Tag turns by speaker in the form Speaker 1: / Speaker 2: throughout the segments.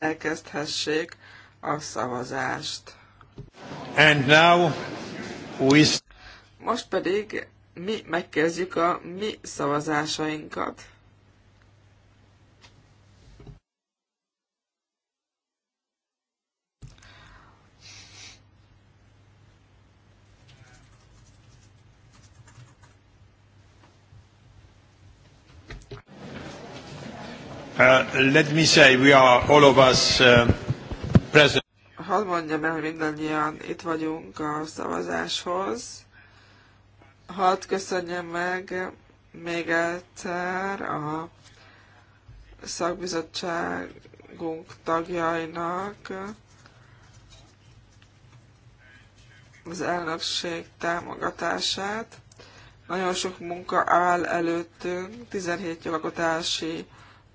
Speaker 1: elkezdhessék a szavazást. And now we... Most pedig mi megkezdjük a mi szavazásainkat.
Speaker 2: Uh, let me say, we are all of us uh, present.
Speaker 1: Hadd mondjam el, hogy mindannyian itt vagyunk a szavazáshoz. Hadd köszönjem meg még egyszer a szakbizottságunk tagjainak az elnökség támogatását. Nagyon sok munka áll előttünk, 17 jogalkotási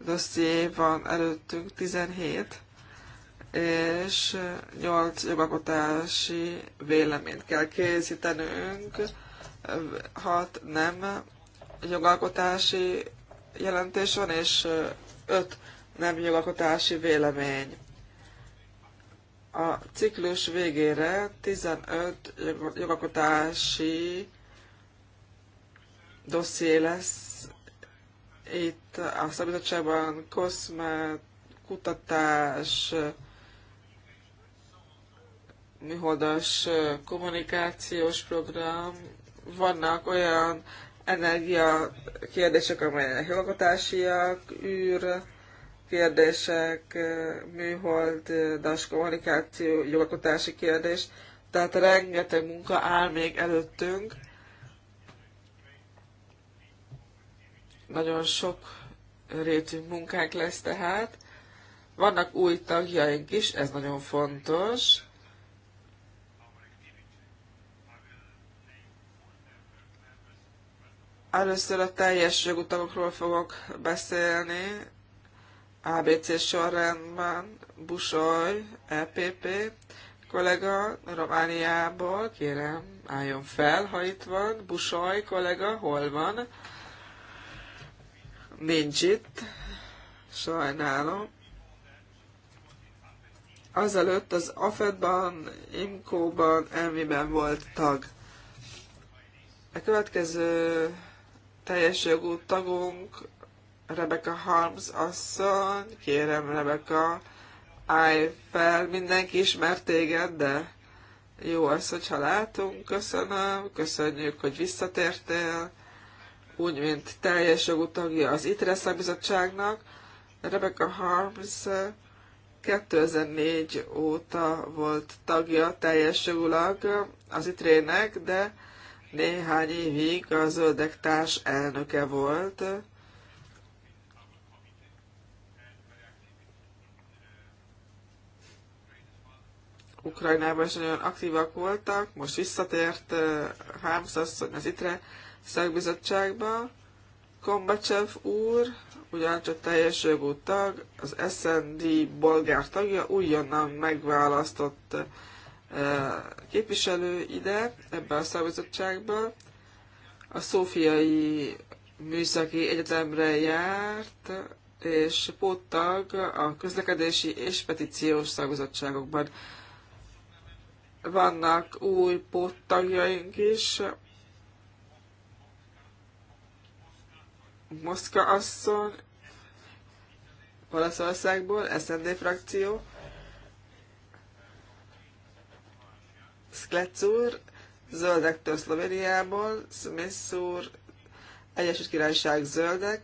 Speaker 1: dosszié van előttünk, 17, és 8 jogalkotási véleményt kell készítenünk, 6 nem jogalkotási jelentés van, és 5 nem jogalkotási vélemény. A ciklus végére 15 jogalkotási dosszié lesz itt a szabadságban koszme, kutatás, műholdas kommunikációs program, vannak olyan energia kérdések, amelyek jogotásiak, űr kérdések, műholdas kommunikáció, jogalkotási kérdés, tehát rengeteg munka áll még előttünk, Nagyon sok rétű munkánk lesz tehát. Vannak új tagjaink is, ez nagyon fontos. Először a teljes jogutamokról fogok beszélni, ABC sorrendben, Busoly, EPP, kollega Romániából, kérem, álljon fel, ha itt van, Busoly kollega, hol van? nincs itt, sajnálom. Azelőtt az AFED-ban, IMCO-ban, ben volt tag. A következő teljes jogú tagunk Rebecca Harms asszony, kérem Rebecca, állj fel, mindenki ismert téged, de jó az, hogyha látunk, köszönöm, köszönjük, hogy visszatértél úgy, mint teljes jogú tagja az ITRE szakbizottságnak. Rebecca Harms 2004 óta volt tagja teljes jogulag az ITRE-nek, de néhány évig a Zöldek társ elnöke volt. Ukrajnában is nagyon aktívak voltak, most visszatért eh, Harms az ITRE szakbizottságba. Kombacsev úr, ugyancsak teljes jogú tag, az SND bolgár tagja, újonnan megválasztott eh, képviselő ide, ebben a szakbizottságba. A Szófiai Műszaki Egyetemre járt, és póttag a közlekedési és petíciós szakbizottságokban. Vannak új póttagjaink is, Moszka asszony, Olaszországból, SND frakció, Sklec úr, Zöldektől Szlovéniából, Smith úr, Egyesült Királyság Zöldek,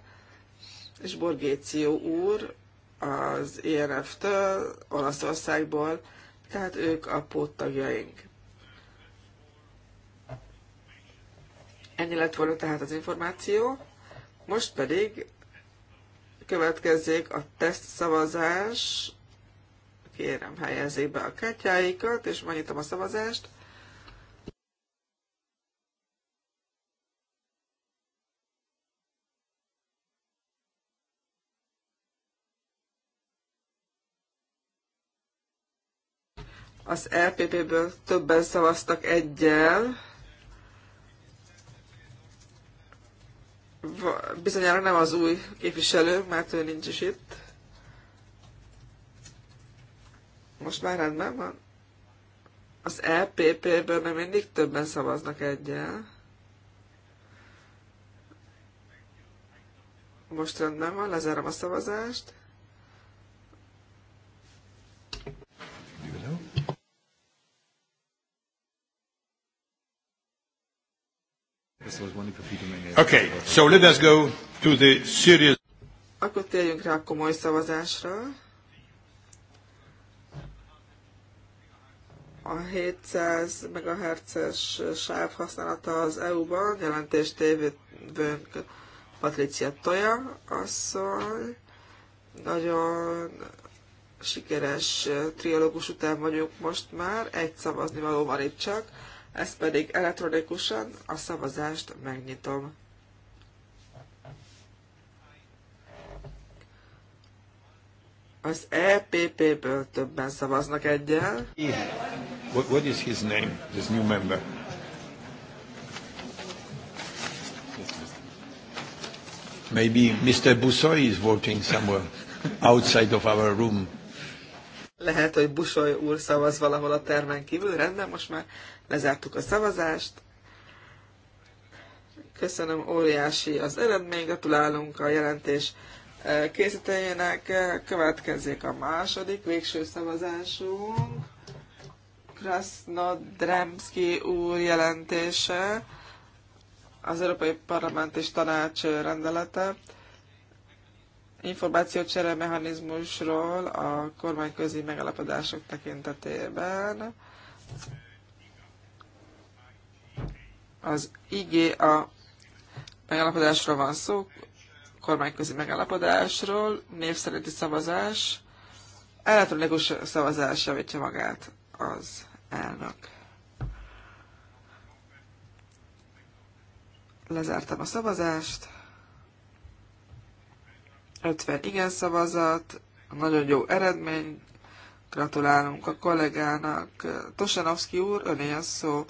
Speaker 1: és Borgéció úr az INF-től, Olaszországból, tehát ők a póttagjaink. Ennyi lett volna tehát az információ. Most pedig következzék a teszt szavazás. Kérem, helyezzék be a kártyáikat, és megnyitom a szavazást. Az LPP-ből e többen szavaztak egyel. bizonyára nem az új képviselő, mert ő nincs is itt. Most már rendben van. Az EPP-ből nem mindig többen szavaznak egyel. Most rendben van, lezárom a szavazást.
Speaker 2: Okay, so let us go to the serious...
Speaker 1: Akkor térjünk rá a komoly szavazásra. A 700 MHz-es sáv használata az EU-ban, jelentés tévőnk Patricia Toja asszony. Nagyon sikeres triológus után vagyunk most már, egy szavazni való van itt csak ez pedig elektronikusan a szavazást megnyitom. Az EPP-ből többen szavaznak egyen.
Speaker 2: What, what is his name, this new member? Maybe Mr. Busoy is voting somewhere outside of our room.
Speaker 1: Lehet, hogy Busoy úr szavaz valahol a termen kívül, rendben, most már Lezártuk a szavazást. Köszönöm, óriási az eredmény, gratulálunk a jelentés e, készítőjének. Következzék a második, végső szavazásunk. Krasnodremski úr jelentése, az Európai Parlament és Tanács rendelete, információcsere mechanizmusról a kormányközi megalapodások tekintetében az IGA megállapodásról van szó, kormányközi megállapodásról, név szerinti szavazás, elektronikus szavazás javítja magát az elnök. Lezártam a szavazást. 50 igen szavazat, nagyon jó eredmény. Gratulálunk a kollégának. Tosanovszki úr, öné szó.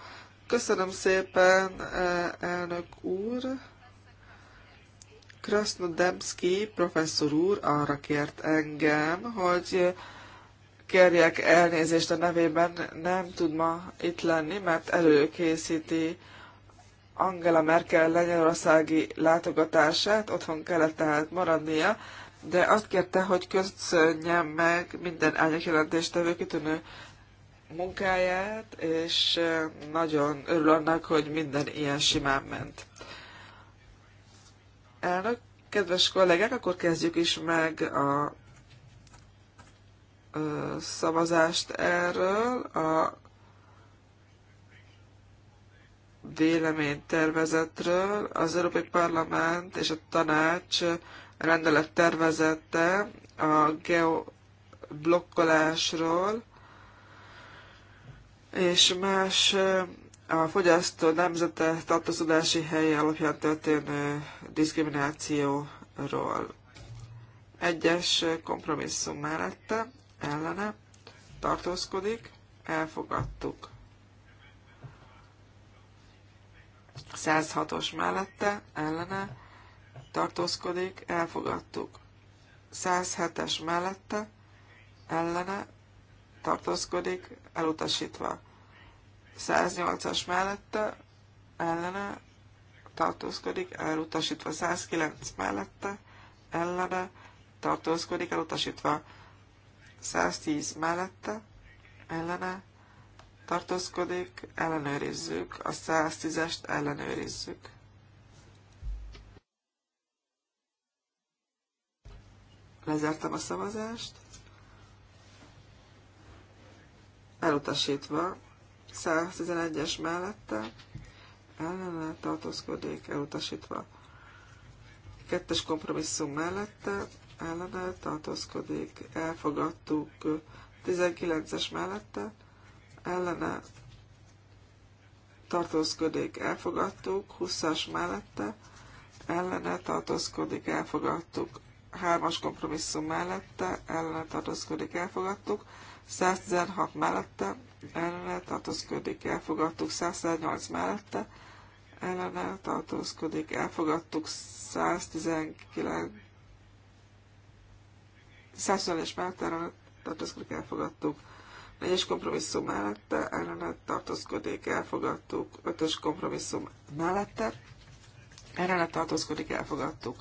Speaker 1: Köszönöm szépen, e, elnök úr. Krasnodemski professzor úr arra kért engem, hogy kérjek elnézést a nevében, nem tud ma itt lenni, mert előkészíti Angela Merkel lengyelországi látogatását, otthon kellett tehát maradnia, de azt kérte, hogy köszönjem meg minden elnyekjelentéstevő kitűnő munkáját, és nagyon örül annak, hogy minden ilyen simán ment. Elnök, kedves kollégák, akkor kezdjük is meg a szavazást erről. A véleménytervezetről az Európai Parlament és a Tanács rendelet tervezette a geoblokkolásról, és más a fogyasztó nemzete tartózkodási helye alapján történő diszkriminációról. Egyes kompromisszum mellette, ellene tartózkodik, elfogadtuk. 106-os mellette, ellene tartózkodik, elfogadtuk. 107-es mellette, ellene tartózkodik, elutasítva. 108-as mellette ellene tartózkodik, elutasítva. 109 mellette ellene tartózkodik, elutasítva. 110 mellette ellene tartózkodik, ellenőrizzük, a 110-est ellenőrizzük. Lezártam a szavazást elutasítva, 111-es mellette ellene tartózkodik, elutasítva. Kettes kompromisszum mellette ellene tartózkodik, elfogadtuk 19-es mellette ellene tartózkodik, elfogadtuk, 20-as mellette ellene tartózkodik, elfogadtuk, 3-as kompromisszum mellette ellene tartózkodik, elfogadtuk, 116 mellette, ellene tartózkodik, elfogadtuk 118 mellette, ellene tartózkodik, elfogadtuk 119 120 mellette ellene tartózkodik, elfogadtuk 4-es kompromisszum mellette, ellene tartózkodik, elfogadtuk 5-ös kompromisszum mellette, ellene tartózkodik, elfogadtuk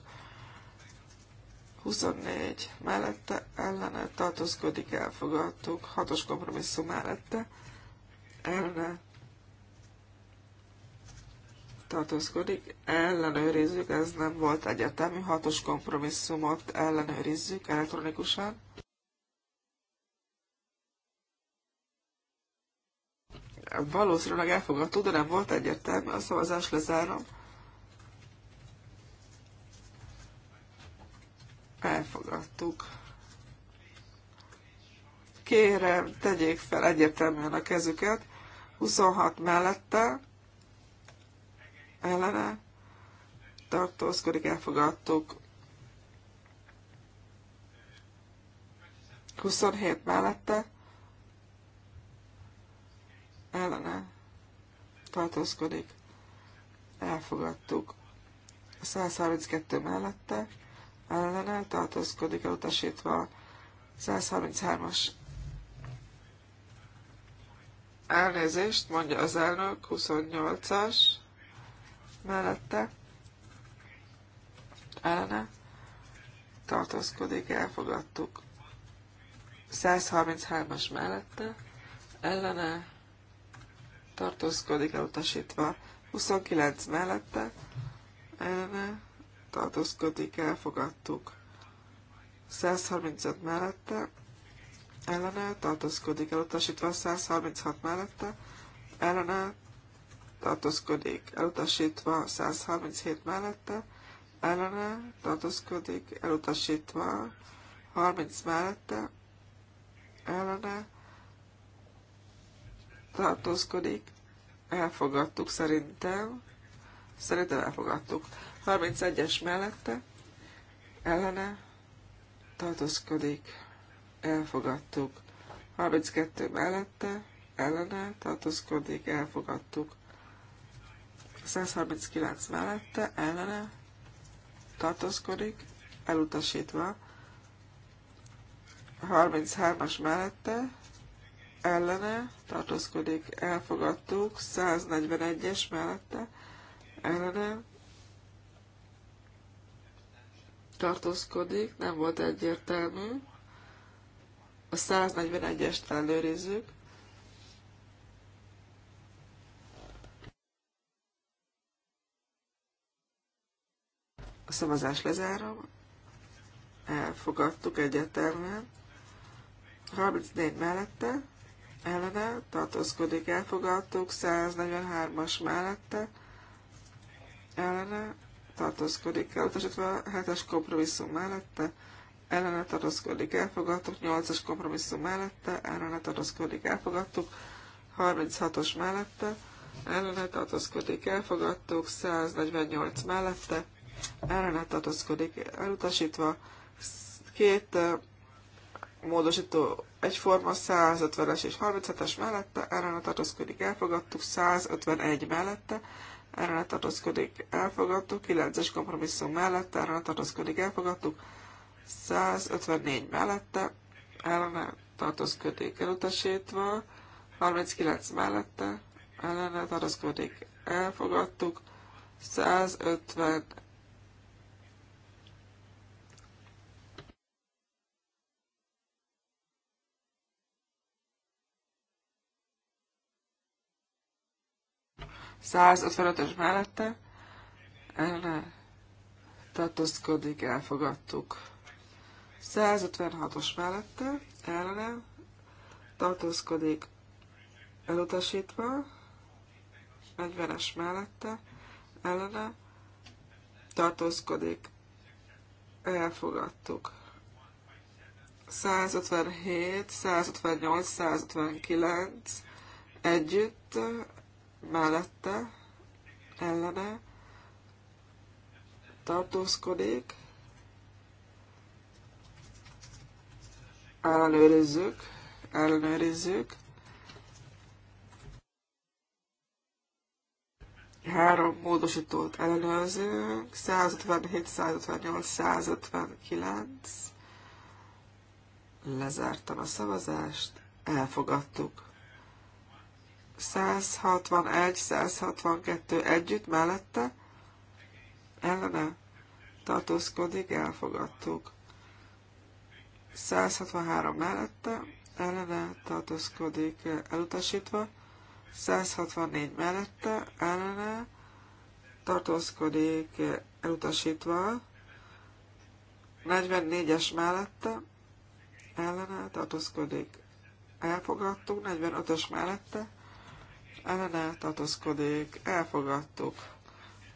Speaker 1: 24 mellette ellene tartózkodik, elfogadtuk. 6-os kompromisszum mellette ellene tartózkodik, ellenőrizzük, ez nem volt egyetemű, hatos kompromisszumot ellenőrizzük elektronikusan. Valószínűleg elfogadtuk, de nem volt egyetemű, a szavazás lezárom. elfogadtuk. Kérem, tegyék fel egyértelműen a kezüket. 26 mellette, ellene, tartózkodik, elfogadtuk. 27 mellette, ellene, tartózkodik, elfogadtuk. 132 mellette, ellene tartózkodik elutasítva 133-as elnézést, mondja az elnök, 28-as mellette ellene tartózkodik, elfogadtuk 133-as mellette ellene tartózkodik elutasítva 29 mellette ellene tartózkodik, elfogadtuk. 135 mellette, ellene tartózkodik, elutasítva 136 mellette, ellene tartózkodik, elutasítva 137 mellette, ellene tartózkodik, elutasítva 30 mellette, ellene tartózkodik, elfogadtuk szerintem, szerintem elfogadtuk. 31-es mellette ellene tartózkodik, elfogadtuk. 32 mellette ellene tartózkodik, elfogadtuk. 139 mellette ellene tartózkodik, elutasítva. 33-as mellette ellene tartózkodik, elfogadtuk. 141-es mellette ellene tartózkodik, nem volt egyértelmű. A 141-est előrizzük. A szavazás lezárom. Elfogadtuk egyértelműen. 34 mellette, ellene, tartózkodik, elfogadtuk. 143-as mellette, ellene, tartózkodik el, utasítva 7-es kompromisszum mellette, ellene tartózkodik, elfogadtuk, 8-as kompromisszum mellette, ellene tartózkodik, elfogadtuk, 36-os mellette, ellene tartózkodik, elfogadtuk, 148 mellette, ellene tartózkodik, elutasítva, két módosító egyforma 150-es és 37-es mellette, ellene tartózkodik, elfogadtuk, 151 mellette, erre tartózkodik, elfogadtuk, 9-es kompromisszum mellette, erre tartózkodik, elfogadtuk, 154 mellette, ellene tartózkodik, elutasítva, 39 mellette, ellene tartózkodik, elfogadtuk, 150 155-ös mellette erre tartózkodik, elfogadtuk. 156-os mellette erre tartózkodik, elutasítva. 40-es mellette ellene tartózkodik, elfogadtuk. 157, 158, 159 együtt mellette ellene tartózkodik, ellenőrizzük, ellenőrizzük, három módosítót ellenőrzünk, 157, 158, 159, lezártam a szavazást, elfogadtuk. 161-162 együtt mellette ellene tartózkodik, elfogadtuk. 163 mellette ellene tartózkodik, elutasítva. 164 mellette ellene tartózkodik, elutasítva. 44-es mellette ellene tartózkodik, elfogadtuk. 45-ös mellette ellene tartózkodik, elfogadtuk.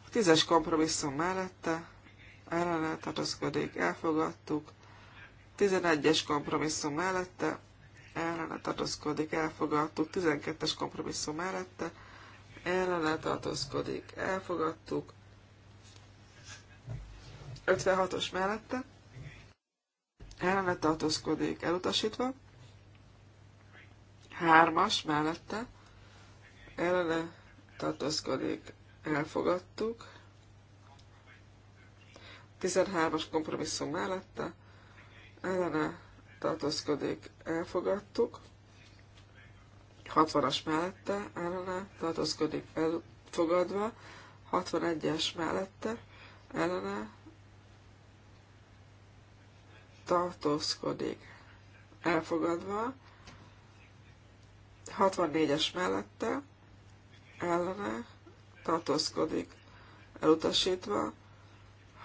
Speaker 1: A tízes kompromisszum mellette ellene tartózkodik, elfogadtuk. A tizenegyes kompromisszum mellette ellene tartózkodik, elfogadtuk. A tizenkettes kompromisszum mellette ellene tartózkodik, elfogadtuk. 56-os mellette ellene tartózkodik, elutasítva. 3-as mellette ellene tartozkodik, elfogadtuk. 13-as kompromisszum mellette ellene tartozkodik, elfogadtuk. 60-as mellette ellene tartozkodik, elfogadva. 61-es mellette ellene tartózkodik, elfogadva. 64-es mellette ellene tartózkodik, elutasítva,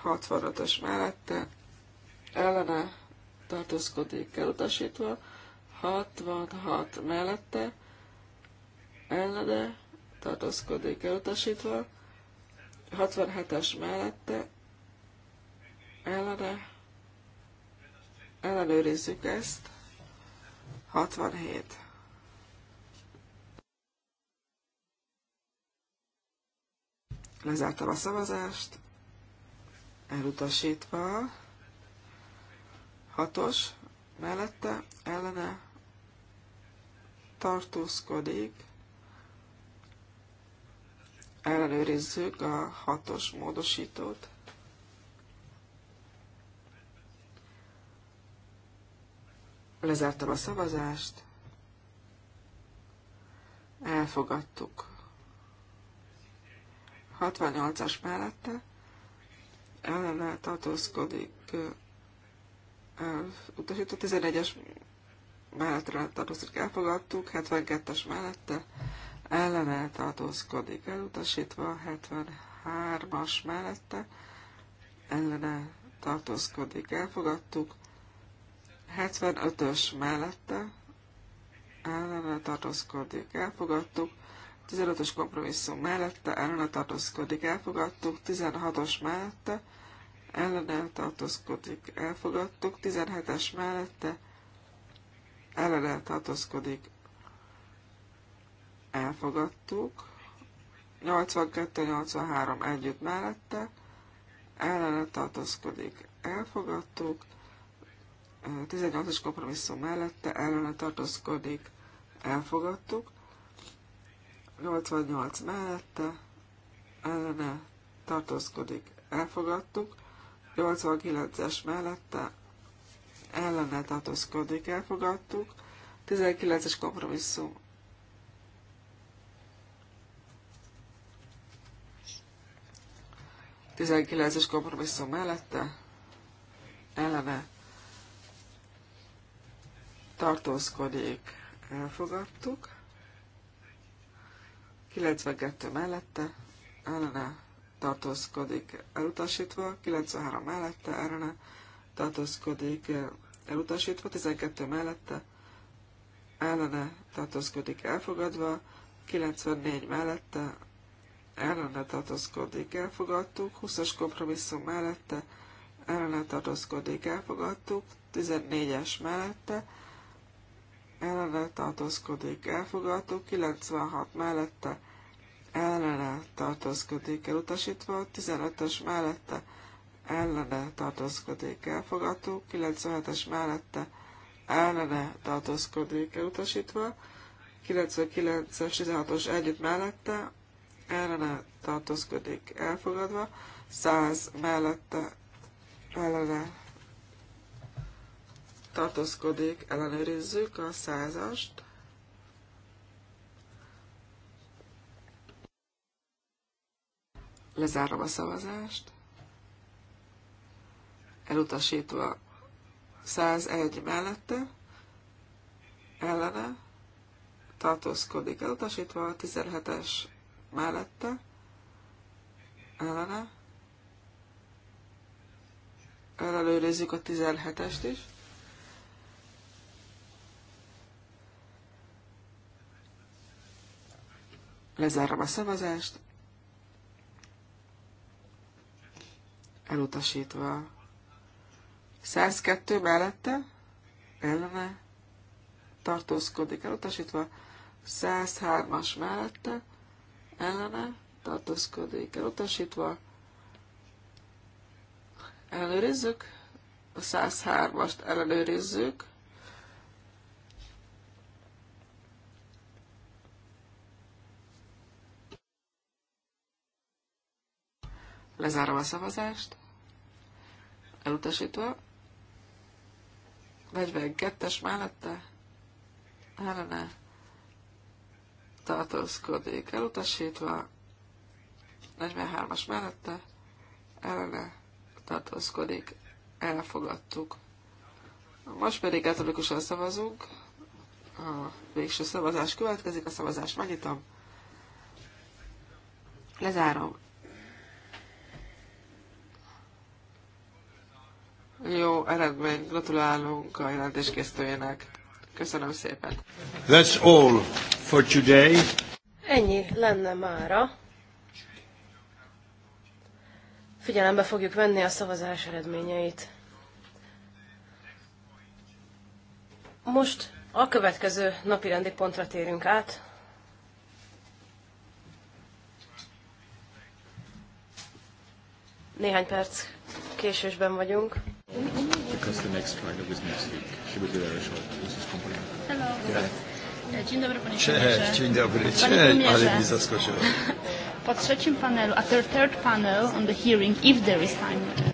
Speaker 1: 65-ös mellette ellene tartózkodik, elutasítva, 66 mellette ellene tartózkodik, elutasítva, 67-es mellette ellene ellenőrizzük ezt, 67. Lezártam a szavazást. Elutasítva. Hatos. Mellette. Ellene. Tartózkodik. Ellenőrizzük a hatos módosítót. Lezártam a szavazást. Elfogadtuk. 68-as mellette ellene tartózkodik elutasítva, 11-es mellette tartózkodik elfogadtuk, 72-es mellette ellene tartózkodik elutasítva, 73-as mellette ellene tartózkodik elfogadtuk, 75-ös mellette ellene tartózkodik elfogadtuk, 15-ös kompromisszum mellette ellene tartózkodik, elfogadtuk. 16-os mellette ellene tartózkodik, elfogadtuk. 17-es mellette ellene tartózkodik, elfogadtuk. 82-83 együtt mellette ellene tartózkodik, elfogadtuk. 18-as kompromisszum mellette ellene tartózkodik, elfogadtuk. 88 mellette ellene tartózkodik, elfogadtuk. 89-es mellette ellene tartózkodik, elfogadtuk. 19-es kompromisszum Tizenkilences kompromisszum mellette ellene tartózkodik, elfogadtuk. 92 mellette ellene tartózkodik elutasítva, 93 mellette ellene tartózkodik elutasítva, 12 mellette ellene tartózkodik elfogadva, 94 mellette ellene tartózkodik elfogadtuk, 20-as kompromisszum mellette ellene tartózkodik elfogadtuk, 14-es mellette ellene tartózkodik, Elfogadó 96 mellette ellene tartózkodik, elutasítva, 15-ös mellette ellene tartózkodik, Elfogadó 97-es mellette ellene tartózkodik, elutasítva, 99-es, 16-os együtt mellette ellene tartózkodik, elfogadva, 100 mellette ellene tartózkodik, ellenőrizzük a százast. Lezárom a szavazást. Elutasítva 101 mellette, ellene, tartózkodik elutasítva, 17-es mellette, ellene, ellenőrizzük a 17-est is. Lezárom a szavazást. Elutasítva. 102 mellette, ellene, tartózkodik elutasítva. 103-as mellette, ellene, tartózkodik elutasítva. ellenőrizzük, A 103-ast ellenőrizzük. Lezárom a szavazást. Elutasítva. 42-es mellette ellene tartózkodik. Elutasítva. 43-as mellette ellene tartózkodik. Elfogadtuk. Most pedig katolikusan szavazunk. A végső szavazás következik, a szavazást megnyitom. Lezárom. Jó eredmény, gratulálunk a jelentéskészítőjének. Köszönöm szépen.
Speaker 2: That's all for today. Ennyi lenne mára. Figyelembe fogjuk venni a szavazás eredményeit. Most a következő napirendi pontra térünk át, néhány perc késősben vagyunk because the next Friday was next week. She will be there as well. This is Kompola. Hello. Yeah. Dzień dobry, panie Cześć, dzień dobry, cześć, ale mi zaskoczyło. Po trzecim panelu, after third panel on the hearing, if there is time,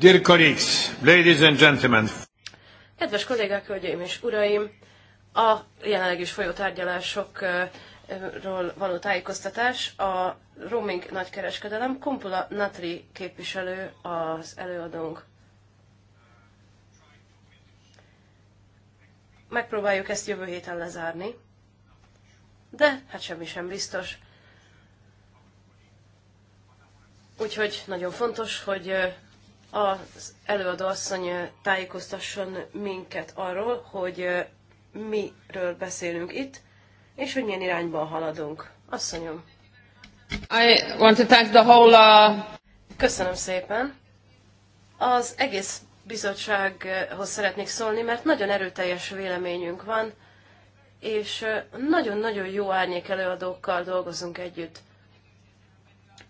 Speaker 2: Dear colleagues, ladies and gentlemen. Kedves kollégák, hölgyeim és uraim! A jelenleg is folyó tárgyalásokról való tájékoztatás a roaming nagykereskedelem. Kompula Natri képviselő az előadónk. Megpróbáljuk ezt jövő héten lezárni, de hát semmi sem biztos. Úgyhogy nagyon fontos, hogy az előadó asszony tájékoztasson minket arról, hogy miről beszélünk itt, és hogy milyen irányban haladunk. Asszonyom. I want to thank the whole, uh... Köszönöm szépen. Az egész bizottsághoz szeretnék szólni, mert nagyon erőteljes véleményünk van, és nagyon-nagyon jó árnyék előadókkal dolgozunk együtt.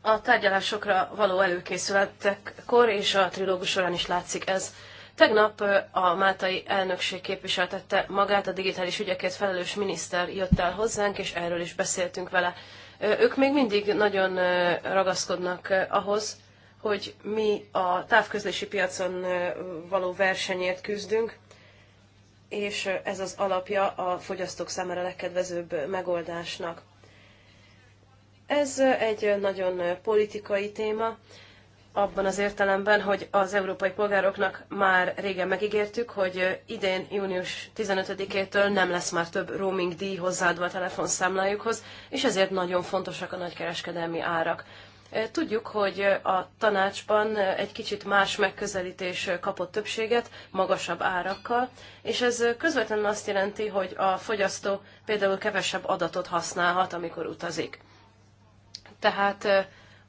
Speaker 2: A tárgyalásokra való előkészületekkor és a trilógus során is látszik ez. Tegnap a máltai elnökség képviseltette magát, a digitális ügyekért felelős miniszter jött el hozzánk, és erről is beszéltünk vele. Ők még mindig nagyon ragaszkodnak ahhoz, hogy mi a távközlési piacon való versenyért küzdünk, és ez az alapja a fogyasztók számára legkedvezőbb megoldásnak. Ez egy nagyon politikai téma, abban az értelemben, hogy az európai polgároknak már régen megígértük, hogy idén június 15-től nem lesz már több roaming díj hozzáadva a telefonszámlájukhoz, és ezért nagyon fontosak a nagykereskedelmi árak. Eh, tudjuk, hogy a tanácsban egy kicsit más megközelítés kapott többséget, magasabb árakkal, és ez közvetlenül azt jelenti, hogy a fogyasztó például kevesebb adatot használhat, amikor utazik. Tehát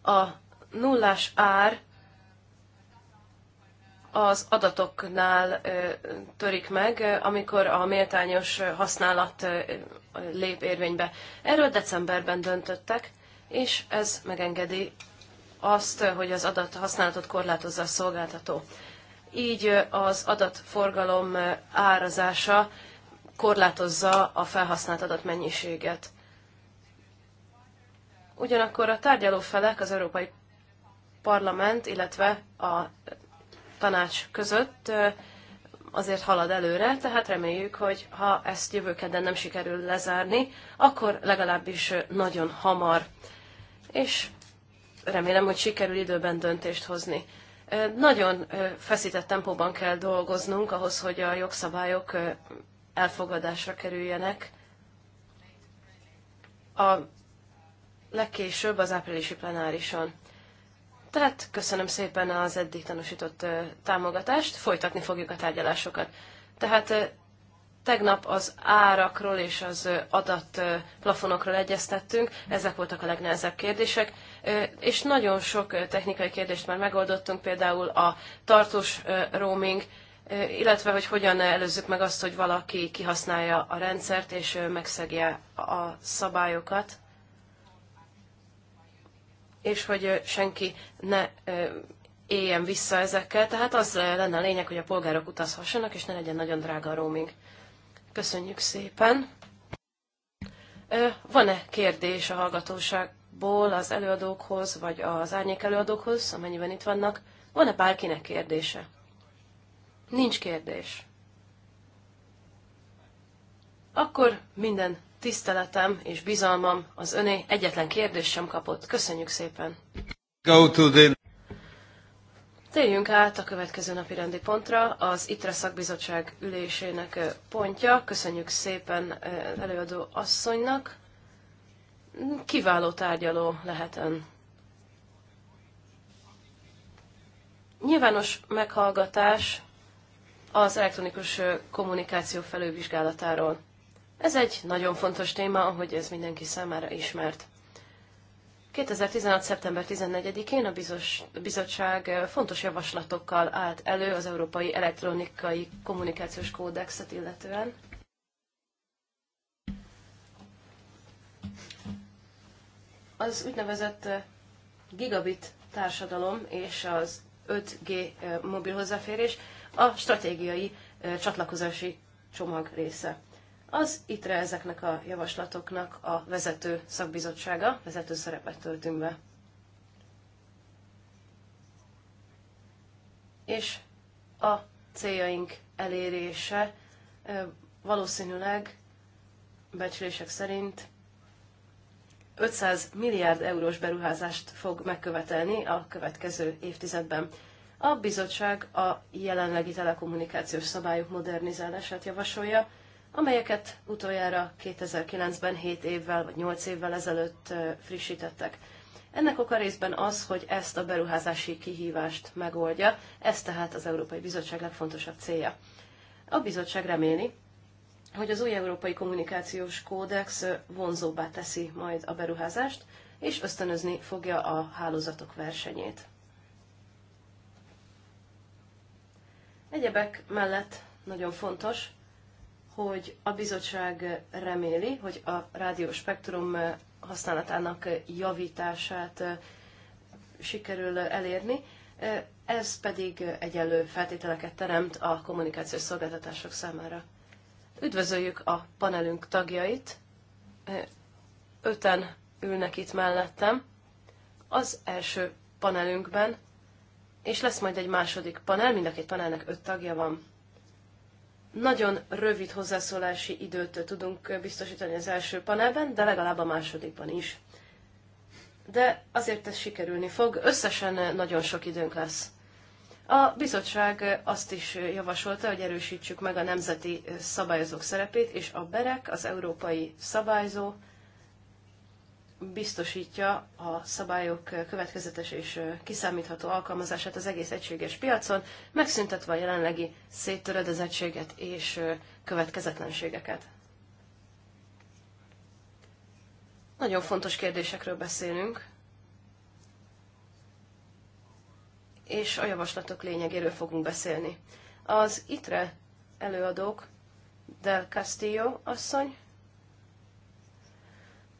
Speaker 2: a nullás ár az adatoknál törik meg, amikor a méltányos használat lép érvénybe. Erről decemberben döntöttek, és ez megengedi azt, hogy az adat használatot korlátozza a szolgáltató. Így az adatforgalom árazása korlátozza a felhasznált adatmennyiséget. Ugyanakkor a tárgyaló felek az Európai Parlament, illetve a tanács között azért halad előre, tehát reméljük, hogy ha ezt jövő kedden nem sikerül lezárni, akkor legalábbis nagyon hamar. És remélem, hogy sikerül időben döntést hozni. Nagyon feszített tempóban kell dolgoznunk ahhoz, hogy a jogszabályok elfogadásra kerüljenek. A legkésőbb az áprilisi plenárison. Tehát köszönöm szépen az eddig tanúsított támogatást, folytatni fogjuk a tárgyalásokat. Tehát tegnap az árakról és az adatplafonokról egyeztettünk, ezek voltak a legnehezebb kérdések, és nagyon sok technikai kérdést már megoldottunk, például a tartós roaming, illetve hogy hogyan előzzük meg azt, hogy valaki kihasználja a rendszert és megszegje a szabályokat és hogy senki ne éljen vissza ezekkel. Tehát az lenne a lényeg, hogy a polgárok utazhassanak, és ne legyen nagyon drága a roaming. Köszönjük szépen! Van-e kérdés a hallgatóságból az előadókhoz, vagy az árnyék előadókhoz, amennyiben itt vannak? Van-e bárkinek kérdése? Nincs kérdés. Akkor minden tiszteletem és bizalmam az öné egyetlen kérdés sem kapott. Köszönjük szépen!
Speaker 3: Go to the...
Speaker 2: Térjünk át a következő napi rendi pontra, az ITRA szakbizottság ülésének pontja. Köszönjük szépen előadó asszonynak. Kiváló tárgyaló lehet ön. Nyilvános meghallgatás az elektronikus kommunikáció felővizsgálatáról. Ez egy nagyon fontos téma, ahogy ez mindenki számára ismert. 2016. szeptember 14-én a bizottság fontos javaslatokkal állt elő az Európai Elektronikai Kommunikációs Kódexet illetően. Az úgynevezett gigabit társadalom és az 5G mobil hozzáférés a stratégiai csatlakozási csomag része. Az ITRE ezeknek a javaslatoknak a vezető szakbizottsága, vezető szerepet töltünk be. És a céljaink elérése valószínűleg becslések szerint 500 milliárd eurós beruházást fog megkövetelni a következő évtizedben. A bizottság a jelenlegi telekommunikációs szabályok modernizálását javasolja, amelyeket utoljára 2009-ben 7 évvel vagy 8 évvel ezelőtt frissítettek. Ennek oka részben az, hogy ezt a beruházási kihívást megoldja, ez tehát az Európai Bizottság legfontosabb célja. A bizottság reméli, hogy az új Európai Kommunikációs Kódex vonzóbbá teszi majd a beruházást, és ösztönözni fogja a hálózatok versenyét. Egyebek mellett nagyon fontos, hogy a bizottság reméli, hogy a rádióspektrum használatának javítását sikerül elérni, ez pedig egyenlő feltételeket teremt a kommunikációs szolgáltatások számára. Üdvözöljük a panelünk tagjait, öten ülnek itt mellettem, az első panelünkben, és lesz majd egy második panel, mind a két panelnek öt tagja van. Nagyon rövid hozzászólási időt tudunk biztosítani az első panelben, de legalább a másodikban is. De azért ez sikerülni fog, összesen nagyon sok időnk lesz. A bizottság azt is javasolta, hogy erősítsük meg a nemzeti szabályozók szerepét, és a BEREK, az Európai Szabályzó biztosítja a szabályok következetes és kiszámítható alkalmazását az egész egységes piacon, megszüntetve a jelenlegi széttöredezettséget és következetlenségeket. Nagyon fontos kérdésekről beszélünk, és a javaslatok lényegéről fogunk beszélni. Az ITRE előadók Del Castillo asszony,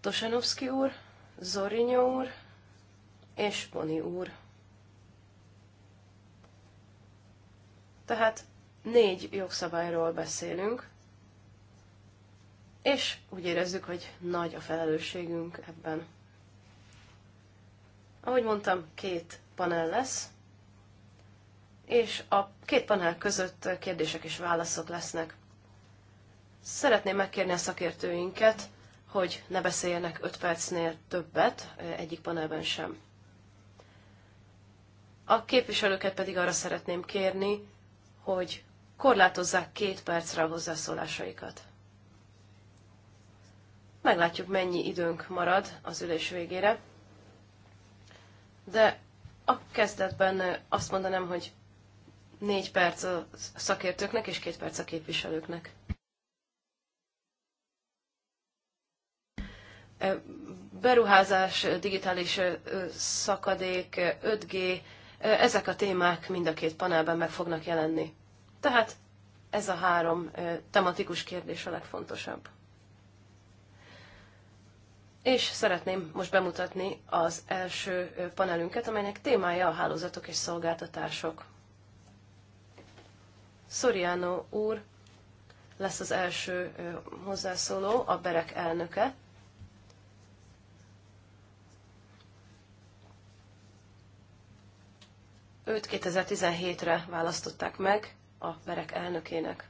Speaker 2: Tosanovszki úr, Zorinyó úr és Boni úr. Tehát négy jogszabályról beszélünk, és úgy érezzük, hogy nagy a felelősségünk ebben. Ahogy mondtam, két panel lesz, és a két panel között kérdések és válaszok lesznek. Szeretném megkérni a szakértőinket, hogy ne beszéljenek 5 percnél többet, egyik panelben sem. A képviselőket pedig arra szeretném kérni, hogy korlátozzák két percre a hozzászólásaikat. Meglátjuk, mennyi időnk marad az ülés végére. De a kezdetben azt mondanám, hogy négy perc a szakértőknek és két perc a képviselőknek. beruházás, digitális szakadék, 5G, ezek a témák mind a két panelben meg fognak jelenni. Tehát ez a három tematikus kérdés a legfontosabb. És szeretném most bemutatni az első panelünket, amelynek témája a hálózatok és szolgáltatások. Soriano úr lesz az első hozzászóló, a Berek elnöke, Őt 2017-re választották meg a verek elnökének.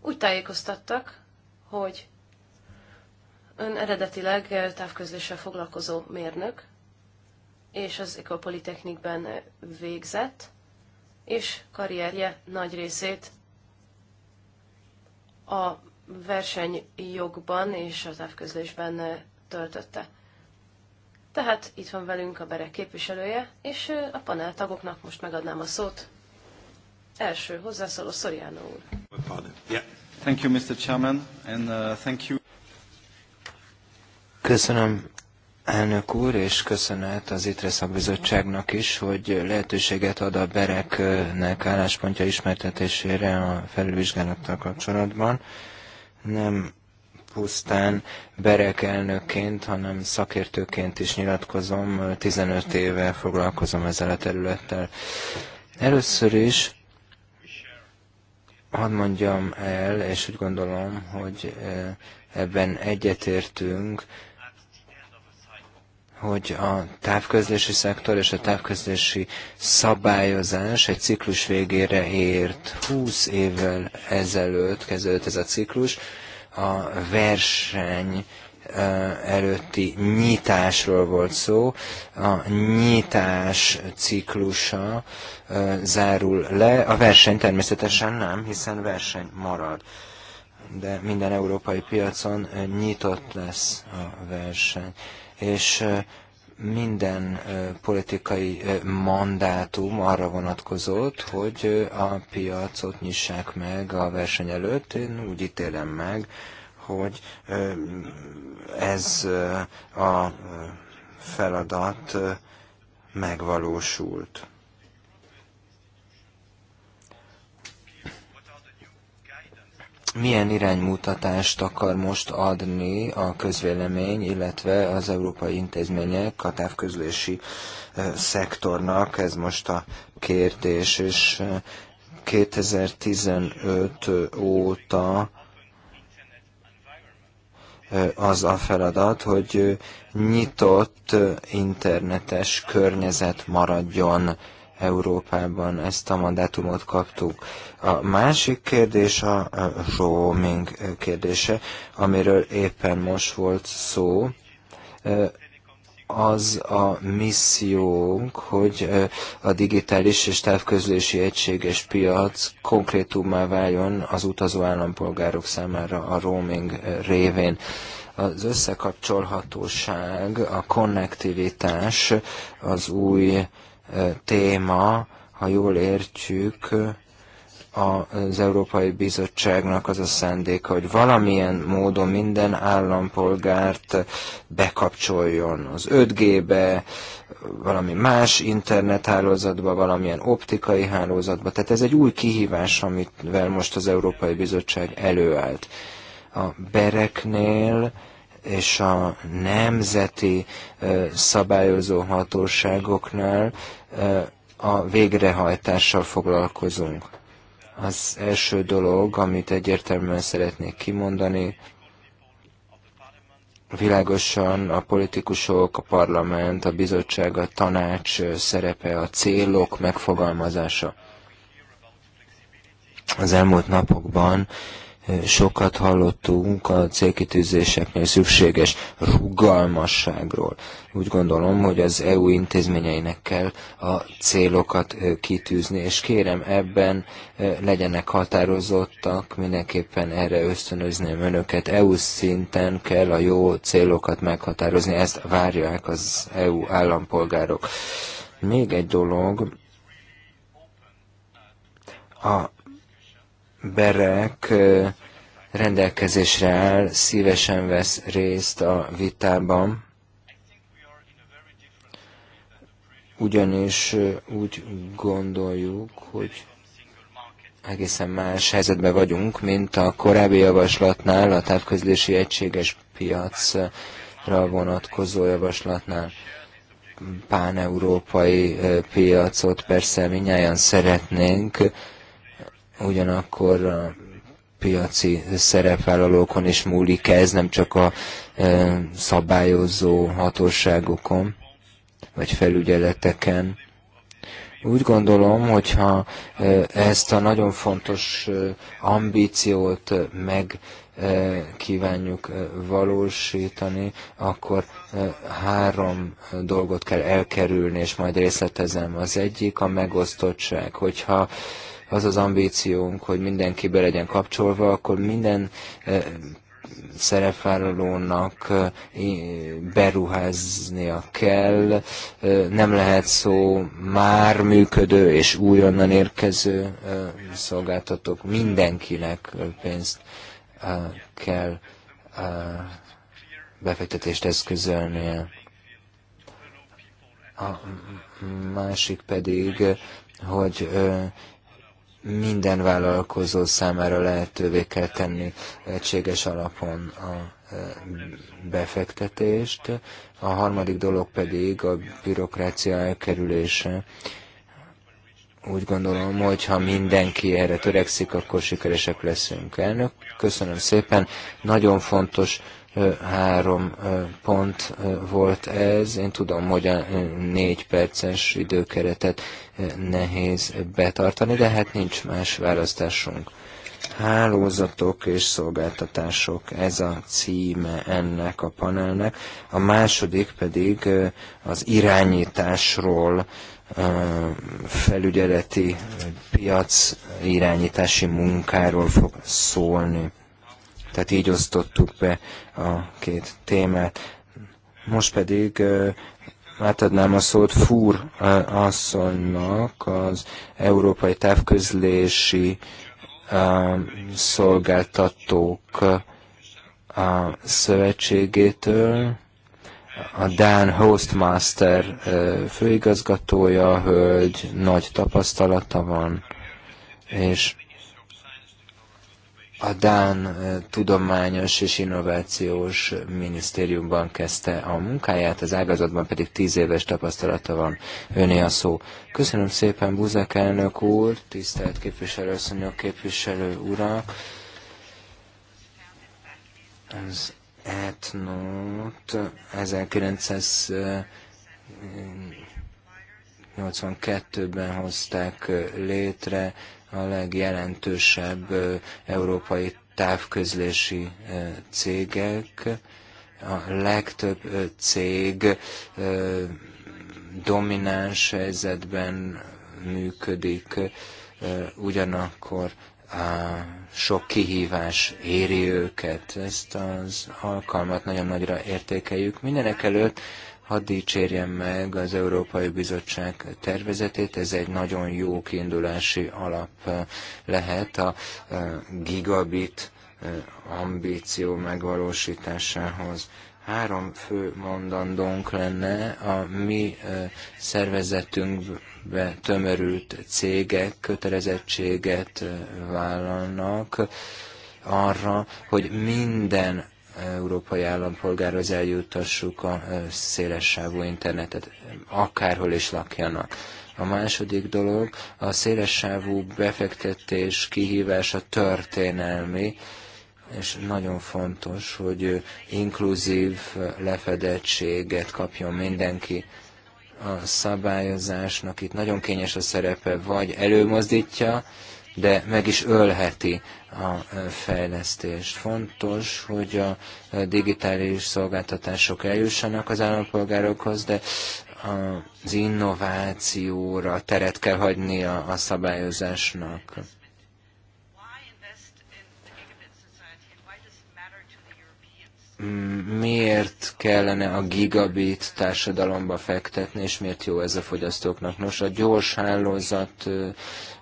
Speaker 2: Úgy tájékoztattak, hogy ön eredetileg távközléssel foglalkozó mérnök, és az Ekopolitechnikben végzett, és karrierje nagy részét a versenyjogban és a távközlésben töltötte. Tehát itt van velünk a Berek képviselője, és a panel tagoknak most megadnám a szót. Első hozzászóló Soriano úr. Thank you, Mr. Chairman, and uh, thank you.
Speaker 3: Köszönöm, elnök úr, és köszönet az ITRE szakbizottságnak is, hogy lehetőséget ad a Bereknek álláspontja ismertetésére a felülvizsgálattal kapcsolatban. Nem pusztán Berek elnökként, hanem szakértőként is nyilatkozom. 15 éve foglalkozom ezzel a területtel. Először is hadd mondjam el, és úgy gondolom, hogy e, ebben egyetértünk, hogy a távközlési szektor és a távközlési szabályozás egy ciklus végére ért. 20 évvel ezelőtt kezdődött ez a ciklus, a verseny előtti nyitásról volt szó. A nyitás ciklusa zárul le, a verseny természetesen nem, hiszen verseny marad. De minden európai piacon nyitott lesz a verseny. És minden politikai mandátum arra vonatkozott, hogy a piacot nyissák meg a verseny előtt. Én úgy ítélem meg, hogy ez a feladat megvalósult. milyen iránymutatást akar most adni a közvélemény, illetve az európai intézmények a távközlési szektornak? Ez most a kérdés, és 2015 óta az a feladat, hogy nyitott internetes környezet maradjon Európában. Ezt a mandátumot kaptuk. A másik kérdés a roaming kérdése, amiről éppen most volt szó az a missziónk, hogy a digitális és távközlési egységes piac konkrétummá váljon az utazó állampolgárok számára a roaming révén. Az összekapcsolhatóság, a konnektivitás az új téma, ha jól értjük, az Európai Bizottságnak az a szándéka, hogy valamilyen módon minden állampolgárt bekapcsoljon az 5G-be, valami más internethálózatba, valamilyen optikai hálózatba. Tehát ez egy új kihívás, amivel most az Európai Bizottság előállt. A bereknél és a nemzeti szabályozó hatóságoknál a végrehajtással foglalkozunk. Az első dolog, amit egyértelműen szeretnék kimondani, világosan a politikusok, a parlament, a bizottság, a tanács szerepe, a célok megfogalmazása. Az elmúlt napokban Sokat hallottunk a célkitűzéseknél szükséges rugalmasságról. Úgy gondolom, hogy az EU intézményeinek kell a célokat kitűzni, és kérem ebben legyenek határozottak, mindenképpen erre ösztönözném önöket. EU szinten kell a jó célokat meghatározni, ezt várják az EU állampolgárok. Még egy dolog, a Berek rendelkezésre áll, szívesen vesz részt a vitában, ugyanis úgy gondoljuk, hogy egészen más helyzetben vagyunk, mint a korábbi javaslatnál, a távközlési egységes piacra vonatkozó javaslatnál. Pán-európai piacot persze minnyáján szeretnénk, ugyanakkor a piaci szerepvállalókon is múlik ez, nem csak a e, szabályozó hatóságokon vagy felügyeleteken. Úgy gondolom, hogyha e, ezt a nagyon fontos e, ambíciót meg kívánjuk valósítani, akkor három dolgot kell elkerülni, és majd részletezem. Az egyik a megosztottság. Hogyha az az ambíciónk, hogy mindenki be legyen kapcsolva, akkor minden eh, szerepvállalónak eh, beruháznia kell, eh, nem lehet szó már működő és újonnan érkező szolgáltatók, mindenkinek pénzt kell befektetést eszközölnie. A másik pedig, hogy minden vállalkozó számára lehetővé kell tenni egységes alapon a e, befektetést, a harmadik dolog pedig a bürokrácia elkerülése. Úgy gondolom, hogy ha mindenki erre törekszik, akkor sikeresek leszünk. Elnök, köszönöm szépen, nagyon fontos három pont volt ez. Én tudom, hogy a négy perces időkeretet nehéz betartani, de hát nincs más választásunk. Hálózatok és szolgáltatások, ez a címe ennek a panelnek. A második pedig az irányításról, felügyeleti piac irányítási munkáról fog szólni. Tehát így osztottuk be a két témát. Most pedig átadnám a szót Fúr asszonynak az Európai Távközlési Szolgáltatók Szövetségétől a Dán Hostmaster főigazgatója, hölgy, nagy tapasztalata van, és a Dán eh, Tudományos és Innovációs Minisztériumban kezdte a munkáját, az ágazatban pedig tíz éves tapasztalata van öné a szó. Köszönöm szépen Buzek elnök úr, tisztelt képviselőasszonyok, képviselő urak. Az etnót 1900 82-ben hozták létre a legjelentősebb európai távközlési cégek. A legtöbb cég domináns helyzetben működik, ugyanakkor sok kihívás éri őket. Ezt az alkalmat nagyon nagyra értékeljük. Mindenek előtt Hadd dicsérjem meg az Európai Bizottság tervezetét, ez egy nagyon jó kiindulási alap lehet a gigabit ambíció megvalósításához. Három fő mondandónk lenne a mi szervezetünkbe tömörült cégek kötelezettséget vállalnak arra, hogy minden európai állampolgárhoz eljutassuk a szélessávú internetet, akárhol is lakjanak. A második dolog, a szélessávú befektetés kihívása történelmi, és nagyon fontos, hogy inkluzív lefedettséget kapjon mindenki. A szabályozásnak itt nagyon kényes a szerepe, vagy előmozdítja, de meg is ölheti a fejlesztést. Fontos, hogy a digitális szolgáltatások eljussanak az állampolgárokhoz, de az innovációra teret kell hagyni a, a szabályozásnak. miért kellene a gigabit társadalomba fektetni, és miért jó ez a fogyasztóknak. Nos, a gyors hálózat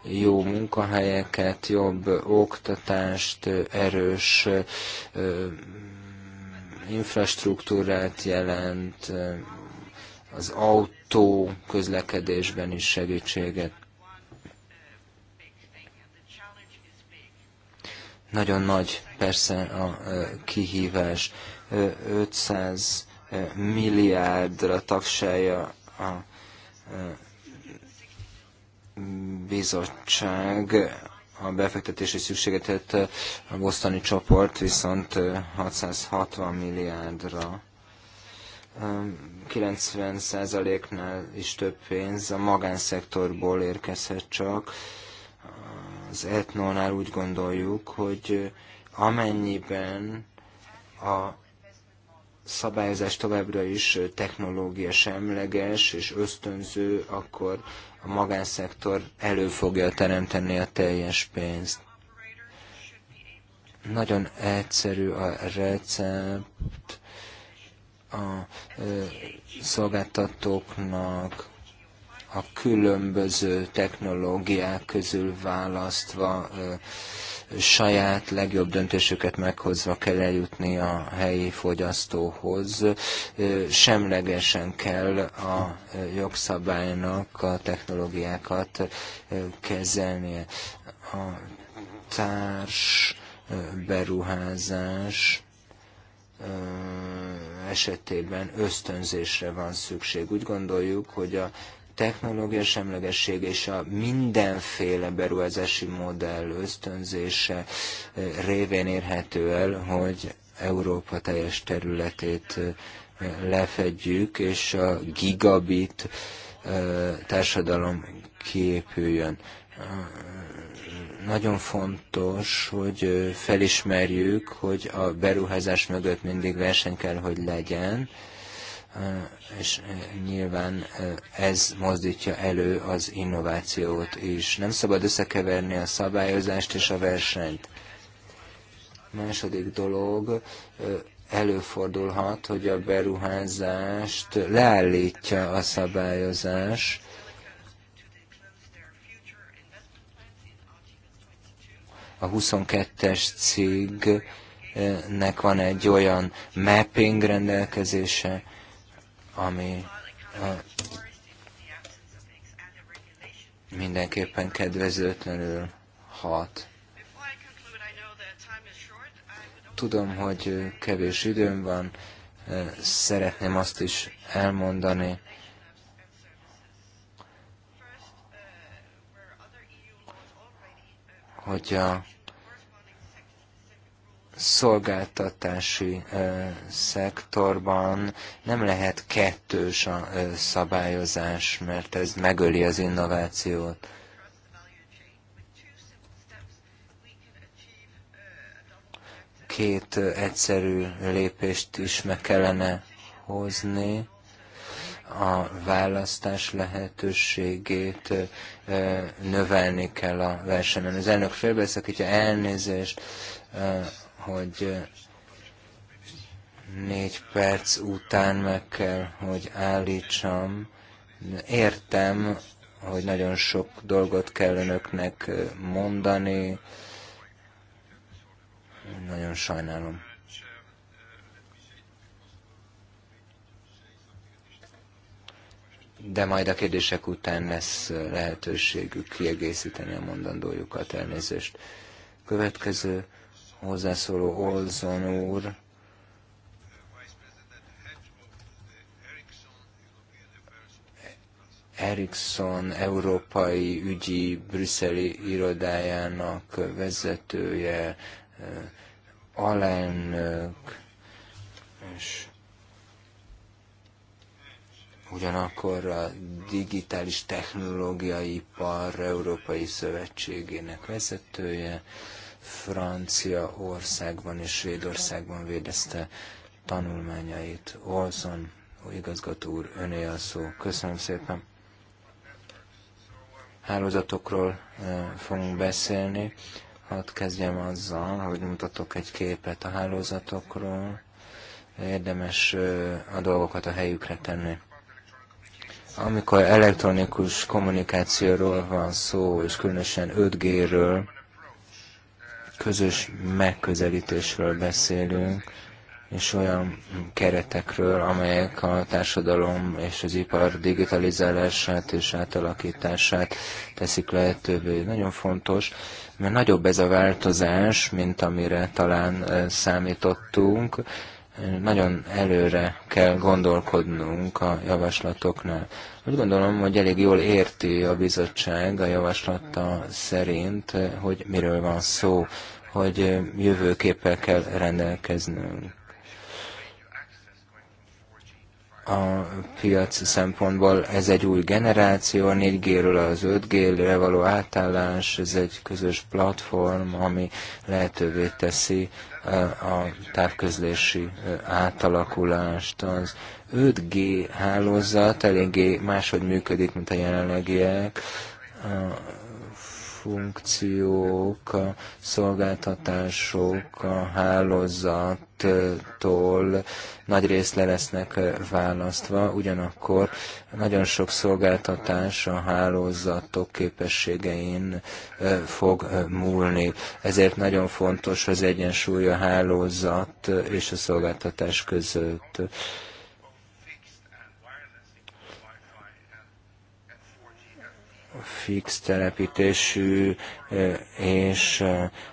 Speaker 3: jó munkahelyeket, jobb oktatást, erős infrastruktúrát jelent, az autó közlekedésben is segítséget. Nagyon nagy persze a kihívás. 500 milliárdra tagsája a bizottság a befektetési szükségetet a bosztani csoport viszont 660 milliárdra 90%-nál is több pénz a magánszektorból érkezhet csak. Az etnónál úgy gondoljuk, hogy amennyiben a szabályozás továbbra is technológia semleges és ösztönző, akkor a magánszektor elő fogja teremteni a teljes pénzt. Nagyon egyszerű a recept a szolgáltatóknak a különböző technológiák közül választva saját legjobb döntésüket meghozva kell eljutni a helyi fogyasztóhoz. Semlegesen kell a jogszabálynak a technológiákat kezelnie. A társ beruházás esetében ösztönzésre van szükség. Úgy gondoljuk, hogy a technológia semlegesség és a mindenféle beruházási modell ösztönzése eh, révén érhető el, hogy Európa teljes területét eh, lefedjük, és a gigabit eh, társadalom kiépüljön. Nagyon fontos, hogy felismerjük, hogy a beruházás mögött mindig verseny kell, hogy legyen, Eh, és eh, nyilván eh, ez mozdítja elő az innovációt is. Nem szabad összekeverni a szabályozást és a versenyt. Második dolog, előfordulhat, hogy a beruházást leállítja a szabályozás, a 22-es cégnek van egy olyan mapping rendelkezése, ami a mindenképpen kedvezőtlenül hat. Tudom, hogy kevés időm van, szeretném azt is elmondani, hogy a szolgáltatási szektorban nem lehet kettős a szabályozás, mert ez megöli az innovációt. Két egyszerű lépést is meg kellene hozni a választás lehetőségét növelni kell a versenyen. Az elnök félbeszakítja elnézést, hogy négy perc után meg kell, hogy állítsam. Értem, hogy nagyon sok dolgot kell önöknek mondani. Nagyon sajnálom. De majd a kérdések után lesz lehetőségük kiegészíteni a mondandójukat, elnézést. Következő hozzászóló Olson úr Ericsson európai ügyi brüsszeli irodájának vezetője, alelnök, és ugyanakkor a Digitális Technológiai Ipar Európai Szövetségének vezetője, Franciaországban és Svédországban védezte tanulmányait. Olson igazgató úr, öné a szó. Köszönöm szépen. Hálózatokról eh, fogunk beszélni. Hadd kezdjem azzal, hogy mutatok egy képet a hálózatokról. Érdemes eh, a dolgokat a helyükre tenni. Amikor elektronikus kommunikációról van szó, és különösen 5G-ről, közös megközelítésről beszélünk, és olyan keretekről, amelyek a társadalom és az ipar digitalizálását és átalakítását teszik lehetővé. Nagyon fontos, mert nagyobb ez a változás, mint amire talán eh, számítottunk, nagyon előre kell gondolkodnunk a javaslatoknál. Úgy gondolom, hogy elég jól érti a bizottság a javaslata szerint, hogy miről van szó, hogy jövőképpel kell rendelkeznünk a piac szempontból ez egy új generáció, a 4G-ről az 5G-re való átállás, ez egy közös platform, ami lehetővé teszi a távközlési átalakulást. Az 5G hálózat eléggé máshogy működik, mint a jelenlegiek funkciók, a szolgáltatások a hálózattól nagy részt le lesznek választva, ugyanakkor nagyon sok szolgáltatás a hálózatok képességein fog múlni. Ezért nagyon fontos az egyensúly a hálózat és a szolgáltatás között. fix telepítésű és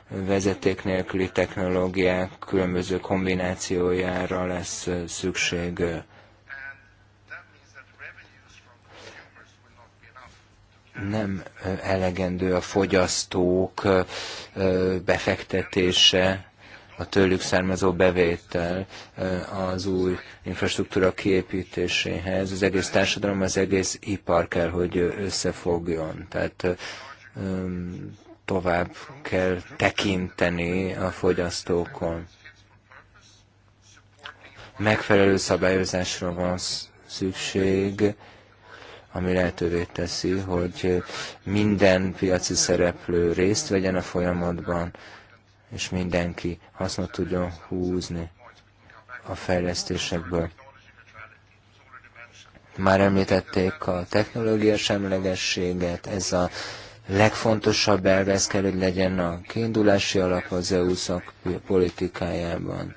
Speaker 3: vezeték nélküli technológiák különböző kombinációjára lesz szükség. Nem elegendő a fogyasztók befektetése a tőlük származó bevétel az új infrastruktúra kiépítéséhez. Az egész társadalom, az egész ipar kell, hogy összefogjon. Tehát tovább kell tekinteni a fogyasztókon. Megfelelő szabályozásra van szükség, ami lehetővé teszi, hogy minden piaci szereplő részt vegyen a folyamatban, és mindenki hasznot tudjon húzni a fejlesztésekből. Már említették a technológia semlegességet, ez a legfontosabb elv, kell, hogy legyen a kiindulási alap az EU szak politikájában.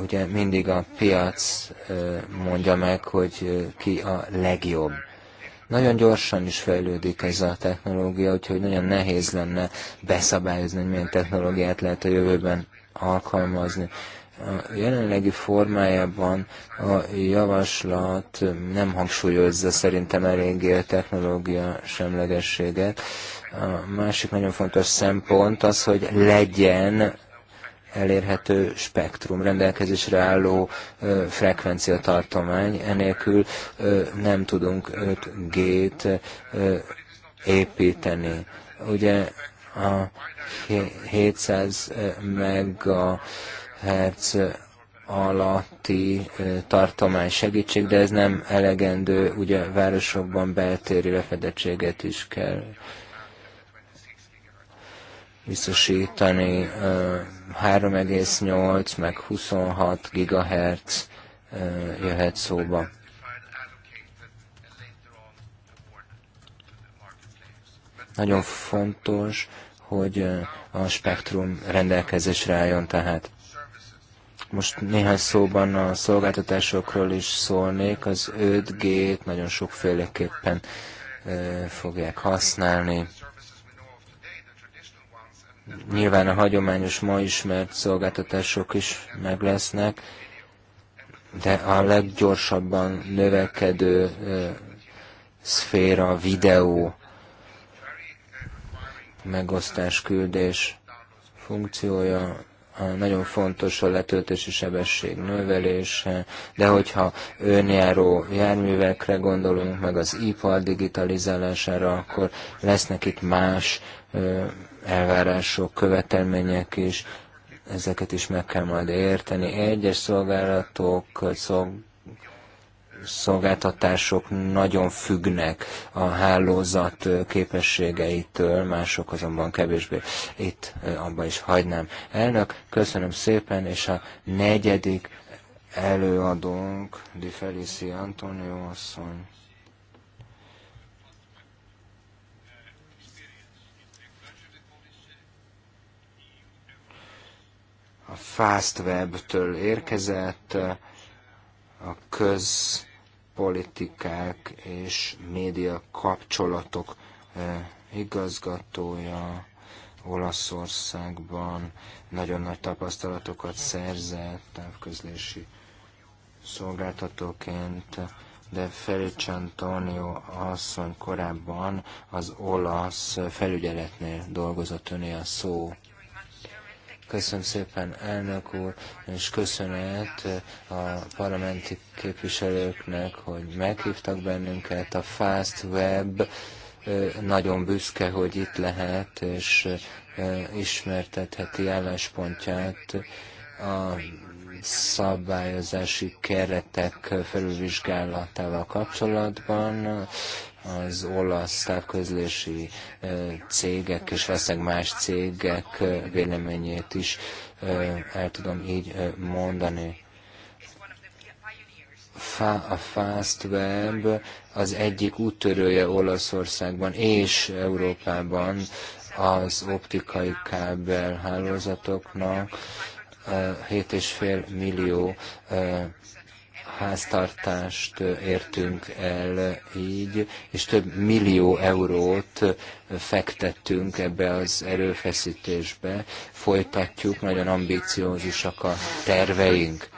Speaker 3: Ugye mindig a piac mondja meg, hogy ki a legjobb nagyon gyorsan is fejlődik ez a technológia, úgyhogy nagyon nehéz lenne beszabályozni, hogy milyen technológiát lehet a jövőben alkalmazni. A jelenlegi formájában a javaslat nem hangsúlyozza szerintem eléggé a technológia semlegességet. A másik nagyon fontos szempont az, hogy legyen elérhető spektrum, rendelkezésre álló frekvenciatartomány, enélkül nem tudunk 5G-t építeni. Ugye a 700 megahertz alatti tartomány segítség, de ez nem elegendő, ugye városokban beltéri lefedettséget is kell biztosítani 3,8 meg 26 gigahertz jöhet szóba. Nagyon fontos, hogy a spektrum rendelkezésre álljon tehát. Most néhány szóban a szolgáltatásokról is szólnék. Az 5G-t nagyon sokféleképpen fogják használni Nyilván a hagyományos, ma ismert szolgáltatások is meg lesznek, de a leggyorsabban növekedő szféra, videó, megosztás, küldés funkciója nagyon fontos a letöltési sebesség növelése, de hogyha önjáró járművekre gondolunk, meg az ipar digitalizálására, akkor lesznek itt más elvárások, követelmények is, ezeket is meg kell majd érteni. Egyes szolgálatok, szolg szolgáltatások nagyon függnek a hálózat képességeitől, mások azonban kevésbé. Itt abba is hagynám. Elnök, köszönöm szépen, és a negyedik előadónk, Di Felici Antonio asszony. a Fastweb-től érkezett, a közpolitikák és média kapcsolatok eh, igazgatója Olaszországban nagyon nagy tapasztalatokat szerzett távközlési szolgáltatóként, de Felics Antonio asszony korábban az olasz felügyeletnél dolgozott öné a szó. Köszönöm szépen, elnök úr, és köszönet eh, a parlamenti képviselőknek, hogy meghívtak bennünket a Fast Web eh, nagyon büszke, hogy itt lehet, és eh, ismertetheti álláspontját a szabályozási keretek felülvizsgálatával kapcsolatban az olasz távközlési cégek és veszek más cégek véleményét is el tudom így mondani. A Fast Web az egyik úttörője Olaszországban és Európában az optikai kábel hálózatoknak, 7,5 millió háztartást értünk el így, és több millió eurót fektettünk ebbe az erőfeszítésbe. Folytatjuk, nagyon ambiciózusak a terveink.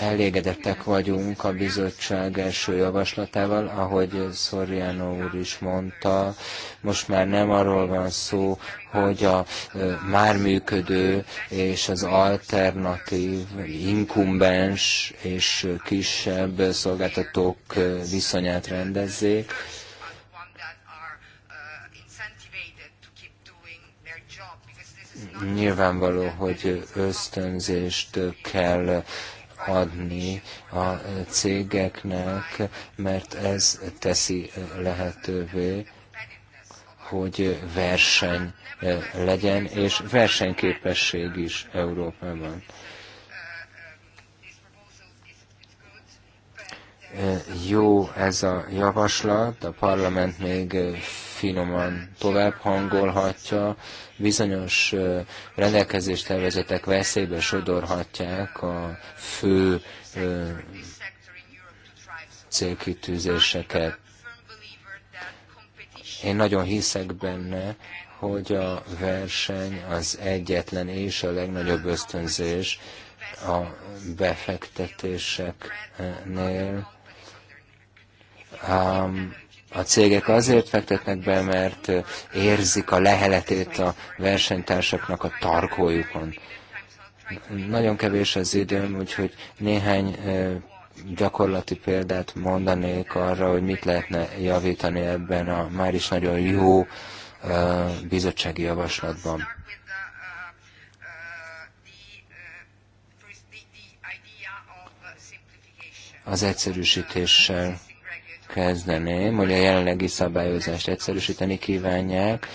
Speaker 3: elégedettek vagyunk a bizottság első javaslatával, ahogy Szoriano úr is mondta, most már nem arról van szó, hogy a már működő és az alternatív, inkumbens és kisebb szolgáltatók viszonyát rendezzék, Nyilvánvaló, hogy ösztönzést kell adni a cégeknek, mert ez teszi lehetővé, hogy verseny eh, legyen, és versenyképesség is Európában. Eh, jó ez a javaslat, a parlament még finoman tovább hangolhatja, bizonyos rendelkezéstervezetek veszélybe sodorhatják a fő célkitűzéseket. Én nagyon hiszek benne, hogy a verseny az egyetlen és a legnagyobb ösztönzés a befektetéseknél. Um, a cégek azért fektetnek be, mert érzik a leheletét a versenytársaknak a tarkójukon. Nagyon kevés az időm, úgyhogy néhány gyakorlati példát mondanék arra, hogy mit lehetne javítani ebben a már is nagyon jó bizottsági javaslatban. Az egyszerűsítéssel kezdeném, hogy a jelenlegi szabályozást egyszerűsíteni kívánják.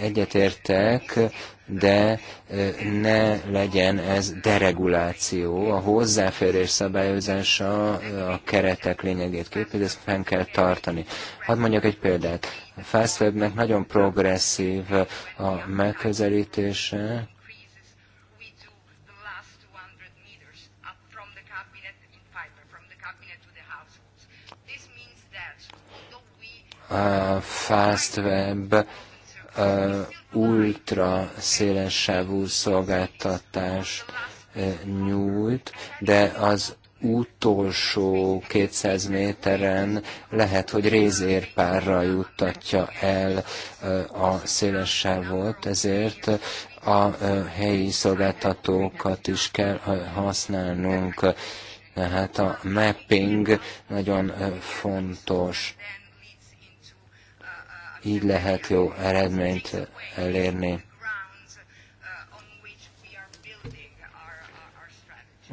Speaker 3: Egyetértek, de ne legyen ez dereguláció. A hozzáférés szabályozása a keretek lényegét képezi, ezt fenn kell tartani. Hadd mondjak egy példát. A Fastwebnek nagyon progresszív a megközelítése, FastWeb ultra szélessávú szolgáltatást e, nyújt, de az utolsó 200 méteren lehet, hogy rézérpárra juttatja el e, a szélessávot, ezért a e, helyi szolgáltatókat is kell használnunk. Tehát a mapping nagyon fontos. Így lehet jó eredményt elérni.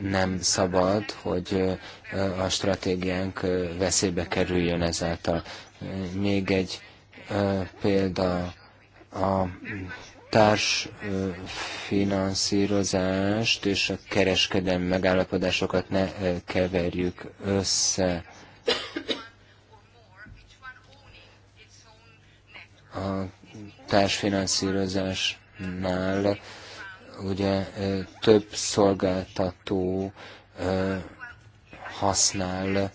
Speaker 3: nem szabad, hogy a stratégiánk veszélybe kerüljön ezáltal. Még egy példa a társfinanszírozást és a kereskedelmi megállapodásokat ne keverjük össze. a társfinanszírozásnál ugye több szolgáltató használ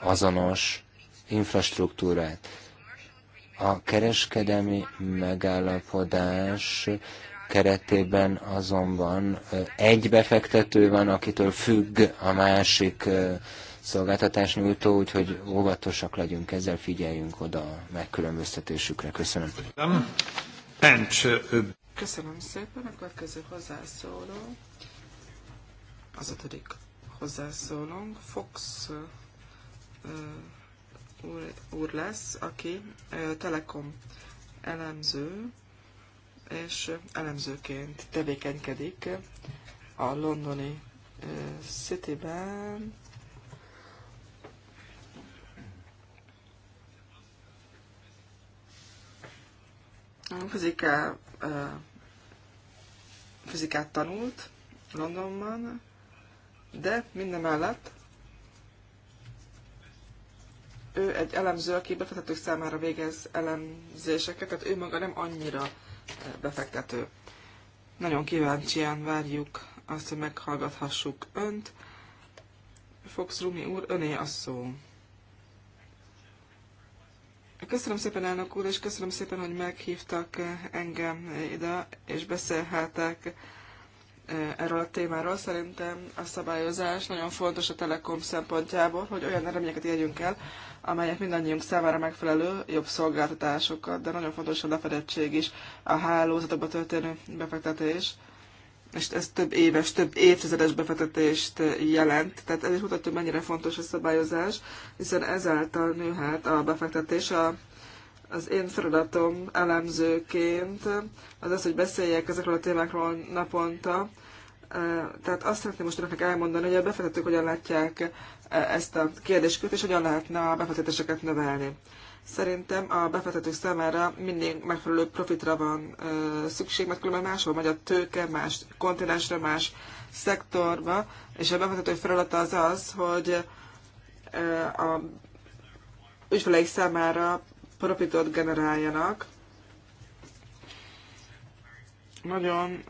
Speaker 3: azonos infrastruktúrát. A kereskedelmi megállapodás keretében azonban egy befektető van, akitől függ a másik szolgáltatás nyújtó, úgyhogy óvatosak legyünk ezzel, figyeljünk oda a megkülönböztetésükre. Köszönöm.
Speaker 1: Köszönöm szépen, a következő hozzászóló, az ötödik hozzászólónk, Fox uh, úr, úr lesz, aki uh, Telekom elemző, és elemzőként tevékenykedik a londoni Cityben fiziká, fizikát tanult Londonban, de minden mellett ő egy elemző, aki befektetők számára végez elemzéseket, tehát ő maga nem annyira befektető. Nagyon kíváncsian várjuk azt, hogy meghallgathassuk önt. Fox Rumi úr, öné a szó. Köszönöm szépen, elnök úr, és köszönöm szépen, hogy meghívtak eh, engem ide, és beszélhetek eh, erről a témáról. Szerintem a szabályozás nagyon fontos a Telekom szempontjából, hogy olyan eredményeket érjünk el, amelyek mindannyiunk számára megfelelő jobb szolgáltatásokat, de nagyon fontos a lefedettség is, a hálózatokba történő befektetés és ez több éves, több évtizedes befektetést jelent. Tehát ez is mutatja, mennyire fontos a szabályozás, hiszen ezáltal nőhet a befektetés. A, az én feladatom elemzőként az az, hogy beszéljek ezekről a témákról naponta. E, tehát azt szeretném most önöknek elmondani, hogy a befektetők hogyan látják e, ezt a kérdéskört, és hogyan lehetne a befektetéseket növelni. Szerintem a befektetők számára mindig megfelelő profitra van ö, szükség, mert különben máshol megy a tőke, más kontinensre, más szektorba, és a befektető feladata az az, hogy ö, a ügyfeleik számára profitot generáljanak. Nagyon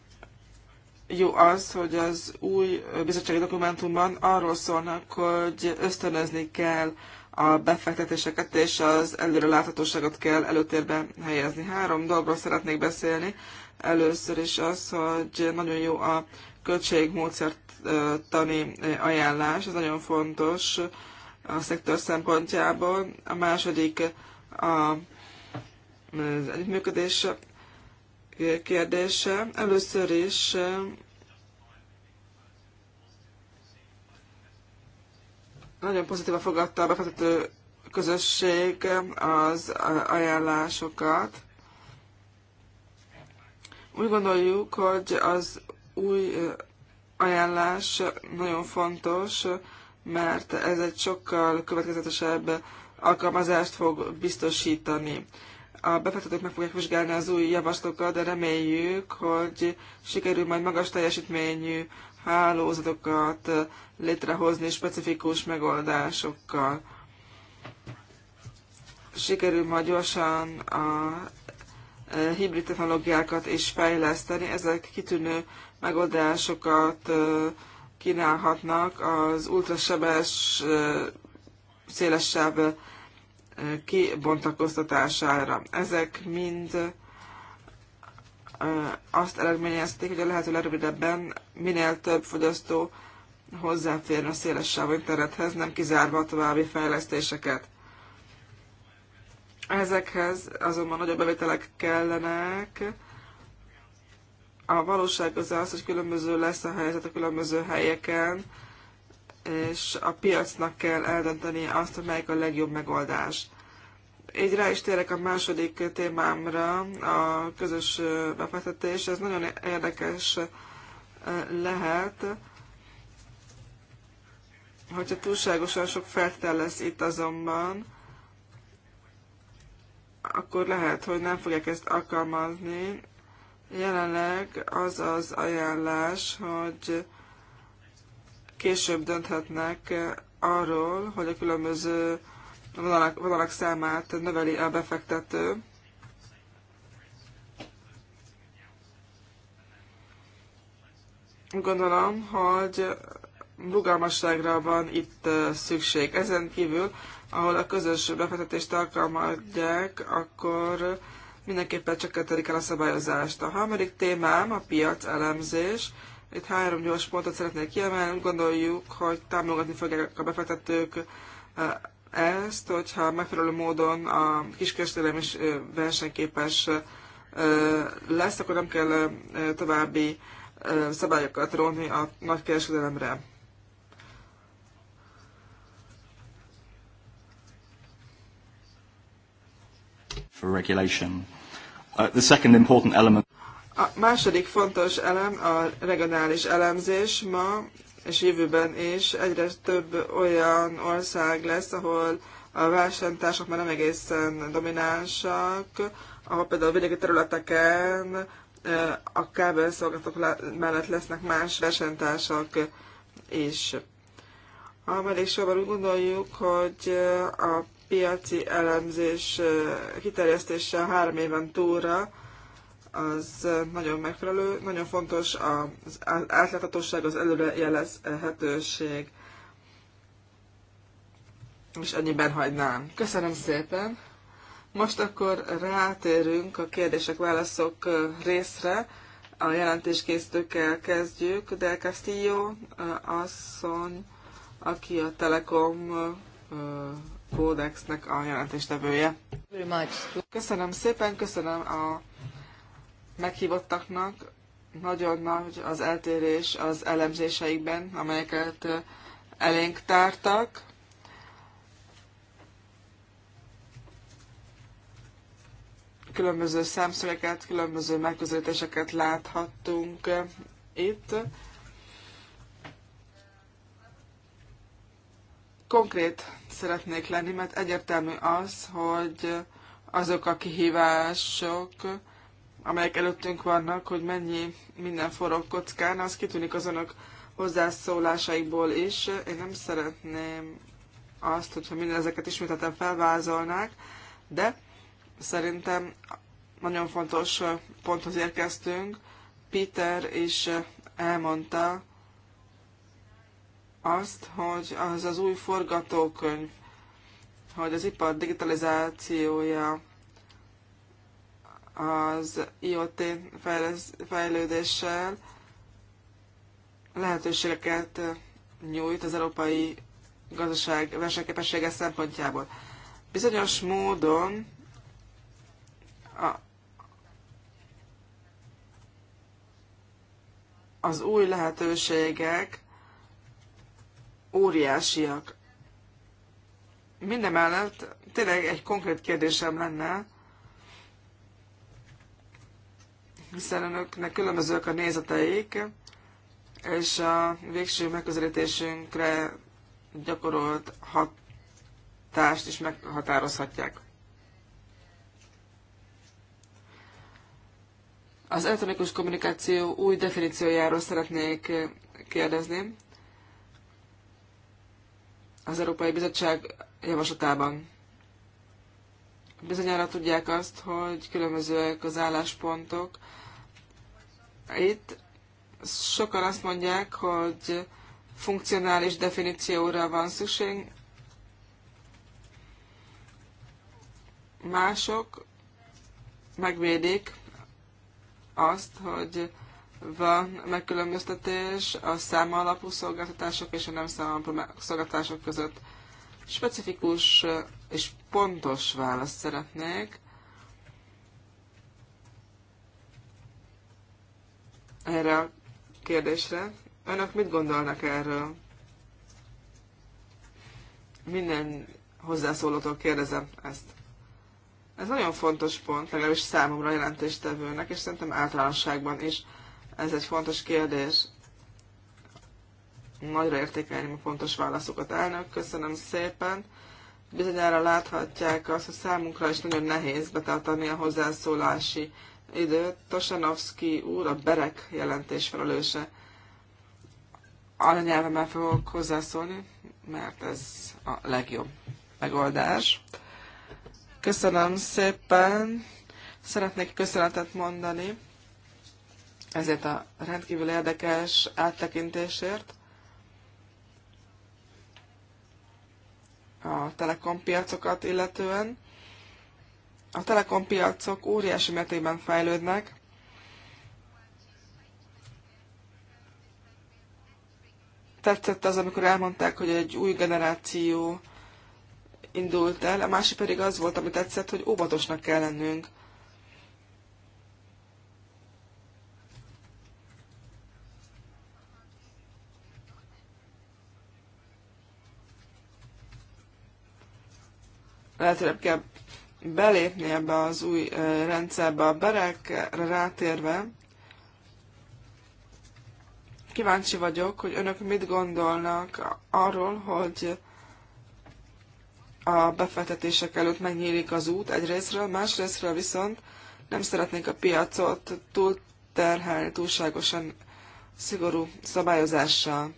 Speaker 1: jó az, hogy az új bizottsági dokumentumban arról szólnak, hogy ösztönözni kell a befektetéseket és az előreláthatóságot kell előtérbe helyezni. Három dologról szeretnék beszélni. Először is az, hogy nagyon jó a költségmódszertani ajánlás, ez nagyon fontos a szektor szempontjából. A második a, az együttműködés kérdése. Először is Nagyon pozitívan fogadta a befektető közösség az ajánlásokat. Úgy gondoljuk, hogy az új ajánlás nagyon fontos, mert ez egy sokkal következetesebb alkalmazást fog biztosítani. A befektetők meg fogják vizsgálni az új javaslatokat, de reméljük, hogy sikerül majd magas teljesítményű hálózatokat létrehozni specifikus megoldásokkal. Sikerül majd gyorsan a e, hibrid technológiákat is fejleszteni. Ezek kitűnő megoldásokat e, kínálhatnak az ultrasebes e, szélesebb kibontakoztatására. Ezek mind azt eredményezték, hogy a lehető legrövidebben minél több fogyasztó hozzáférne a széles sávú internethez, nem kizárva a további fejlesztéseket. Ezekhez azonban nagyobb bevételek kellenek. A valóság az az, hogy különböző lesz a helyzet a különböző helyeken, és a piacnak kell eldönteni azt, hogy melyik a legjobb megoldás. Így rá is térek a második témámra, a közös befektetés. Ez nagyon érdekes lehet, hogyha túlságosan sok feltétel lesz itt azonban, akkor lehet, hogy nem fogják ezt alkalmazni. Jelenleg az az ajánlás, hogy később dönthetnek arról, hogy a különböző vonalak, vonalak számát növeli a befektető. Gondolom, hogy rugalmasságra van itt szükség. Ezen kívül, ahol a közös befektetést alkalmazják, akkor mindenképpen csökkentelik el a szabályozást. A harmadik témám a piac elemzés. Itt három gyors pontot szeretnék kiemelni. Úgy gondoljuk, hogy támogatni fogják a befektetők ezt, hogyha megfelelő módon a kiskereskedelem is versenyképes lesz, akkor nem kell további szabályokat róni a kereskedelemre.
Speaker 2: For regulation. Uh, the second important element.
Speaker 1: A második fontos elem a regionális elemzés. Ma és jövőben is egyre több olyan ország lesz, ahol a versenytársak már nem egészen dominánsak, ahol például a vidéki területeken a kábelszolgáltatók mellett lesznek más versenytársak is. Harmadik sorban úgy gondoljuk, hogy a piaci elemzés kiterjesztése három éven túlra az nagyon megfelelő, nagyon fontos az átláthatóság, az előrejelezhetőség, és ennyiben hagynám. Köszönöm szépen! Most akkor rátérünk a kérdések-válaszok részre. A jelentéskészítőkkel kezdjük. De Castillo asszony, aki a Telekom Codexnek a jelentéstevője. Köszönöm szépen, köszönöm a meghívottaknak. Nagyon nagy az eltérés az elemzéseikben, amelyeket elénk tártak. Különböző szemszögeket, különböző megközelítéseket láthattunk itt. konkrét szeretnék lenni, mert egyértelmű az, hogy azok a kihívások, amelyek előttünk vannak, hogy mennyi minden forró kockán, az kitűnik az önök hozzászólásaikból is. Én nem szeretném azt, hogyha ezeket ismételten felvázolnák, de szerintem nagyon fontos ponthoz érkeztünk. Peter is elmondta azt, hogy az az új forgatókönyv, hogy az ipar digitalizációja az IoT fejlődéssel lehetőségeket nyújt az európai gazdaság versenyképessége szempontjából. Bizonyos módon a, az új lehetőségek óriásiak. Mindemellett tényleg egy konkrét kérdésem lenne, hiszen önöknek különbözők a nézeteik, és a végső megközelítésünkre gyakorolt hatást is meghatározhatják. Az elektronikus kommunikáció új definíciójáról szeretnék kérdezni. Az Európai Bizottság javaslatában. Bizonyára tudják azt, hogy különbözőek az álláspontok itt sokan azt mondják, hogy funkcionális definícióra van szükség. Mások megvédik azt, hogy van megkülönböztetés a alapú szolgáltatások és a nem alapú szolgáltatások között. Specifikus és pontos választ szeretnék. erre a kérdésre. Önök mit gondolnak erről? Minden hozzászólótól kérdezem ezt. Ez nagyon fontos pont, legalábbis számomra jelentéstevőnek, és szerintem általánosságban is ez egy fontos kérdés. Nagyra értékelném a fontos válaszokat, elnök. Köszönöm szépen. Bizonyára láthatják azt, hogy számunkra is nagyon nehéz betartani a hozzászólási Idő Tosanovski úr, a Berek jelentés felelőse. Anyanyelvemmel fogok hozzászólni, mert ez a legjobb megoldás. Köszönöm szépen. Szeretnék köszönetet mondani ezért a rendkívül érdekes áttekintésért. a telekom piacokat illetően. A telekompiacok óriási mértékben fejlődnek, tetszett az, amikor elmondták, hogy egy új generáció indult el, a másik pedig az volt, ami tetszett, hogy óvatosnak kell lennünk. Lehet, hogy kell belépni ebbe az új rendszerbe. A berekre rátérve kíváncsi vagyok, hogy önök mit gondolnak arról, hogy a befektetések előtt megnyílik az út egyrésztről, másrésztről viszont nem szeretnék a piacot túl terhelni túlságosan szigorú szabályozással.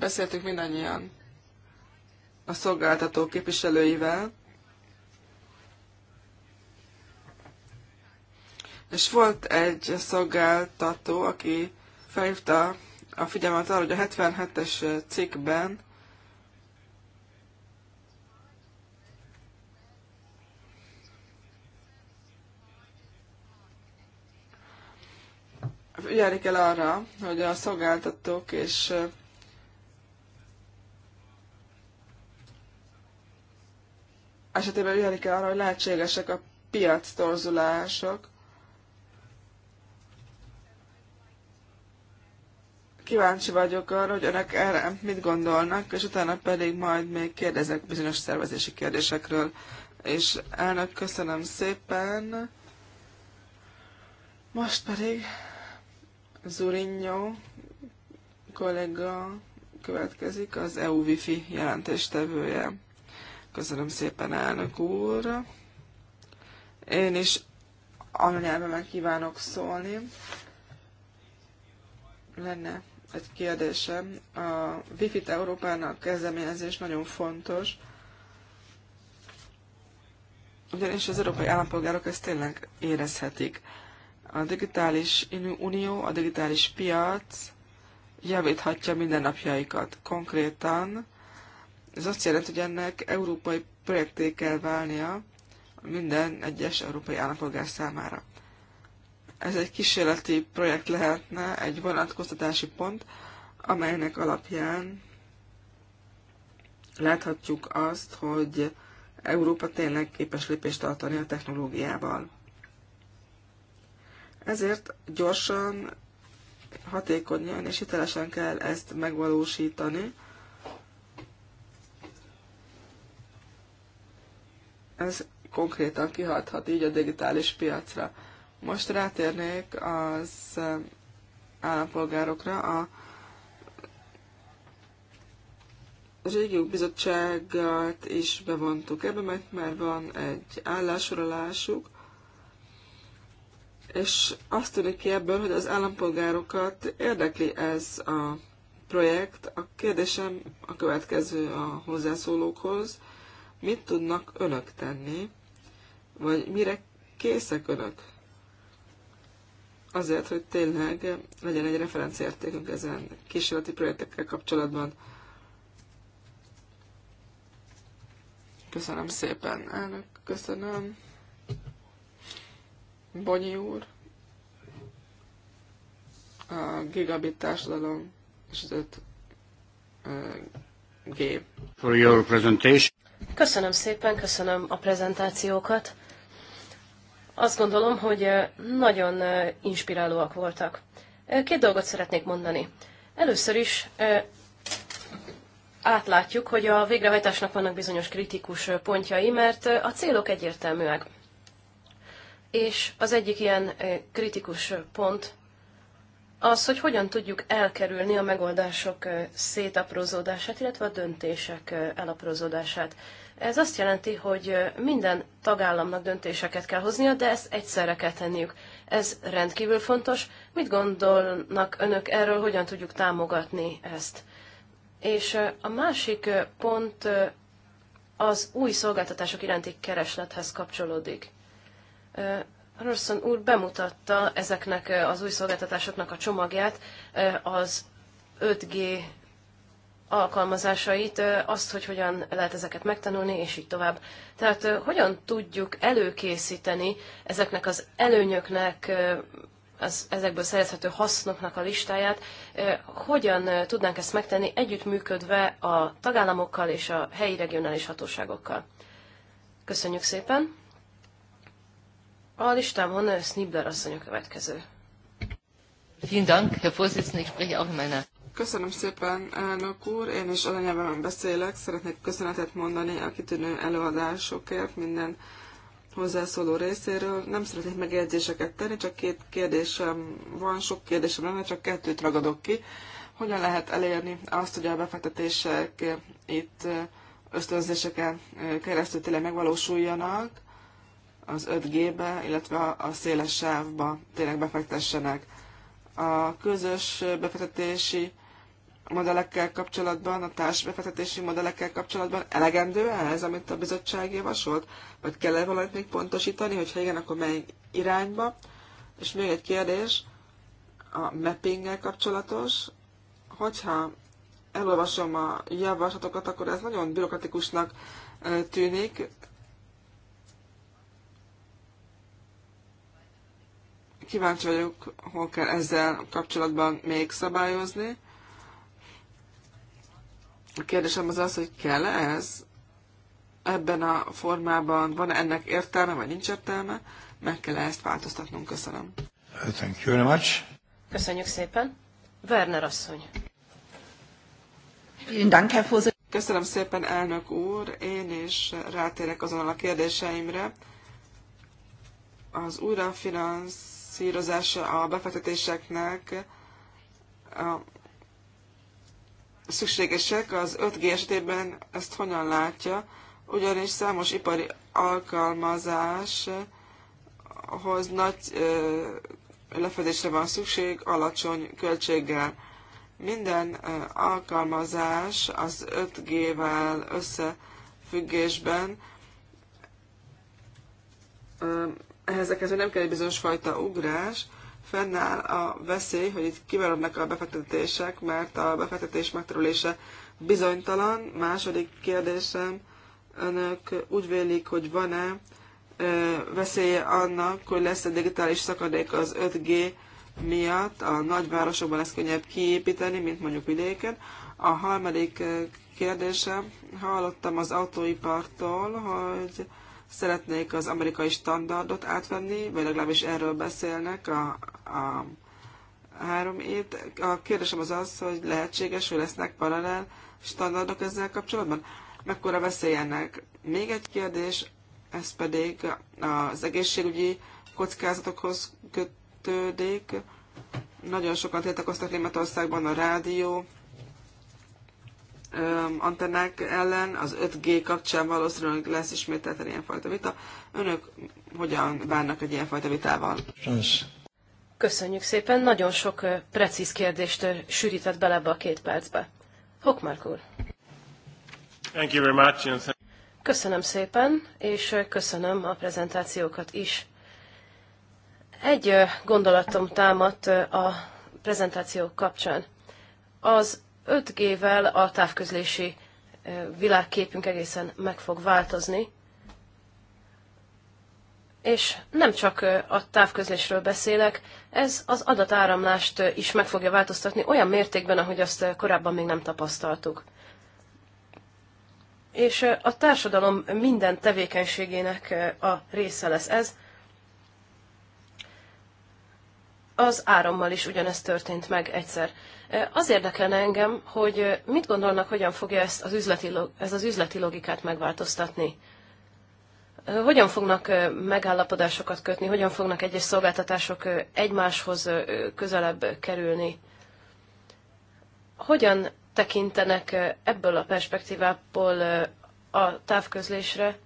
Speaker 1: beszéltünk mindannyian a szolgáltató képviselőivel, és volt egy szolgáltató, aki felhívta a figyelmet arra, hogy a 77-es cikkben figyelni kell arra, hogy a szolgáltatók és esetében ügyelni kell arra, hogy lehetségesek a piac torzulások. Kíváncsi vagyok arra, hogy önök erre mit gondolnak, és utána pedig majd még kérdezek bizonyos szervezési kérdésekről. És elnök, köszönöm szépen. Most pedig Zurinyó kollega következik, az EU Wifi jelentéstevője. Köszönöm szépen, elnök úr. Én is anyanyelvemen kívánok szólni. Lenne egy kérdésem. A Wi-Fi-t Európának kezdeményezés nagyon fontos, ugyanis az európai állampolgárok ezt tényleg érezhetik. A digitális unió, a digitális piac javíthatja mindennapjaikat. Konkrétan ez azt jelenti, hogy ennek európai projekté kell válnia minden egyes európai állampolgár számára. Ez egy kísérleti projekt lehetne, egy vonatkoztatási pont, amelynek alapján láthatjuk azt, hogy Európa tényleg képes lépést tartani a technológiával. Ezért gyorsan, hatékonyan és hitelesen kell ezt megvalósítani, ez konkrétan kihathat így a digitális piacra. Most rátérnék az eh, állampolgárokra. A régiók bizottságát is bevontuk ebbe, mert már van egy állásolásuk, és azt tűnik ki ebből, hogy az állampolgárokat érdekli ez a projekt. A kérdésem a következő a hozzászólókhoz. Mit tudnak önök tenni, vagy mire készek önök? Azért, hogy tényleg legyen egy referenciértékünk ezen kísérleti projektekkel kapcsolatban. Köszönöm szépen, elnök, köszönöm. Bonyi úr,
Speaker 2: a gigabit társadalom és az 5G.
Speaker 3: For your presentation.
Speaker 2: Köszönöm szépen, köszönöm a prezentációkat. Azt gondolom, hogy nagyon inspirálóak voltak. Két dolgot szeretnék mondani. Először is átlátjuk, hogy a végrehajtásnak vannak bizonyos kritikus pontjai, mert a célok egyértelműek. És az egyik ilyen kritikus pont az, hogy hogyan tudjuk elkerülni a megoldások szétaprózódását, illetve a döntések elaprózódását. Ez azt jelenti, hogy minden tagállamnak döntéseket kell hoznia, de ezt egyszerre kell tenniük. Ez rendkívül fontos. Mit gondolnak önök erről, hogyan tudjuk támogatni ezt? És a másik pont az új szolgáltatások iránti kereslethez kapcsolódik. Rosszon úr bemutatta ezeknek az új szolgáltatásoknak a csomagját az 5G alkalmazásait, azt, hogy hogyan lehet ezeket megtanulni, és így tovább. Tehát hogyan tudjuk előkészíteni ezeknek az előnyöknek, az, ezekből szerezhető hasznoknak a listáját, hogyan tudnánk ezt megtenni együttműködve a tagállamokkal és a helyi regionális hatóságokkal. Köszönjük szépen! A listámon Snibler asszony a következő.
Speaker 1: Vielen Dank, Herr Vorsitzender, ich spreche auch in meiner
Speaker 2: Köszönöm szépen, elnök úr. Én is anyanyelvemen beszélek.
Speaker 1: Szeretnék köszönetet mondani a kitűnő előadásokért minden hozzászóló részéről. Nem szeretnék megjegyzéseket tenni, csak két kérdésem van, sok kérdésem lenne, csak kettőt ragadok ki. Hogyan lehet elérni azt, hogy a befektetések itt ösztönzéseken keresztül tényleg megvalósuljanak az 5G-be, illetve a széles sávba tényleg befektessenek? A közös befektetési modellekkel kapcsolatban, a társbefektetési modellekkel kapcsolatban elegendő ez, amit a bizottság javasolt? Vagy kell -e valamit még pontosítani, hogyha igen, akkor mely irányba? És még egy kérdés, a mappinggel kapcsolatos, hogyha elolvasom a javaslatokat, akkor ez nagyon bürokratikusnak tűnik. Kíváncsi vagyok, hol kell ezzel kapcsolatban még szabályozni. A kérdésem az az, hogy kell -e ez ebben a formában? Van -e ennek értelme, vagy nincs értelme? Meg kell -e ezt változtatnunk? Köszönöm.
Speaker 2: Thank you very much.
Speaker 1: Köszönjük szépen. Werner asszony. Köszönöm szépen, elnök úr. Én is rátérek azon a kérdéseimre. Az újrafinanszírozása a befektetéseknek a szükségesek, az 5G esetében ezt hogyan látja, ugyanis számos ipari alkalmazáshoz nagy lefedésre van szükség alacsony költséggel. Minden alkalmazás az 5G-vel összefüggésben ehhez nem kell egy bizonyos fajta ugrás, fennáll a veszély, hogy itt kimaradnak a befektetések, mert a befektetés megterülése bizonytalan. Második kérdésem, önök úgy vélik, hogy van-e veszélye annak, hogy lesz egy digitális szakadék az 5G miatt, a nagyvárosokban lesz könnyebb kiépíteni, mint mondjuk vidéken. A harmadik kérdésem, hallottam az autóipartól, hogy szeretnék az amerikai standardot átvenni, vagy legalábbis erről beszélnek a, a három év. A kérdésem az az, hogy lehetséges, hogy lesznek paralel standardok ezzel kapcsolatban? Mekkora veszély ennek? Még egy kérdés, ez pedig az egészségügyi kockázatokhoz kötődik. Nagyon sokan tiltakoztak Németországban a rádió antennák ellen, az 5G kapcsán valószínűleg lesz ismételten ilyenfajta vita. Önök hogyan bánnak egy ilyenfajta vitával?
Speaker 2: Köszönjük szépen, nagyon sok precíz kérdést sűrített bele ebbe a két percbe. Hokmark úr. Thank you very much. Köszönöm szépen, és köszönöm a prezentációkat is. Egy gondolatom támadt a prezentáció kapcsán. Az 5G-vel a távközlési világképünk egészen meg fog változni, és nem csak a távközlésről beszélek, ez az adatáramlást is meg fogja változtatni olyan mértékben, ahogy azt korábban még nem tapasztaltuk. És a társadalom minden tevékenységének a része lesz ez. Az árammal is ugyanezt történt meg egyszer. Az érdekelne engem, hogy mit gondolnak, hogyan fogja ezt az üzleti, ez az üzleti logikát megváltoztatni. Hogyan fognak megállapodásokat kötni, hogyan fognak egyes szolgáltatások egymáshoz közelebb kerülni? Hogyan tekintenek ebből a perspektívából a távközlésre?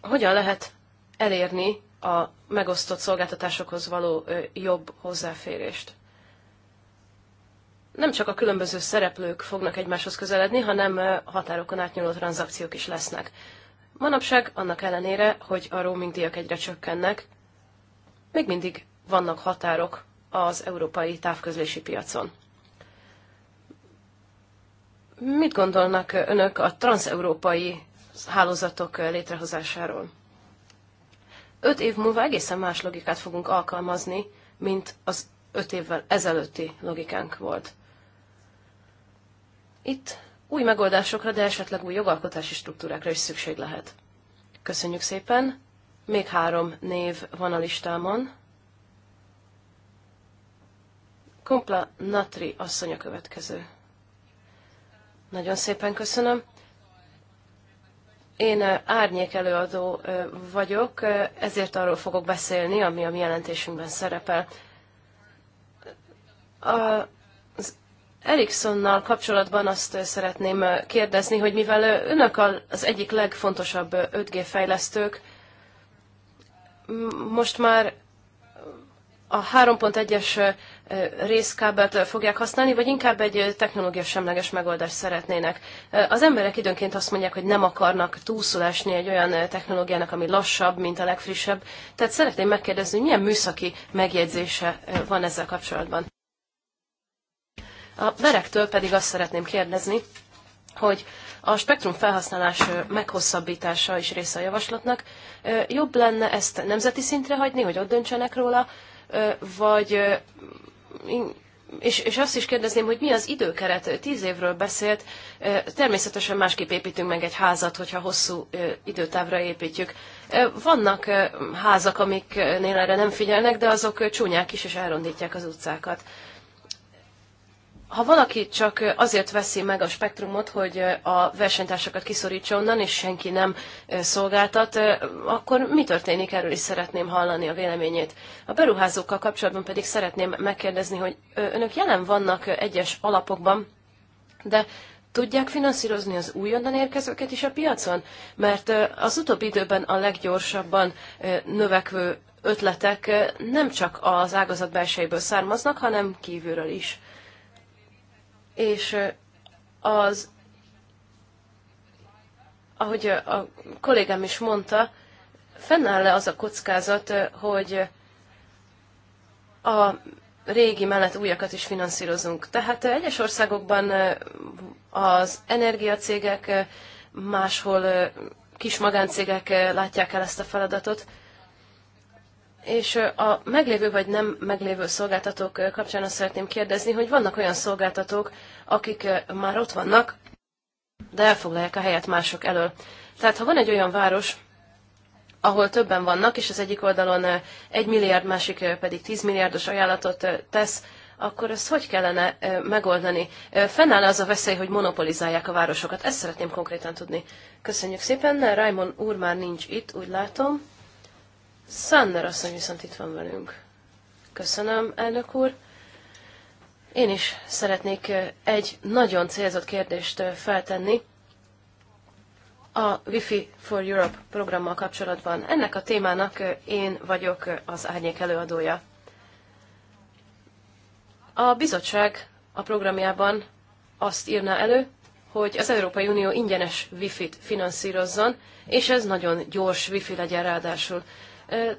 Speaker 2: Hogyan lehet elérni a megosztott szolgáltatásokhoz való jobb hozzáférést. Nem csak a különböző szereplők fognak egymáshoz közeledni, hanem határokon átnyúló tranzakciók is lesznek. Manapság annak ellenére, hogy a roaming díjak egyre csökkennek, még mindig vannak határok az európai távközlési piacon. Mit gondolnak önök a transeurópai hálózatok létrehozásáról? öt év múlva egészen más logikát fogunk alkalmazni, mint az öt évvel ezelőtti logikánk volt. Itt új megoldásokra, de esetleg új jogalkotási struktúrákra is szükség lehet. Köszönjük szépen! Még három név van a listámon. Kompla Natri asszony a következő. Nagyon szépen köszönöm. Én árnyék előadó vagyok, ezért arról fogok beszélni, ami a mi jelentésünkben szerepel. Az Ericssonnal kapcsolatban azt szeretném kérdezni, hogy mivel önök az egyik legfontosabb 5G fejlesztők, most már a 3.1-es részkábelt fogják használni, vagy inkább egy technológia semleges megoldást szeretnének. Az emberek időnként azt mondják, hogy nem akarnak túlszulásni egy olyan technológiának, ami lassabb, mint a legfrissebb. Tehát szeretném megkérdezni, hogy milyen műszaki megjegyzése van ezzel kapcsolatban. A berektől pedig azt szeretném kérdezni, hogy a spektrum felhasználás meghosszabbítása is része a javaslatnak. Jobb lenne ezt nemzeti szintre hagyni, hogy ott döntsenek róla, vagy és, és azt is kérdezném, hogy mi az időkeret? Tíz évről beszélt, természetesen másképp építünk meg egy házat, hogyha hosszú időtávra építjük. Vannak házak, amiknél erre nem figyelnek, de azok csúnyák is, és elrondítják az utcákat ha valaki csak azért veszi meg a spektrumot, hogy a versenytársakat kiszorítsa onnan, és senki nem szolgáltat, akkor mi történik? Erről is szeretném hallani a véleményét. A beruházókkal kapcsolatban pedig szeretném megkérdezni, hogy önök jelen vannak egyes alapokban, de tudják finanszírozni az újonnan érkezőket is a piacon? Mert az utóbbi időben a leggyorsabban növekvő ötletek nem csak az ágazat belsejéből származnak, hanem kívülről is és az, ahogy a kollégám is mondta, fennáll-e az a kockázat, hogy a régi mellett újakat is finanszírozunk. Tehát egyes országokban az energiacégek, máshol kis magáncégek látják el ezt a feladatot, és a meglévő vagy nem meglévő szolgáltatók kapcsán azt szeretném kérdezni, hogy vannak olyan szolgáltatók, akik már ott vannak, de elfoglalják a helyet mások elől. Tehát ha van egy olyan város, ahol többen vannak, és az egyik oldalon egy milliárd, másik pedig 10 milliárdos ajánlatot tesz, akkor ezt hogy kellene megoldani? Fennáll az a veszély, hogy monopolizálják a városokat? Ezt szeretném konkrétan tudni. Köszönjük szépen. Raimon úr már nincs itt, úgy látom. Sanner asszony viszont itt van velünk. Köszönöm, elnök úr. Én is szeretnék egy nagyon célzott kérdést feltenni a Wi-Fi for Europe programmal kapcsolatban. Ennek a témának én vagyok az árnyék előadója. A bizottság a programjában azt írná elő, hogy az Európai Unió ingyenes Wi-Fi-t finanszírozzon, és ez nagyon gyors Wi-Fi legyen ráadásul.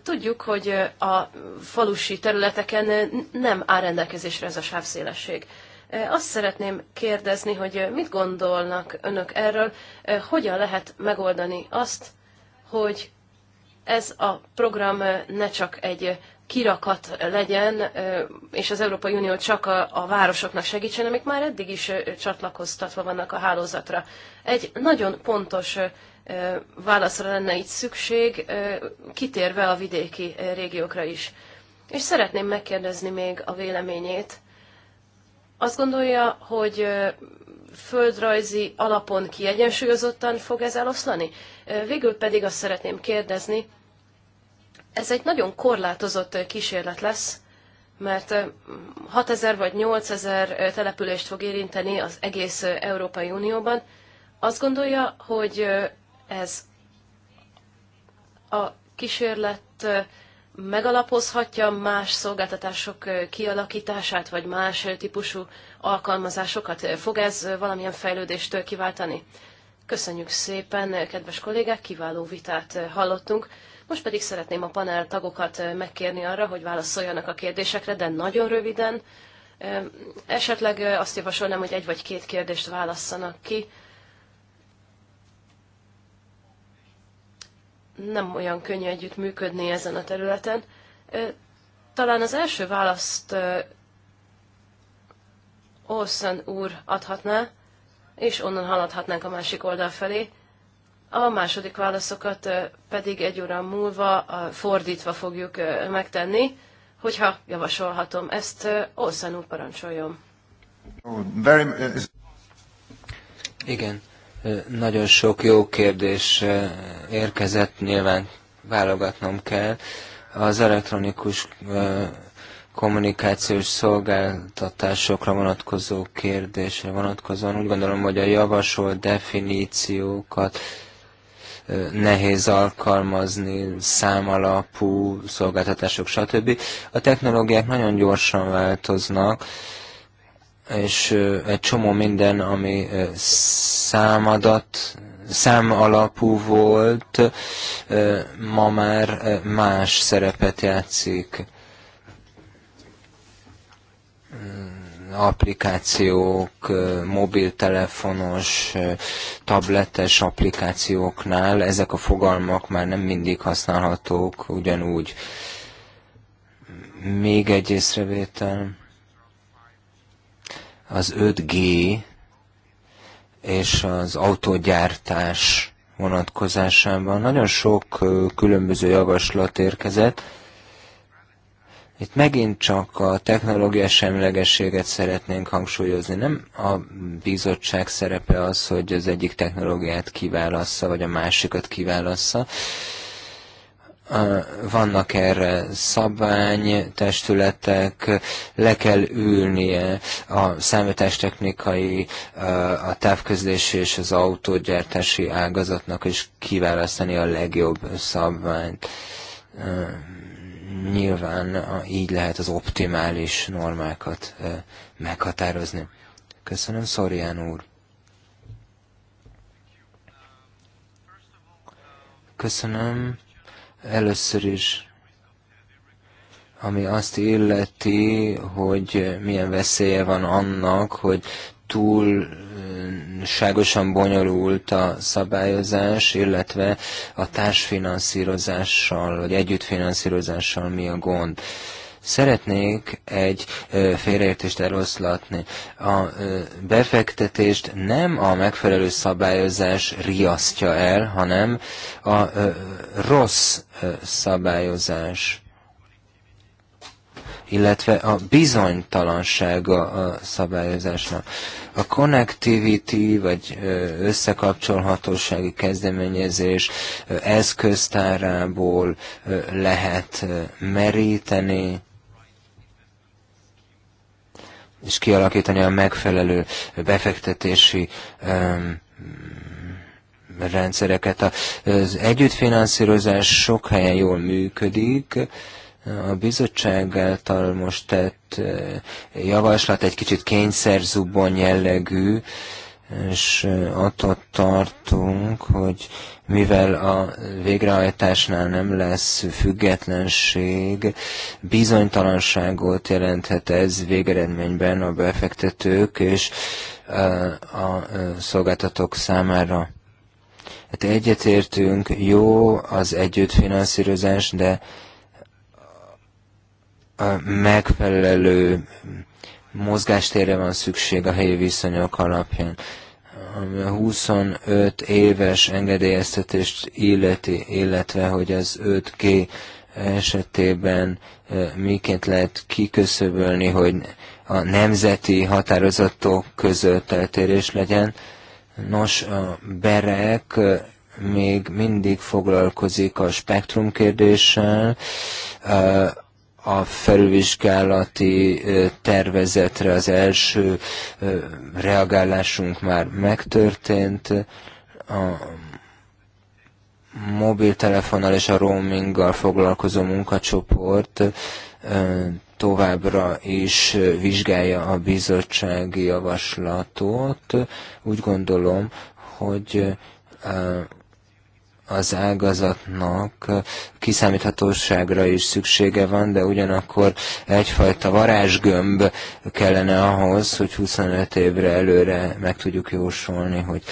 Speaker 2: Tudjuk, hogy a falusi területeken nem áll rendelkezésre ez a sávszélesség. Azt szeretném kérdezni, hogy mit gondolnak önök erről, hogyan lehet megoldani azt, hogy ez a program ne csak egy kirakat legyen, és az Európai Unió csak a, a városoknak segítsen, amik már eddig is csatlakoztatva vannak a hálózatra. Egy nagyon pontos válaszra lenne itt szükség, kitérve a vidéki régiókra is. És szeretném megkérdezni még a véleményét. Azt gondolja, hogy földrajzi alapon kiegyensúlyozottan fog ez eloszlani? Végül pedig azt szeretném kérdezni, ez egy nagyon korlátozott kísérlet lesz, mert 6000 vagy 8000 települést fog érinteni az egész Európai Unióban. Azt gondolja, hogy ez a kísérlet megalapozhatja más szolgáltatások kialakítását, vagy más típusú alkalmazásokat? Fog ez valamilyen fejlődéstől kiváltani? Köszönjük szépen, kedves kollégák, kiváló vitát hallottunk. Most pedig szeretném a panel tagokat megkérni arra, hogy válaszoljanak a kérdésekre, de nagyon röviden. Esetleg azt javasolnám, hogy egy vagy két kérdést válasszanak ki nem olyan könnyű együtt működni ezen a területen. Talán az első választ Olszen úr adhatná, és onnan haladhatnánk a másik oldal felé. A második válaszokat pedig egy óra múlva fordítva fogjuk megtenni, hogyha javasolhatom. Ezt Olszen úr parancsoljon. Oh,
Speaker 3: Igen, nagyon sok jó kérdés érkezett, nyilván válogatnom kell. Az elektronikus kommunikációs szolgáltatásokra vonatkozó kérdésre vonatkozóan úgy gondolom, hogy a javasolt definíciókat nehéz alkalmazni, számalapú szolgáltatások, stb. A technológiák nagyon gyorsan változnak, és egy csomó minden, ami számadat, szám alapú volt, ma már más szerepet játszik. Mm, applikációk, mobiltelefonos, tabletes applikációknál ezek a fogalmak már nem mindig használhatók ugyanúgy. Még egy észrevétel az 5G és az autógyártás vonatkozásában nagyon sok különböző javaslat érkezett. Itt megint csak a technológia semlegességet szeretnénk hangsúlyozni. Nem a bizottság szerepe az, hogy az egyik technológiát kiválassza, vagy a másikat kiválassza, vannak erre testületek, le kell ülnie a számítástechnikai, a távközlési és az autógyártási ágazatnak, és kiválasztani a legjobb szabványt. Nyilván így lehet az optimális normákat meghatározni. Köszönöm, Szorján úr! Köszönöm Először is, ami azt illeti, hogy milyen veszélye van annak, hogy túlságosan eh, bonyolult a szabályozás, illetve a társfinanszírozással, vagy együttfinanszírozással mi a gond. Uh, Szeretnék egy félreértést eloszlatni. A befektetést nem a megfelelő szabályozás riasztja el, hanem a rossz szabályozás illetve a bizonytalansága a szabályozásnak. A connectivity, vagy összekapcsolhatósági kezdeményezés eszköztárából lehet meríteni, és kialakítani a megfelelő befektetési rendszereket. Az együttfinanszírozás sok helyen jól működik, a bizottság által most tett eh, javaslat egy kicsit kényszerzubon jellegű, és attól tartunk, hogy mivel a végrehajtásnál nem lesz függetlenség, bizonytalanságot jelenthet ez végeredményben a befektetők és a szolgáltatók számára. Hát egyetértünk, jó az együttfinanszírozás, de a megfelelő mozgástérre van szükség a helyi viszonyok alapján. Ami a 25 éves engedélyeztetést illeti, illetve hogy az 5G esetében miként lehet kiköszöbölni, hogy a nemzeti határozatok között eltérés legyen. Nos, a berek még mindig foglalkozik a spektrum kérdéssel, a felülvizsgálati tervezetre az első reagálásunk már megtörtént. A mobiltelefonnal és a roaminggal foglalkozó munkacsoport továbbra is vizsgálja a bizottsági javaslatot. Úgy gondolom, hogy az ágazatnak kiszámíthatóságra is szüksége van, de ugyanakkor egyfajta varázsgömb kellene ahhoz, hogy 25 évre előre meg tudjuk jósolni, hogy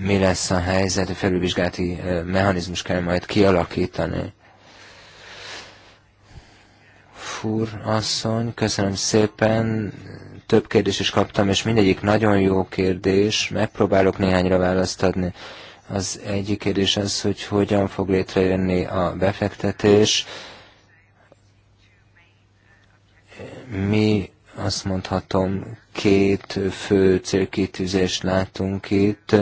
Speaker 3: mi lesz a helyzet, a felülvizsgálati mechanizmus kell majd kialakítani. Fúr asszony, köszönöm szépen, több kérdést is kaptam, és mindegyik nagyon jó kérdés, megpróbálok néhányra választ adni. Az egyik kérdés az, hogy hogyan fog létrejönni a befektetés. Mi azt mondhatom, két fő célkitűzést látunk itt,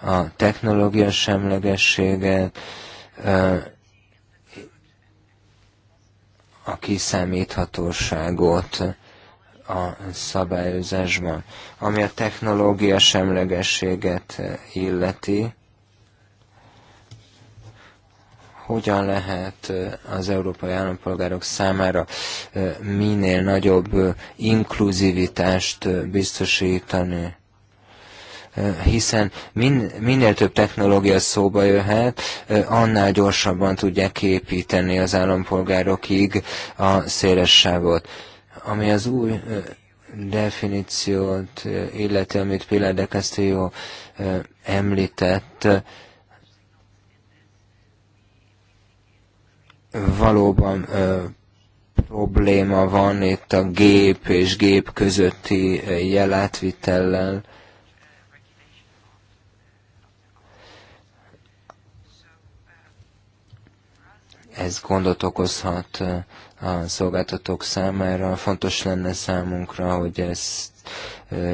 Speaker 3: a technológia semlegességet, a kiszámíthatóságot a szabályozásban. Ami a technológia semlegességet eh, illeti, hogyan lehet eh, az európai állampolgárok számára eh, minél nagyobb inkluzivitást biztosítani. Hiszen min, minél több technológia szóba jöhet, annál gyorsabban tudják építeni az állampolgárokig a széles sávot ami az új definíciót illeti, amit Pilar de Castillo említett, valóban probléma van itt a gép és gép közötti jelátvitellel. Ez gondot okozhat a szolgáltatók számára. Fontos lenne számunkra, hogy ezt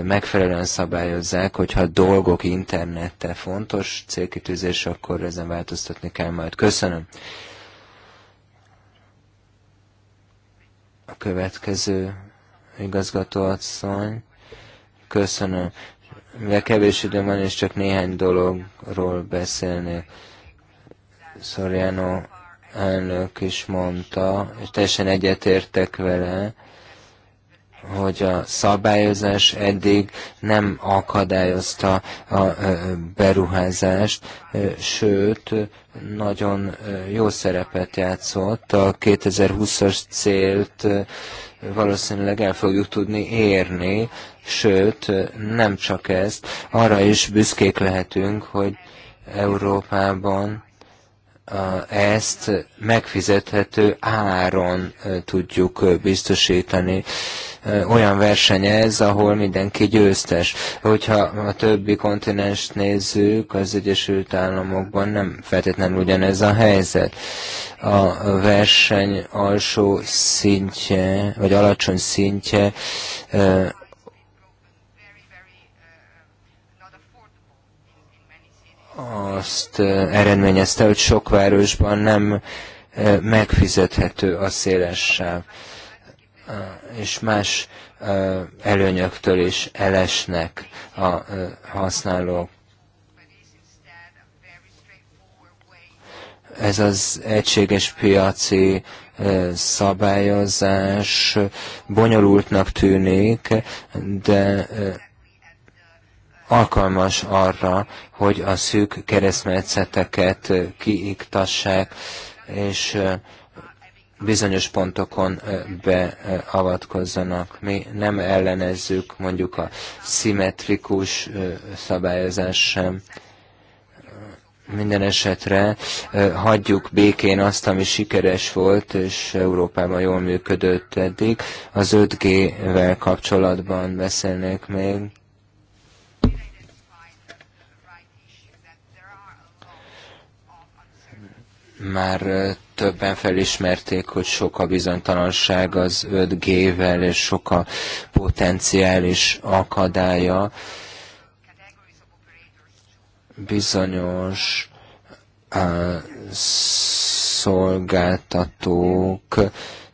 Speaker 3: megfelelően szabályozzák, hogyha a dolgok internette fontos célkitűzés, akkor ezen változtatni kell majd. Köszönöm. A következő igazgatóasszony. Köszönöm. Mivel kevés időm van, és csak néhány dologról beszélni. Soriano elnök is mondta, és teljesen egyetértek vele, hogy a szabályozás eddig nem akadályozta a beruházást, sőt, nagyon jó szerepet játszott. A 2020-as célt valószínűleg el fogjuk tudni érni, sőt, nem csak ezt, arra is büszkék lehetünk, hogy Európában ezt megfizethető áron tudjuk biztosítani. Olyan verseny ez, ahol mindenki győztes. Hogyha a többi kontinens nézzük, az Egyesült Államokban nem feltétlenül ugyanez a helyzet. A verseny alsó szintje, vagy alacsony szintje azt eredményezte, hogy sok városban nem megfizethető a széles és más előnyöktől is elesnek a használók. Ez az egységes piaci szabályozás bonyolultnak tűnik, de alkalmas arra, hogy a szűk keresztmetszeteket eh, kiiktassák, és eh, bizonyos pontokon eh, beavatkozzanak. Mi nem ellenezzük mondjuk a szimmetrikus szabályozás sem. Minden esetre hagyjuk békén azt, ami sikeres volt, és Európában jól működött eddig. Az 5G-vel kapcsolatban beszélnék még. Már többen felismerték, hogy sok a bizonytalanság az 5G-vel, és sok a potenciális akadálya. Bizonyos szolgáltatók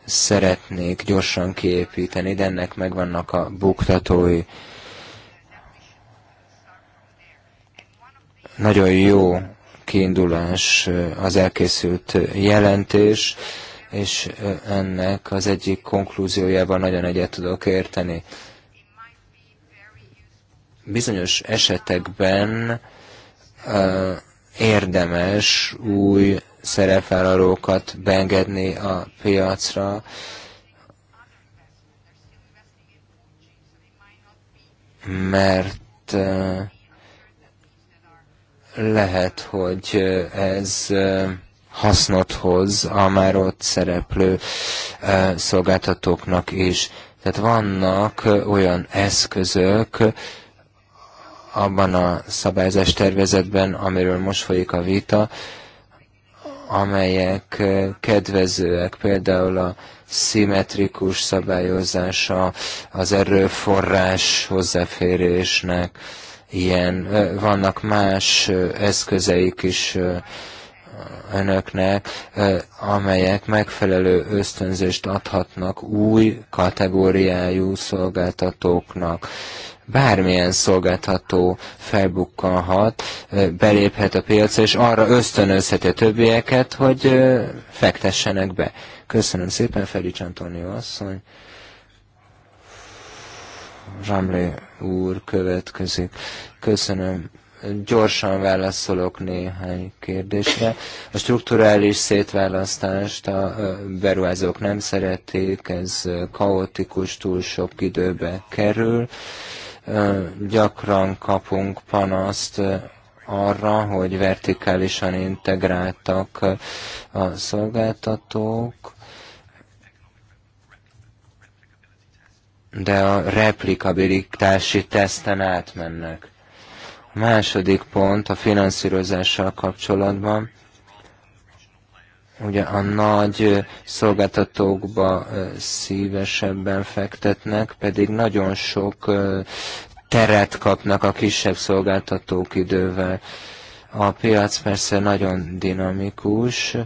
Speaker 3: szeretnék gyorsan kiépíteni, de ennek megvannak a buktatói. Nagyon jó kiindulás eh, az elkészült jelentés, és eh, ennek az egyik konklúziójával nagyon egyet tudok érteni. Bizonyos esetekben eh, érdemes új szerepvállalókat beengedni a piacra, mert lehet, hogy ez hasznot hoz a már ott szereplő szolgáltatóknak is. Tehát vannak olyan eszközök abban a szabályzás tervezetben, amiről most folyik a vita, amelyek kedvezőek, például a szimmetrikus szabályozása az erőforrás hozzáférésnek, ilyen. Vannak más eszközeik is önöknek, amelyek megfelelő ösztönzést adhatnak új kategóriájú szolgáltatóknak. Bármilyen szolgáltató felbukkanhat, beléphet a piacra, és arra ösztönözheti a többieket, hogy fektessenek be. Köszönöm szépen, Felics Antonio asszony. Zsamlé úr következik. Köszönöm. Gyorsan válaszolok néhány kérdésre. A strukturális szétválasztást a beruházók nem szeretik, ez kaotikus, túl sok időbe kerül. Gyakran kapunk panaszt arra, hogy vertikálisan integráltak a szolgáltatók, de a replikabilitási teszten átmennek. A második pont a finanszírozással kapcsolatban. Ugye a nagy szolgáltatókba szívesebben fektetnek, pedig nagyon sok teret kapnak a kisebb szolgáltatók idővel. A piac persze nagyon dinamikus,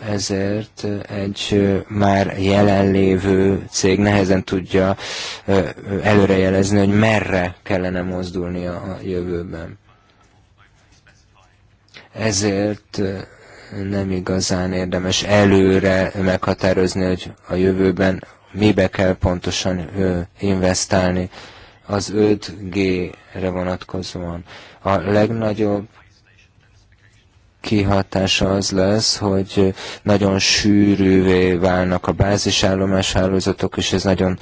Speaker 3: ezért egy már jelenlévő cég nehezen tudja előrejelezni, hogy merre kellene mozdulni a jövőben. Ezért nem igazán érdemes előre meghatározni, hogy a jövőben mibe kell pontosan investálni az 5G-re vonatkozóan. A legnagyobb kihatása az lesz, hogy nagyon sűrűvé válnak a bázisállomás hálózatok, és ez nagyon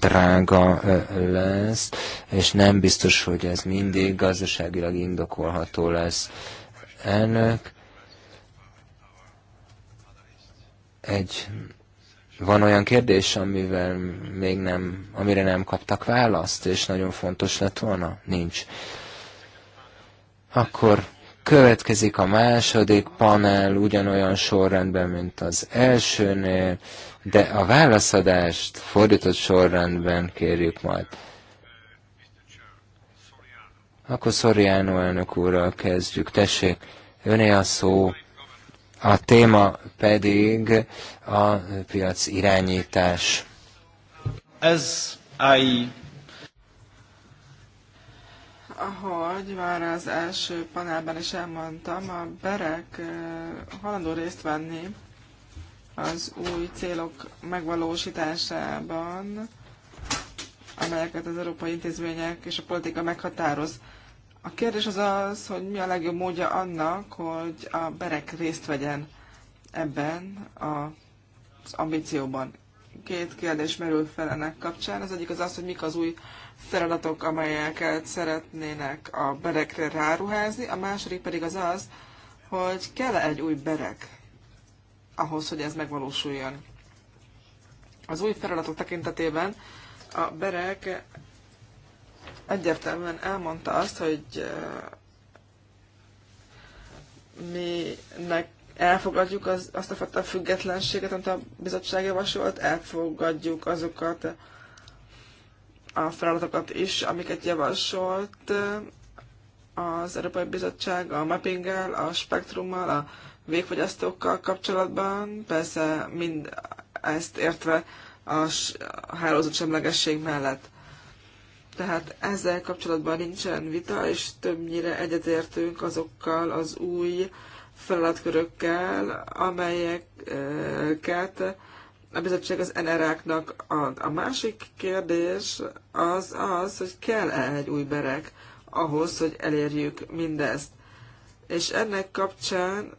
Speaker 3: drága lesz, és nem biztos, hogy ez mindig gazdaságilag indokolható lesz. Elnök, egy van olyan kérdés, amivel még nem, amire nem kaptak választ, és nagyon fontos lett volna? Nincs. Akkor Következik a második panel ugyanolyan sorrendben, mint az elsőnél, de a válaszadást fordított sorrendben kérjük majd. Akkor Szoriano elnök úrral kezdjük. Tessék, öné a szó. A téma pedig a piac irányítás.
Speaker 2: As I
Speaker 1: ahogy már az első panelben is elmondtam, a berek eh, halandó részt venni az új célok megvalósításában, amelyeket az európai intézmények és a politika meghatároz. A kérdés az az, hogy mi a legjobb módja annak, hogy a berek részt vegyen ebben az ambícióban. Két kérdés merül fel ennek kapcsán. Az egyik az az, hogy mik az új feladatok, amelyeket szeretnének a berekre ráruházni, a második pedig az az, hogy kell -e egy új berek ahhoz, hogy ez megvalósuljon. Az új feladatok tekintetében a berek egyértelműen elmondta azt, hogy eh, mi elfogadjuk az, azt a fajta függetlenséget, amit a bizottság javasolt, elfogadjuk azokat a feladatokat is, amiket javasolt az Európai Bizottság a mappinggel, a spektrummal, a végfogyasztókkal kapcsolatban, persze mind ezt értve a semlegesség mellett. Tehát ezzel kapcsolatban nincsen vita, és többnyire egyetértünk azokkal az új feladatkörökkel, amelyeket a bizottság az NRA-knak ad. A másik kérdés az az, hogy kell-e egy új berek ahhoz, hogy elérjük mindezt. És ennek kapcsán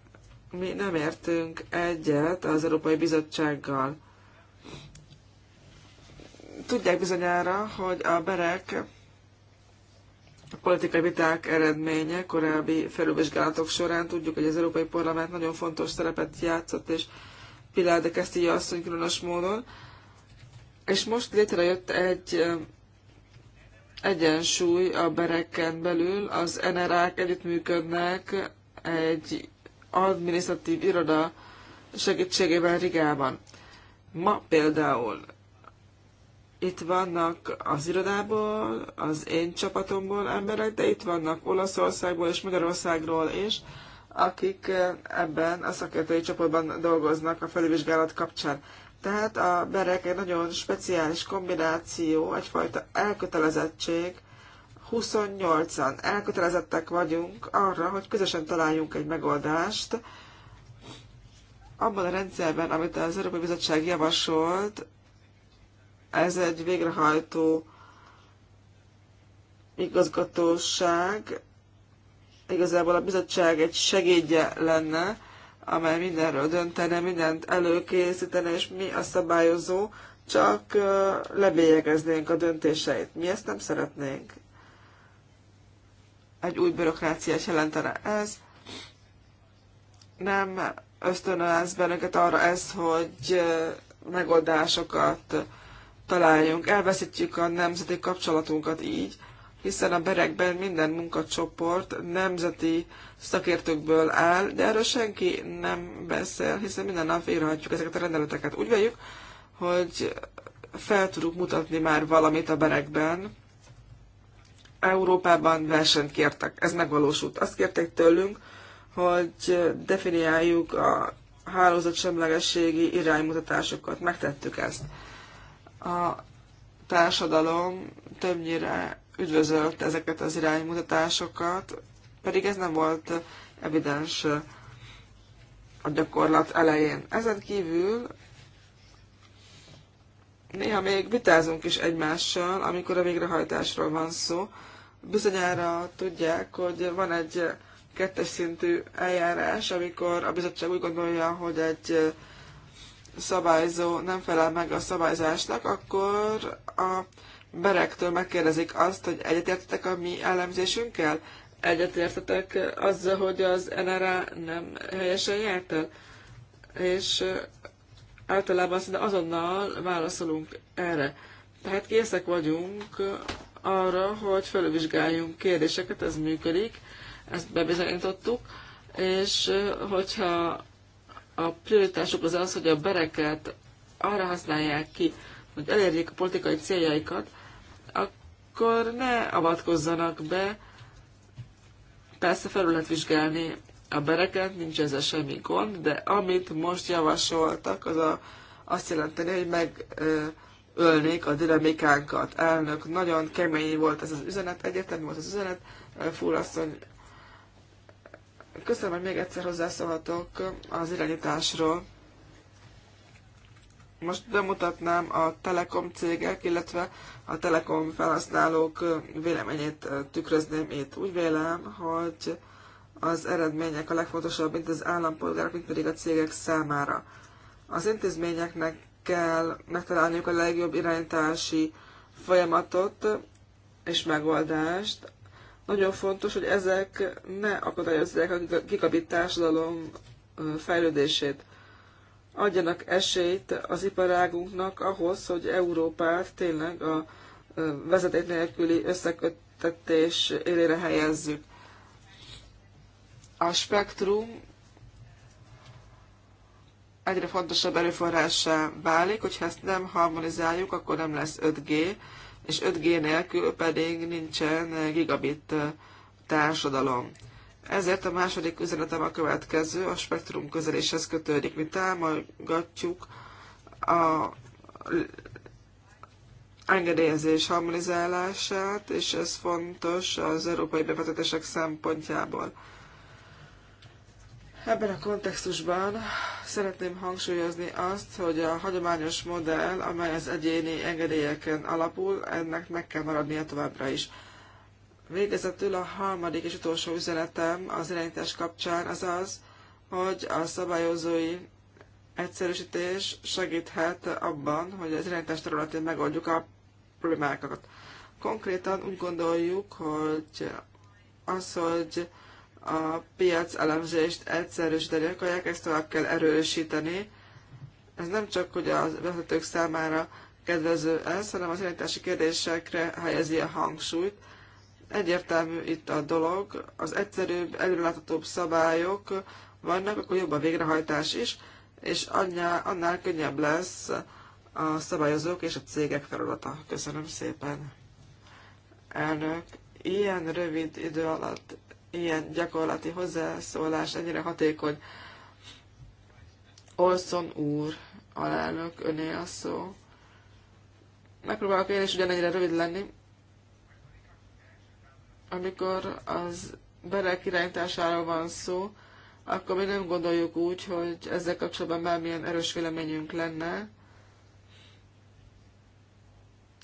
Speaker 1: mi nem értünk egyet az Európai Bizottsággal. Tudják bizonyára, hogy a berek a politikai viták eredménye korábbi felülvizsgálatok során tudjuk, hogy az Európai Parlament nagyon fontos szerepet játszott, és Pilar ezt így asszony különös módon. És most létrejött egy egyensúly a bereken belül, az NRA-k együttműködnek egy adminisztratív iroda segítségével Rigában. Ma például itt vannak az irodából, az én csapatomból emberek, de itt vannak Olaszországból és Magyarországról is, és akik eh, ebben a szakértői csoportban dolgoznak a felülvizsgálat kapcsán. Tehát a berek egy nagyon speciális kombináció, egyfajta elkötelezettség. 28-an elkötelezettek vagyunk arra, hogy közösen találjunk egy megoldást. Abban a rendszerben, amit az Európai Bizottság javasolt, ez egy végrehajtó igazgatóság, igazából a bizottság egy segédje lenne, amely mindenről döntene, mindent előkészítene, és mi a szabályozó, csak lebélyegeznénk a döntéseit. Mi ezt nem szeretnénk. Egy új bürokráciás jelentene ez. Nem ösztönöz bennünket arra ez, hogy megoldásokat találjunk. Elveszítjük a nemzeti kapcsolatunkat így, hiszen a berekben minden munkacsoport nemzeti szakértőkből áll, de erről senki nem beszél, hiszen minden nap írhatjuk ezeket a rendeleteket. Úgy vagyunk, hogy fel tudunk mutatni már valamit a berekben. Európában versenyt kértek, ez megvalósult. Azt kérték tőlünk, hogy definiáljuk a hálózatsemlegességi iránymutatásokat. Megtettük ezt. A társadalom többnyire üdvözölt ezeket az iránymutatásokat, pedig ez nem volt evidens a gyakorlat elején. Ezen kívül néha még vitázunk is egymással, amikor a végrehajtásról van szó. Bizonyára tudják, hogy van egy kettes szintű eljárás, amikor a bizottság úgy gondolja, hogy egy szabályzó nem felel meg a szabályzásnak, akkor a berektől megkérdezik azt, hogy egyetértetek a mi elemzésünkkel? Egyetértetek azzal, hogy az NRA nem helyesen járt el? És általában szinte azonnal válaszolunk erre. Tehát készek vagyunk arra, hogy felülvizsgáljunk kérdéseket, ez működik, ezt bebizonyítottuk, és hogyha a prioritásuk az az, hogy a bereket arra használják ki, hogy elérjék a politikai céljaikat, akkor ne avatkozzanak be. Persze felül vizsgálni a bereket, nincs ezzel semmi gond, de amit most javasoltak, az a, azt jelenteni, hogy megölnék a dinamikánkat. Elnök, nagyon kemény volt ez az üzenet, egyértelmű volt az üzenet, fúrasszony. Köszönöm, hogy még egyszer hozzászólhatok az irányításról. Most bemutatnám a telekom cégek, illetve a telekom felhasználók véleményét tükrözném itt. Úgy vélem, hogy az eredmények a legfontosabb, mint az állampolgárok, mint pedig a cégek számára. Az intézményeknek kell megtalálniuk a legjobb irányítási folyamatot és megoldást. Nagyon fontos, hogy ezek ne akadályozzák a gigabit társadalom fejlődését. Adjanak esélyt az iparágunknak ahhoz, hogy Európát tényleg a vezeték nélküli összeköttetés élére helyezzük. A spektrum egyre fontosabb erőforrássá válik, hogyha ezt nem harmonizáljuk, akkor nem lesz 5G, és 5G nélkül pedig nincsen gigabit társadalom. Ezért a második üzenetem a következő, a spektrum közeléshez kötődik. Mi támogatjuk a engedélyezés harmonizálását, és ez fontos az európai bevezetések szempontjából. Ebben a kontextusban szeretném hangsúlyozni azt, hogy a hagyományos modell, amely az egyéni engedélyeken alapul, ennek meg kell maradnia továbbra is. Végezetül a harmadik és utolsó üzenetem az irányítás kapcsán az az, hogy a szabályozói egyszerűsítés segíthet abban, hogy az irányítás területén megoldjuk a problémákat. Konkrétan úgy gondoljuk, hogy az, hogy a piac elemzést egyszerűsíteni akarják, ezt tovább kell erősíteni. Ez nem csak, hogy a vezetők számára kedvező ez, hanem az irányítási kérdésekre helyezi a hangsúlyt. Egyértelmű itt a dolog, az egyszerűbb, előreláthatóbb szabályok vannak, akkor jobb a végrehajtás is, és annál, annál könnyebb lesz a szabályozók és a cégek feladata. Köszönöm szépen. Elnök, ilyen rövid idő alatt, ilyen gyakorlati hozzászólás, ennyire hatékony. Olson úr, alelnök, öné a szó. Megpróbálok én is ugyanennyire rövid lenni. Amikor az berek irányításáról van szó, akkor mi nem gondoljuk úgy, hogy ezzel kapcsolatban bármilyen erős véleményünk lenne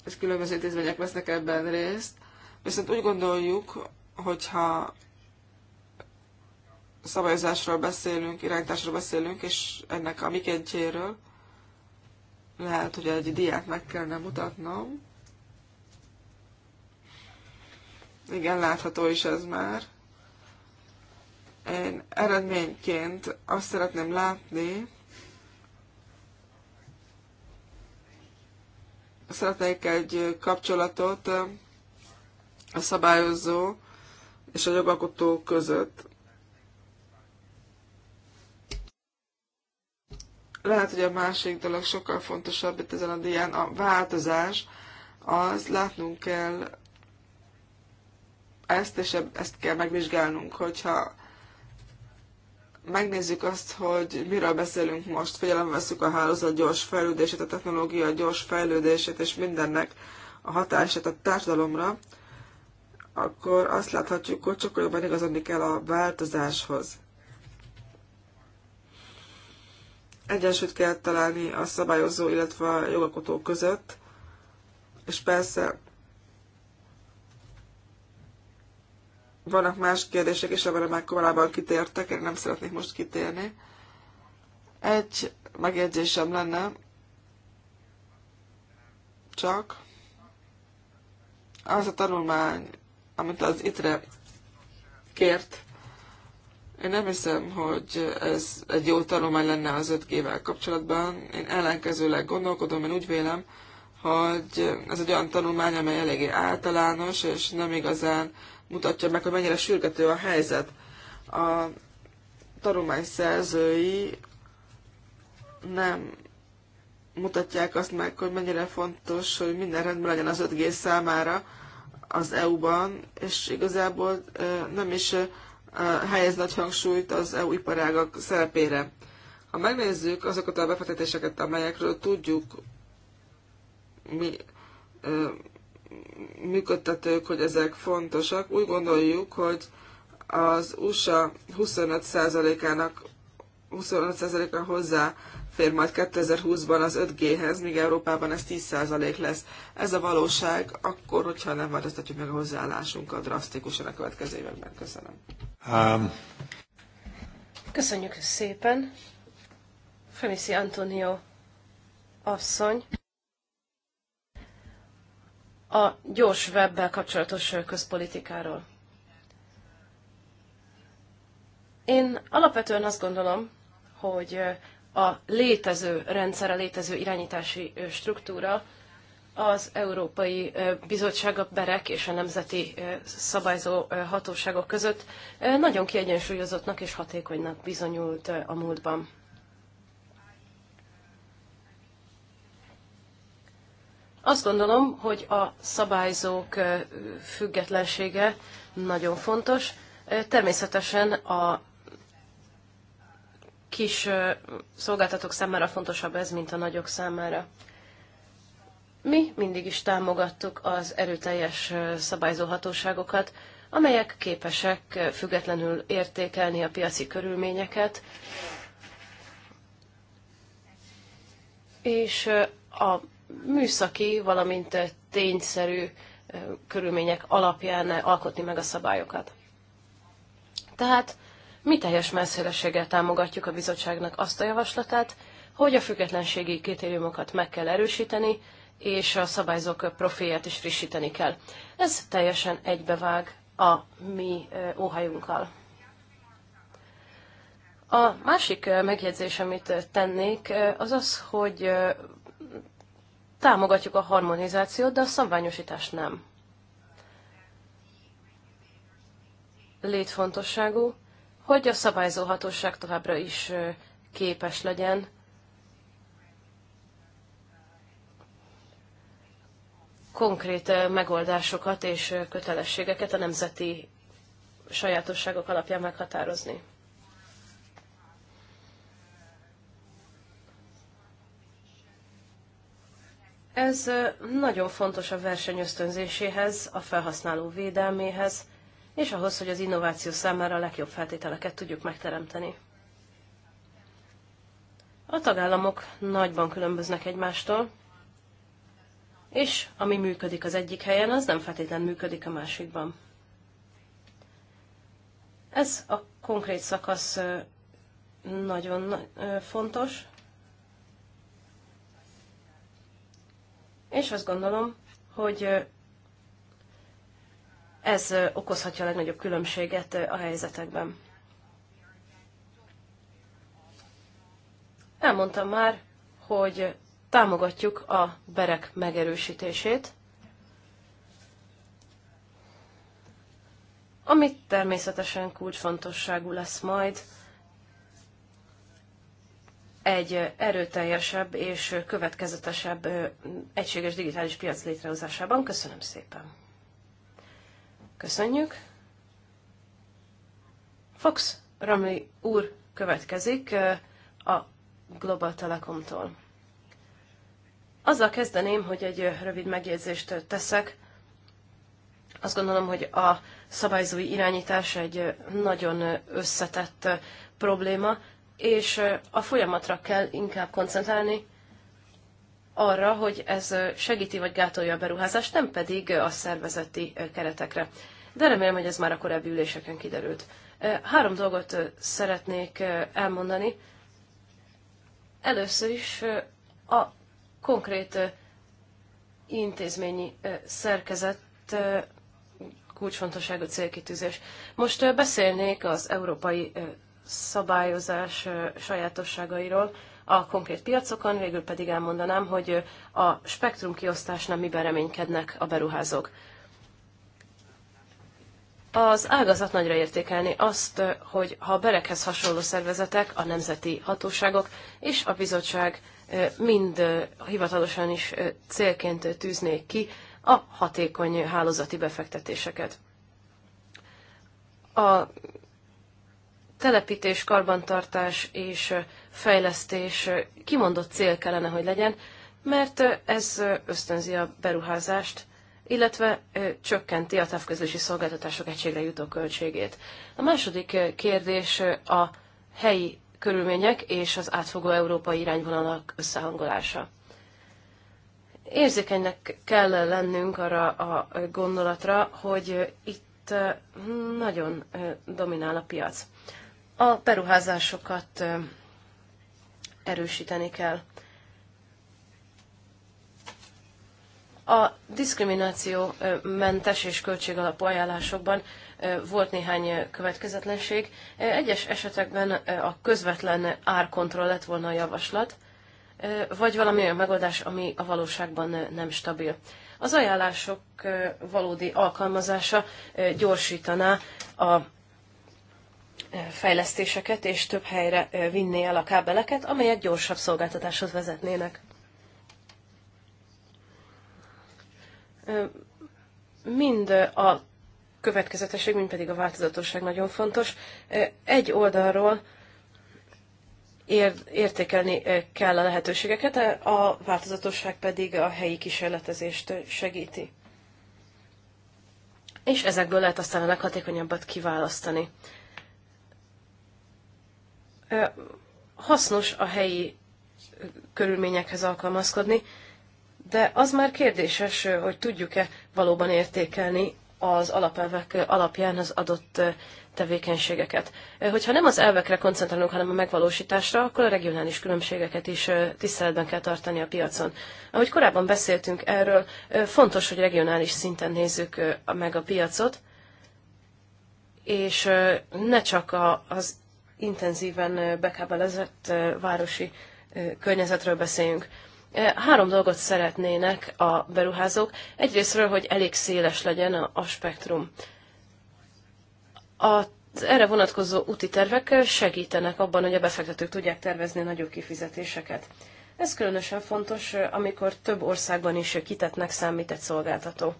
Speaker 1: ez különböző intézmények vesznek ebben részt, viszont úgy gondoljuk, hogyha szabályozásról beszélünk, irányításról beszélünk, és ennek a mikéntjéről, lehet, hogy egy diát meg kellene mutatnom. Igen, látható is ez már. Én eredményként azt szeretném látni, szeretnék egy kapcsolatot a szabályozó és a jogalkotó között. Lehet, hogy a másik dolog sokkal fontosabb itt ezen a dián, a változás, az látnunk kell ezt, és ezt kell megvizsgálnunk, hogyha megnézzük azt, hogy miről beszélünk most, figyelembe veszük a hálózat gyors fejlődését, a technológia gyors fejlődését és mindennek a hatását a társadalomra, akkor azt láthatjuk, hogy sokkal jobban igazodni kell a változáshoz. Egyensúlyt kell találni a szabályozó, illetve a jogalkotó között, és persze Vannak más kérdések is, amire már korábban kitértek, én nem szeretnék most kitérni. Egy megjegyzésem lenne, csak az a tanulmány, amit az ITRE kért, én nem hiszem, hogy ez egy jó tanulmány lenne az 5G-vel kapcsolatban. Én ellenkezőleg gondolkodom, én úgy vélem, hogy ez egy olyan tanulmány, amely eléggé általános, és nem igazán mutatja meg, hogy mennyire sürgető a helyzet. A tanulmány szerzői nem mutatják azt meg, hogy mennyire fontos, hogy minden rendben legyen az 5G számára az EU-ban, és igazából nem is helyez nagy hangsúlyt az EU iparágak szerepére. Ha megnézzük azokat a befektetéseket, amelyekről tudjuk, mi működtetők, hogy ezek fontosak. Úgy gondoljuk, hogy az USA 25%-ának 25%-a fér majd 2020-ban az 5G-hez, míg Európában ez 10% lesz. Ez a valóság akkor, hogyha nem változtatjuk meg a hozzáállásunkat drasztikusan a következő években. Köszönöm. Um.
Speaker 2: Köszönjük szépen. Femiszi Antonio asszony a gyors webbel kapcsolatos közpolitikáról. Én alapvetően azt gondolom, hogy a létező rendszer, a létező irányítási struktúra az Európai Bizottság, a BEREK és a Nemzeti Szabályzó Hatóságok között nagyon kiegyensúlyozottnak és hatékonynak bizonyult a múltban. Azt gondolom, hogy a szabályzók függetlensége nagyon fontos. Természetesen a kis szolgáltatók számára fontosabb ez, mint a nagyok számára. Mi mindig is támogattuk az erőteljes szabályzóhatóságokat, amelyek képesek függetlenül értékelni a piaci körülményeket, és a műszaki, valamint tényszerű körülmények alapján alkotni meg a szabályokat. Tehát mi teljes messzélességgel támogatjuk a bizottságnak azt a javaslatát, hogy a függetlenségi kritériumokat meg kell erősíteni, és a szabályzók profilját is frissíteni kell. Ez teljesen egybevág a mi óhajunkkal. A másik megjegyzés, amit tennék, az az, hogy támogatjuk a harmonizációt, de a szabványosítást nem. Létfontosságú, hogy a szabályzó hatóság továbbra is képes legyen konkrét megoldásokat és kötelességeket a nemzeti sajátosságok alapján meghatározni. Ez nagyon fontos a verseny ösztönzéséhez, a felhasználó védelméhez, és ahhoz, hogy az innováció számára a legjobb feltételeket tudjuk megteremteni. A tagállamok nagyban különböznek egymástól, és ami működik az egyik helyen, az nem feltétlenül működik a másikban. Ez a konkrét szakasz nagyon fontos, és azt gondolom, hogy ez okozhatja a legnagyobb különbséget a helyzetekben. Elmondtam már, hogy támogatjuk a berek megerősítését, ami természetesen kulcsfontosságú lesz majd egy erőteljesebb és következetesebb egységes digitális piac létrehozásában. Köszönöm szépen. Köszönjük. Fox Ramli úr következik a Global Telekomtól. Azzal kezdeném, hogy egy rövid megjegyzést teszek. Azt gondolom, hogy a szabályzói irányítás egy nagyon összetett probléma, és a folyamatra kell inkább koncentrálni arra, hogy ez segíti vagy gátolja a beruházást, nem pedig a szervezeti keretekre. De remélem, hogy ez már a korábbi üléseken kiderült. Három dolgot szeretnék elmondani. Először is a konkrét intézményi szerkezet kulcsfontosságú célkitűzés. Most beszélnék az európai szabályozás sajátosságairól a konkrét piacokon, végül pedig elmondanám, hogy a spektrum kiosztásnál miben reménykednek a beruházók. Az ágazat nagyra értékelni azt, hogy ha a berekhez hasonló szervezetek, a nemzeti hatóságok és a bizottság mind hivatalosan is célként tűznék ki a hatékony hálózati befektetéseket. A telepítés, karbantartás és fejlesztés kimondott cél kellene, hogy legyen, mert ez ösztönzi a beruházást, illetve csökkenti a távközlési szolgáltatások egységre jutó költségét. A második kérdés a helyi körülmények és az átfogó európai irányvonalak összehangolása. Érzékenynek kell lennünk arra a gondolatra, hogy itt nagyon dominál a piac. A beruházásokat erősíteni kell. A diszkrimináció mentes és költségalapú ajánlásokban volt néhány következetlenség. Egyes esetekben a közvetlen árkontroll lett volna a javaslat, vagy valami olyan megoldás, ami a valóságban nem stabil. Az ajánlások valódi alkalmazása gyorsítaná a fejlesztéseket, és több helyre vinné el a kábeleket, amelyek gyorsabb szolgáltatáshoz vezetnének. Mind a következetesség, mind pedig a változatosság nagyon fontos. Egy oldalról értékelni kell a lehetőségeket, a változatosság pedig a helyi kísérletezést segíti. És ezekből lehet aztán a leghatékonyabbat kiválasztani hasznos a helyi körülményekhez alkalmazkodni, de az már kérdéses, hogy tudjuk-e valóban értékelni az alapelvek alapján az adott tevékenységeket. Hogyha nem az elvekre koncentrálunk, hanem a megvalósításra, akkor a regionális különbségeket is tiszteletben kell tartani a piacon. Ahogy korábban beszéltünk erről, fontos, hogy regionális szinten nézzük meg a piacot, és ne csak az intenzíven bekábelezett városi környezetről beszéljünk. Három dolgot szeretnének a beruházók. Egyrésztről, hogy elég széles legyen a spektrum. Az erre vonatkozó úti tervek segítenek abban, hogy a befektetők tudják tervezni nagyobb kifizetéseket. Ez különösen fontos, amikor több országban is kitetnek számít egy szolgáltató.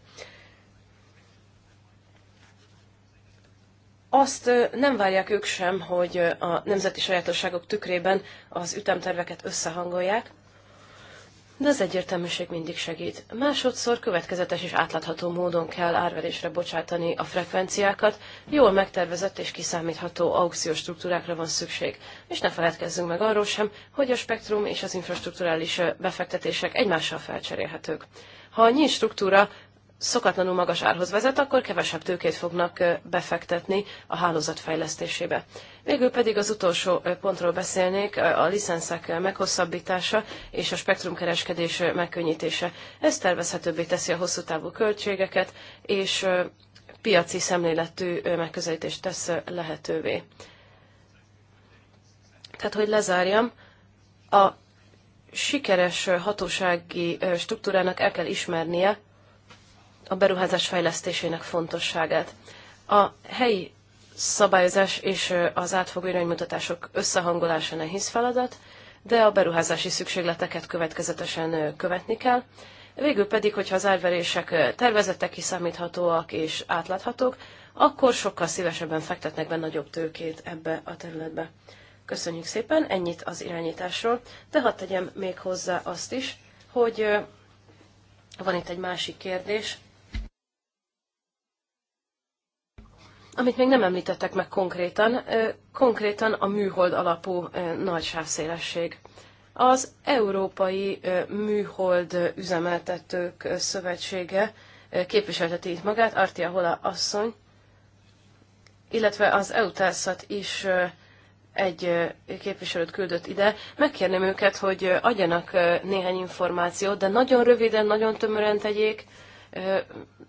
Speaker 2: azt nem várják ők sem, hogy a nemzeti sajátosságok tükrében az ütemterveket összehangolják, de az egyértelműség mindig segít. Másodszor következetes és átlátható módon kell árverésre bocsátani a frekvenciákat, jól megtervezett és kiszámítható aukciós struktúrákra van szükség. És ne feledkezzünk meg arról sem, hogy a spektrum és az infrastruktúrális befektetések egymással felcserélhetők. Ha a nyílt struktúra szokatlanul magas árhoz vezet, akkor kevesebb tőkét fognak befektetni a hálózat fejlesztésébe. Végül pedig az utolsó pontról beszélnék, a licenszek meghosszabbítása és a spektrumkereskedés megkönnyítése. Ez tervezhetőbbé teszi a hosszú távú költségeket, és piaci szemléletű megközelítést tesz lehetővé. Tehát, hogy lezárjam, a sikeres hatósági struktúrának el kell ismernie, a beruházás fejlesztésének fontosságát. A helyi szabályozás és az átfogó iránymutatások összehangolása nehéz feladat, de a beruházási szükségleteket következetesen követni kell. Végül pedig, hogyha az árverések tervezettek, kiszámíthatóak és átláthatók, akkor sokkal szívesebben fektetnek be nagyobb tőkét ebbe a területbe. Köszönjük szépen, ennyit az irányításról, de hadd tegyem még hozzá azt is, hogy van itt egy másik kérdés, amit még nem említettek meg konkrétan, konkrétan a műhold alapú nagy sávszélesség. Az Európai Műhold Üzemeltetők Szövetsége képviselteti itt magát, Artia Hola asszony, illetve az EUTELSZAT is egy képviselőt küldött ide. Megkérném őket, hogy adjanak néhány információt, de nagyon röviden, nagyon tömören tegyék,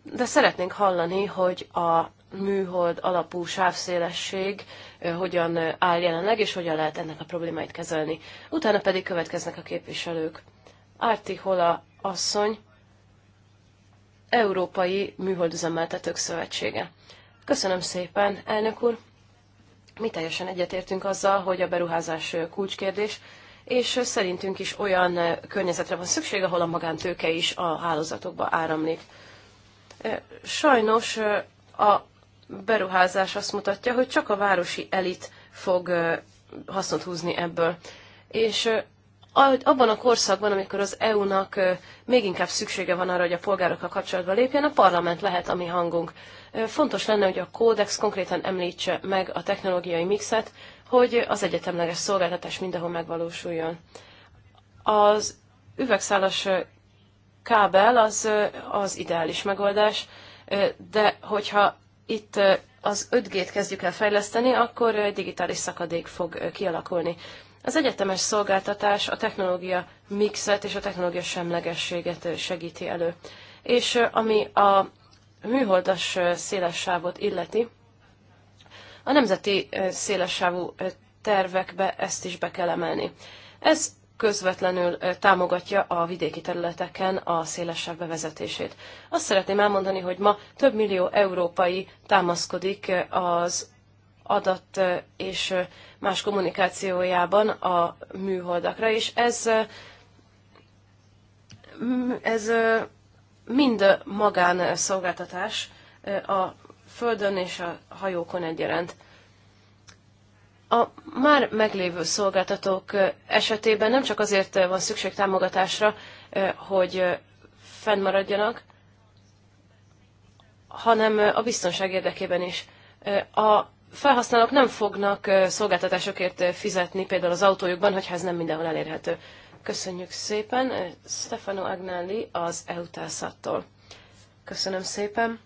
Speaker 2: de szeretnénk hallani, hogy a műhold alapú sávszélesség hogyan áll jelenleg, és hogyan lehet ennek a problémáit kezelni. Utána pedig következnek a képviselők. Árti Hola asszony, Európai Műholdüzemeltetők Szövetsége. Köszönöm szépen, elnök úr! Mi teljesen egyetértünk azzal, hogy a beruházás kulcskérdés, és szerintünk is olyan környezetre van szükség, ahol a magántőke is a hálózatokba áramlik. Sajnos a beruházás azt mutatja, hogy csak a városi elit fog hasznot húzni ebből. És abban a korszakban, amikor az EU-nak még inkább szüksége van arra, hogy a polgárokkal kapcsolatba lépjen, a parlament lehet a mi hangunk. Fontos lenne, hogy a kódex konkrétan említse meg a technológiai mixet, hogy az egyetemleges szolgáltatás mindenhol megvalósuljon. Az üvegszálas kábel az, az ideális megoldás, de hogyha itt az 5G-t kezdjük el fejleszteni, akkor digitális szakadék fog kialakulni. Az egyetemes szolgáltatás a technológia mixet és a technológia semlegességet segíti elő. És ami a műholdas szélessávot illeti, a nemzeti szélessávú tervekbe ezt is be kell emelni. Ez közvetlenül támogatja a vidéki területeken a szélesebb bevezetését. Azt szeretném elmondani, hogy ma több millió európai támaszkodik az adat és más kommunikációjában a műholdakra, és ez, ez mind magánszolgáltatás a Földön és a hajókon egyaránt. A már meglévő szolgáltatók esetében nem csak azért van szükség támogatásra, hogy fennmaradjanak, hanem a biztonság érdekében is. A felhasználók nem fognak szolgáltatásokért fizetni, például az autójukban, hogyha ez nem mindenhol elérhető. Köszönjük szépen Stefano Agnelli az EUTASZ-tól. Köszönöm szépen.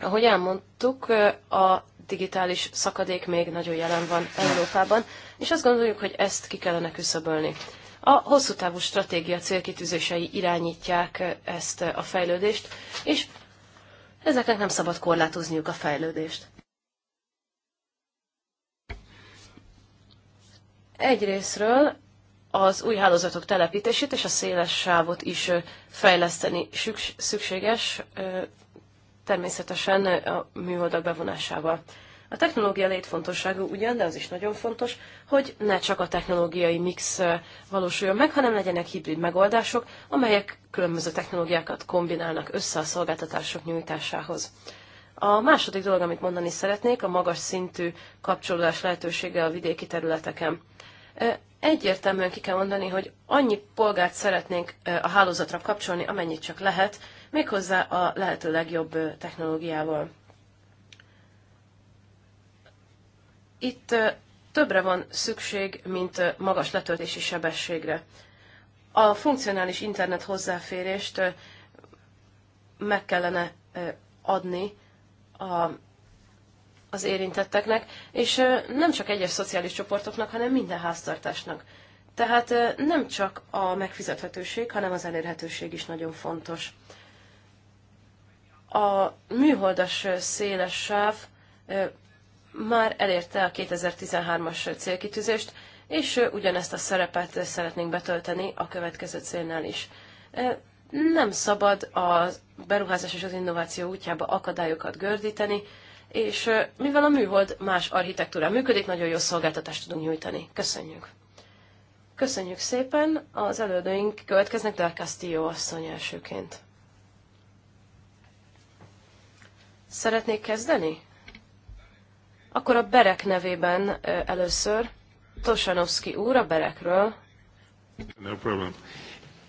Speaker 2: Ahogy elmondtuk, a digitális szakadék még nagyon jelen van Európában, és azt gondoljuk, hogy ezt ki kellene küszöbölni. A hosszú távú stratégia célkitűzései irányítják ezt a fejlődést, és ezeknek nem szabad korlátozniuk a fejlődést. Egyrésztről az új hálózatok telepítését és a széles sávot is fejleszteni szükséges természetesen a műholdak bevonásával. A technológia létfontosságú ugyan, de az is nagyon fontos, hogy ne csak a technológiai mix eh, valósuljon meg, hanem legyenek hibrid megoldások, amelyek különböző technológiákat kombinálnak össze a szolgáltatások nyújtásához. A második dolog, amit mondani szeretnék, a magas szintű kapcsolódás lehetősége a vidéki területeken. Eh, egyértelműen ki kell mondani, hogy annyi polgárt szeretnénk eh, a hálózatra kapcsolni, amennyit csak lehet, méghozzá a lehető legjobb technológiával. Itt többre van szükség, mint magas letöltési sebességre. A funkcionális internet hozzáférést meg kellene adni a, az érintetteknek, és nem csak egyes szociális csoportoknak, hanem minden háztartásnak. Tehát nem csak a megfizethetőség, hanem az elérhetőség is nagyon fontos. A műholdas széles sáv már elérte a 2013-as célkitűzést, és ugyanezt a szerepet szeretnénk betölteni a következő célnál is. Nem szabad a beruházás és az innováció útjába akadályokat gördíteni, és mivel a műhold más architektúrán működik, nagyon jó szolgáltatást tudunk nyújtani. Köszönjük! Köszönjük szépen! Az elődőink következnek Del Castillo asszony elsőként. Szeretnék kezdeni? Akkor a Berek nevében először Tosanovski úr a Berekről.
Speaker 1: No problem.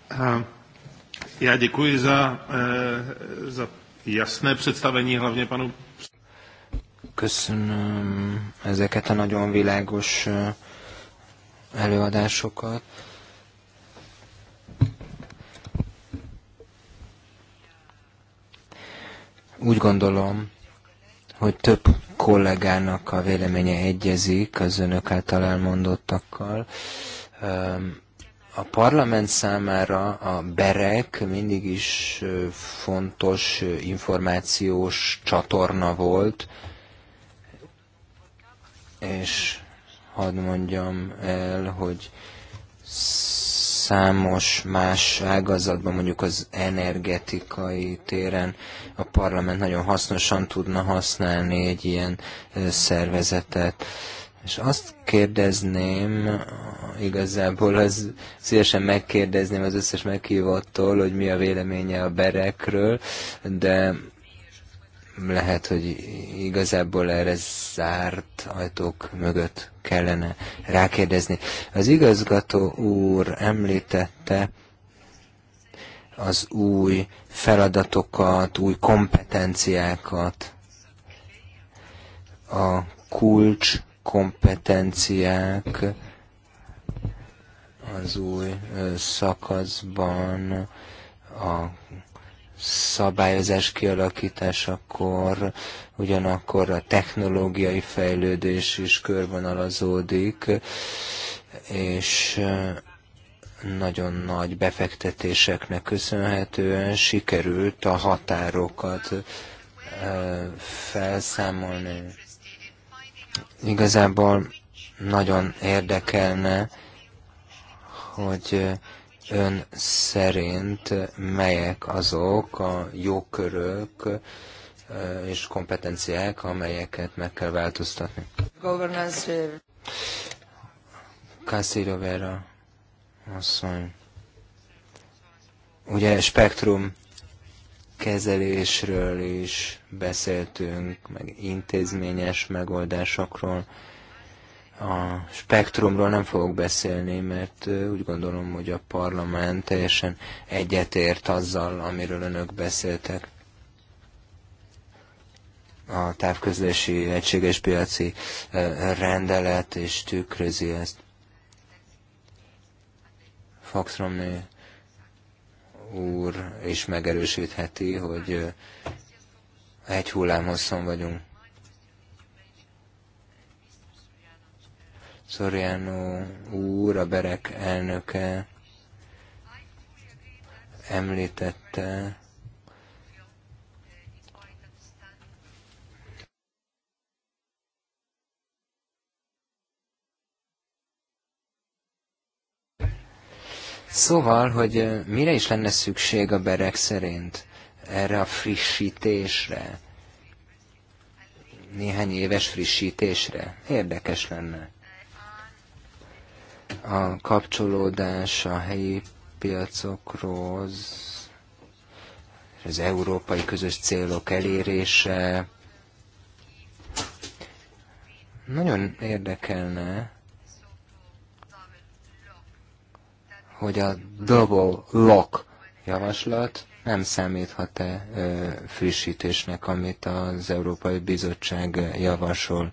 Speaker 1: Ja,
Speaker 2: já děkuji za, e, za jasné představení, hlavně panu...
Speaker 3: Köszönöm ezeket a nagyon világos e, előadásokat. Úgy gondolom, hogy több kollégának a véleménye egyezik az önök által elmondottakkal. A parlament számára a berek mindig is fontos információs csatorna volt, és hadd mondjam el, hogy számos más ágazatban, mondjuk az energetikai téren a parlament nagyon hasznosan tudna használni egy ilyen szervezetet. És azt kérdezném, igazából az, szívesen megkérdezném az összes meghívottól, hogy mi a véleménye a berekről, de lehet, hogy igazából erre zárt ajtók mögött kellene rákérdezni. Az igazgató úr említette az új feladatokat, új kompetenciákat, a kulcs kompetenciák az új szakaszban, a szabályozás kialakításakor, ugyanakkor a technológiai fejlődés is körvonalazódik, és nagyon nagy befektetéseknek köszönhetően sikerült a határokat felszámolni. Igazából nagyon érdekelne, hogy ön szerint melyek azok a jogkörök és kompetenciák, amelyeket meg kell változtatni? Governance. Castillo Vera asszony. Ugye spektrum kezelésről is beszéltünk, meg intézményes megoldásokról a spektrumról nem fogok beszélni, mert úgy gondolom, hogy a parlament teljesen egyetért azzal, amiről önök beszéltek. A távközlési egységes piaci rendelet és tükrözi ezt. Fox Romney úr is megerősítheti, hogy egy hullámhosszon vagyunk. Soriano úr, a Berek elnöke említette, Szóval, hogy mire is lenne szükség a berek szerint erre a frissítésre? Néhány éves frissítésre? Érdekes lenne a kapcsolódás a helyi piacokhoz, az európai közös célok elérése. Nagyon érdekelne, hogy a double lock javaslat nem számíthat-e frissítésnek, amit az Európai Bizottság javasol.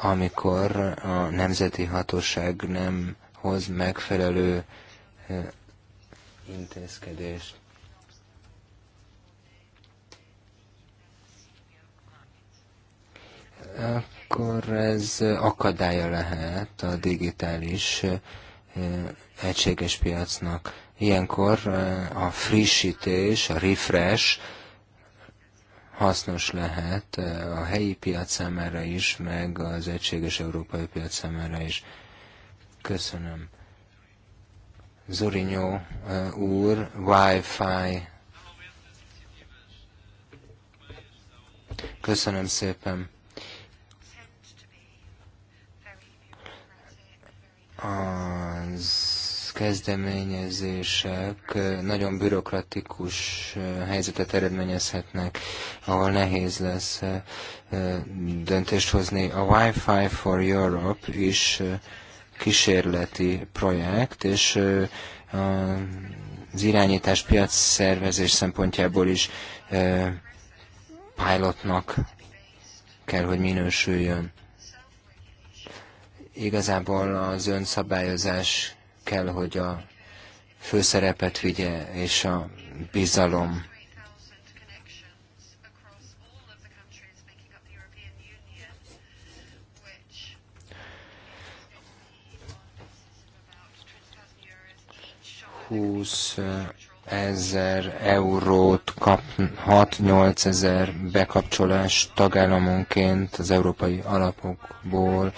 Speaker 3: amikor a nemzeti hatóság nem hoz megfelelő intézkedést. Akkor ez akadálya lehet a digitális egységes piacnak. Ilyenkor a frissítés, a refresh hasznos lehet eh, a helyi piac számára is, meg az egységes európai piac számára is. Köszönöm. Zorinyó eh, úr, Wi-Fi. Köszönöm szépen. Az kezdeményezések nagyon bürokratikus helyzetet eredményezhetnek, ahol nehéz lesz döntést hozni. A Wi-Fi for Europe is kísérleti projekt, és az irányítás piac szervezés szempontjából is pilotnak kell, hogy minősüljön. Igazából az önszabályozás kell, hogy a főszerepet vigye, és a bizalom. Húsz eh, ezer eurót kap 6 8 ezer bekapcsolás tagállamonként az európai alapokból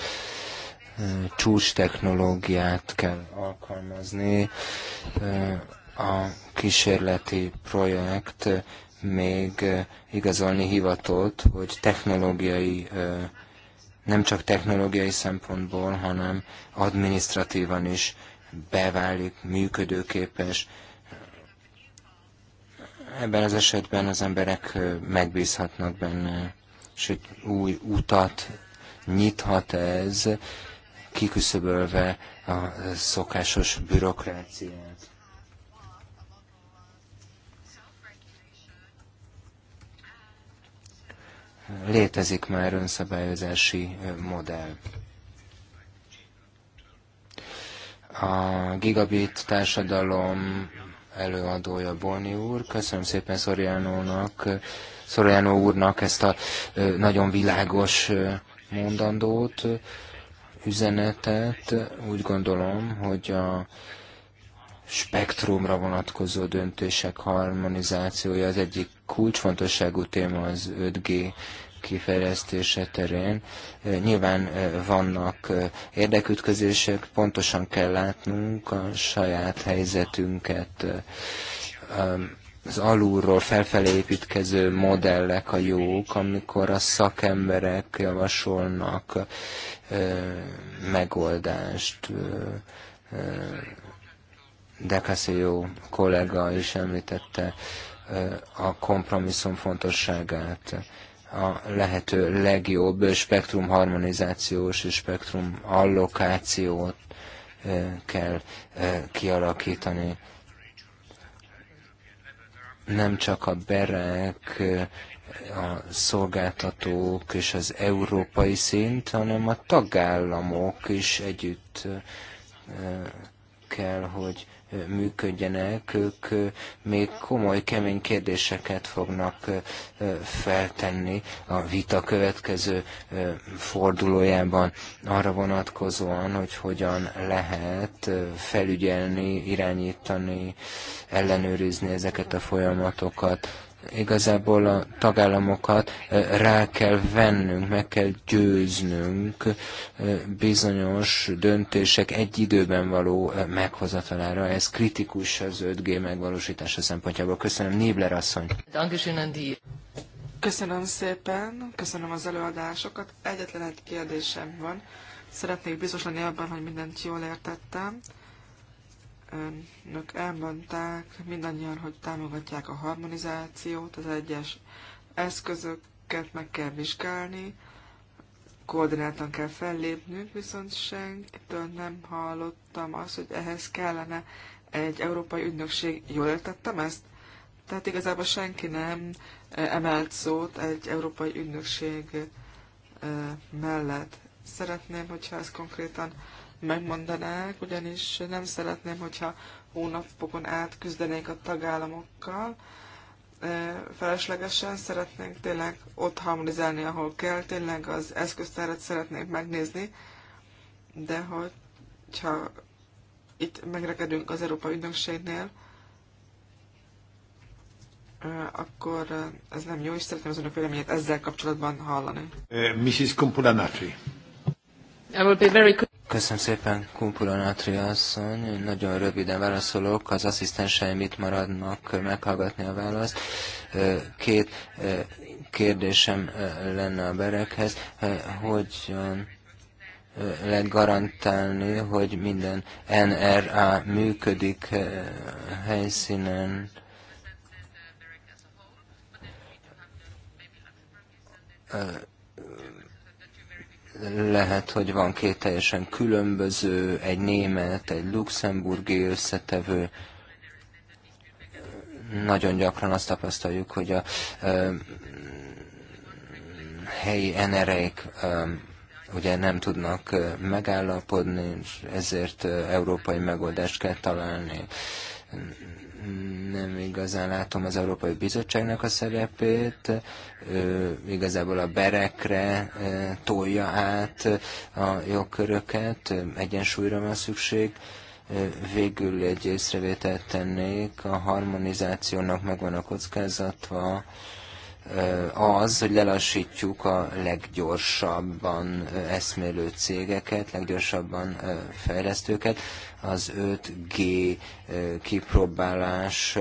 Speaker 3: csúcs technológiát kell alkalmazni. A kísérleti projekt még igazolni hivatott, hogy technológiai, nem csak technológiai szempontból, hanem administratívan is beválik, működőképes. Ebben az esetben az emberek megbízhatnak benne, és egy új utat nyithat ez kiküszöbölve a szokásos bürokráciát. Létezik már önszabályozási modell. A gigabit társadalom előadója Boni úr. Köszönöm szépen Szoriánónak, Szoriánó úrnak ezt a nagyon világos mondandót üzenetet. Úgy gondolom, hogy a spektrumra vonatkozó döntések harmonizációja az egyik kulcsfontosságú téma az 5G kifejlesztése terén. Nyilván eh, vannak eh, érdekütközések, pontosan kell látnunk a saját helyzetünket eh, az alulról felfelé építkező modellek a jók, amikor a szakemberek javasolnak ö, megoldást. Ö, ö, jó kollega is említette ö, a kompromisszum fontosságát a lehető legjobb spektrum harmonizációs és spektrum allokációt kell kialakítani nem csak a berek, a szolgáltatók és az európai szint, hanem a tagállamok is együtt kell, hogy működjenek, ők még komoly, kemény kérdéseket fognak feltenni a vita következő fordulójában arra vonatkozóan, hogy hogyan lehet felügyelni, irányítani, ellenőrizni ezeket a folyamatokat igazából a tagállamokat rá kell vennünk, meg kell győznünk bizonyos döntések egy időben való meghozatalára. Ez kritikus az 5G megvalósítása szempontjából. Köszönöm, Nébler asszony.
Speaker 1: Köszönöm szépen, köszönöm az előadásokat. Egyetlen egy kérdésem van. Szeretnék biztos lenni abban, hogy mindent jól értettem önök elmondták mindannyian, hogy támogatják a harmonizációt, az egyes eszközöket meg kell vizsgálni, koordináltan kell fellépnünk, viszont senkitől nem hallottam azt, hogy ehhez kellene egy európai ügynökség. Jól értettem ezt? Tehát igazából senki nem eh, emelt szót egy európai ügynökség eh, mellett. Szeretném, hogyha ez konkrétan megmondanák, ugyanis nem szeretném, hogyha hónapokon át küzdenék a tagállamokkal. Feleslegesen szeretnénk tényleg ott harmonizálni, ahol kell, tényleg az eszköztárat szeretnénk megnézni, de hogyha itt megrekedünk az Európai Ügynökségnél, akkor ez nem jó, és szeretném az önök véleményét ezzel kapcsolatban hallani.
Speaker 2: Mrs. Kompulanatri.
Speaker 1: I will be very good.
Speaker 3: Köszönöm szépen, Kumpula Natri Nagyon röviden válaszolok, az asszisztenseim itt maradnak meghallgatni a választ. Két kérdésem lenne a berekhez, hogyan lehet garantálni, hogy minden NRA működik helyszínen, Uh, lehet, hogy van két teljesen különböző, egy német, egy luxemburgi összetevő. Nagyon gyakran azt tapasztaljuk, hogy a ö, helyi enereik ugye nem tudnak megállapodni, és ezért európai megoldást kell találni nem igazán látom az Európai Bizottságnak a szerepét, ő igazából a berekre eh, tolja át a jogköröket, egyensúlyra van szükség. Végül egy észrevételt tennék, a harmonizációnak megvan a kockázatva, az, hogy lelassítjuk a leggyorsabban eszmélő cégeket, leggyorsabban fejlesztőket az 5G kipróbálás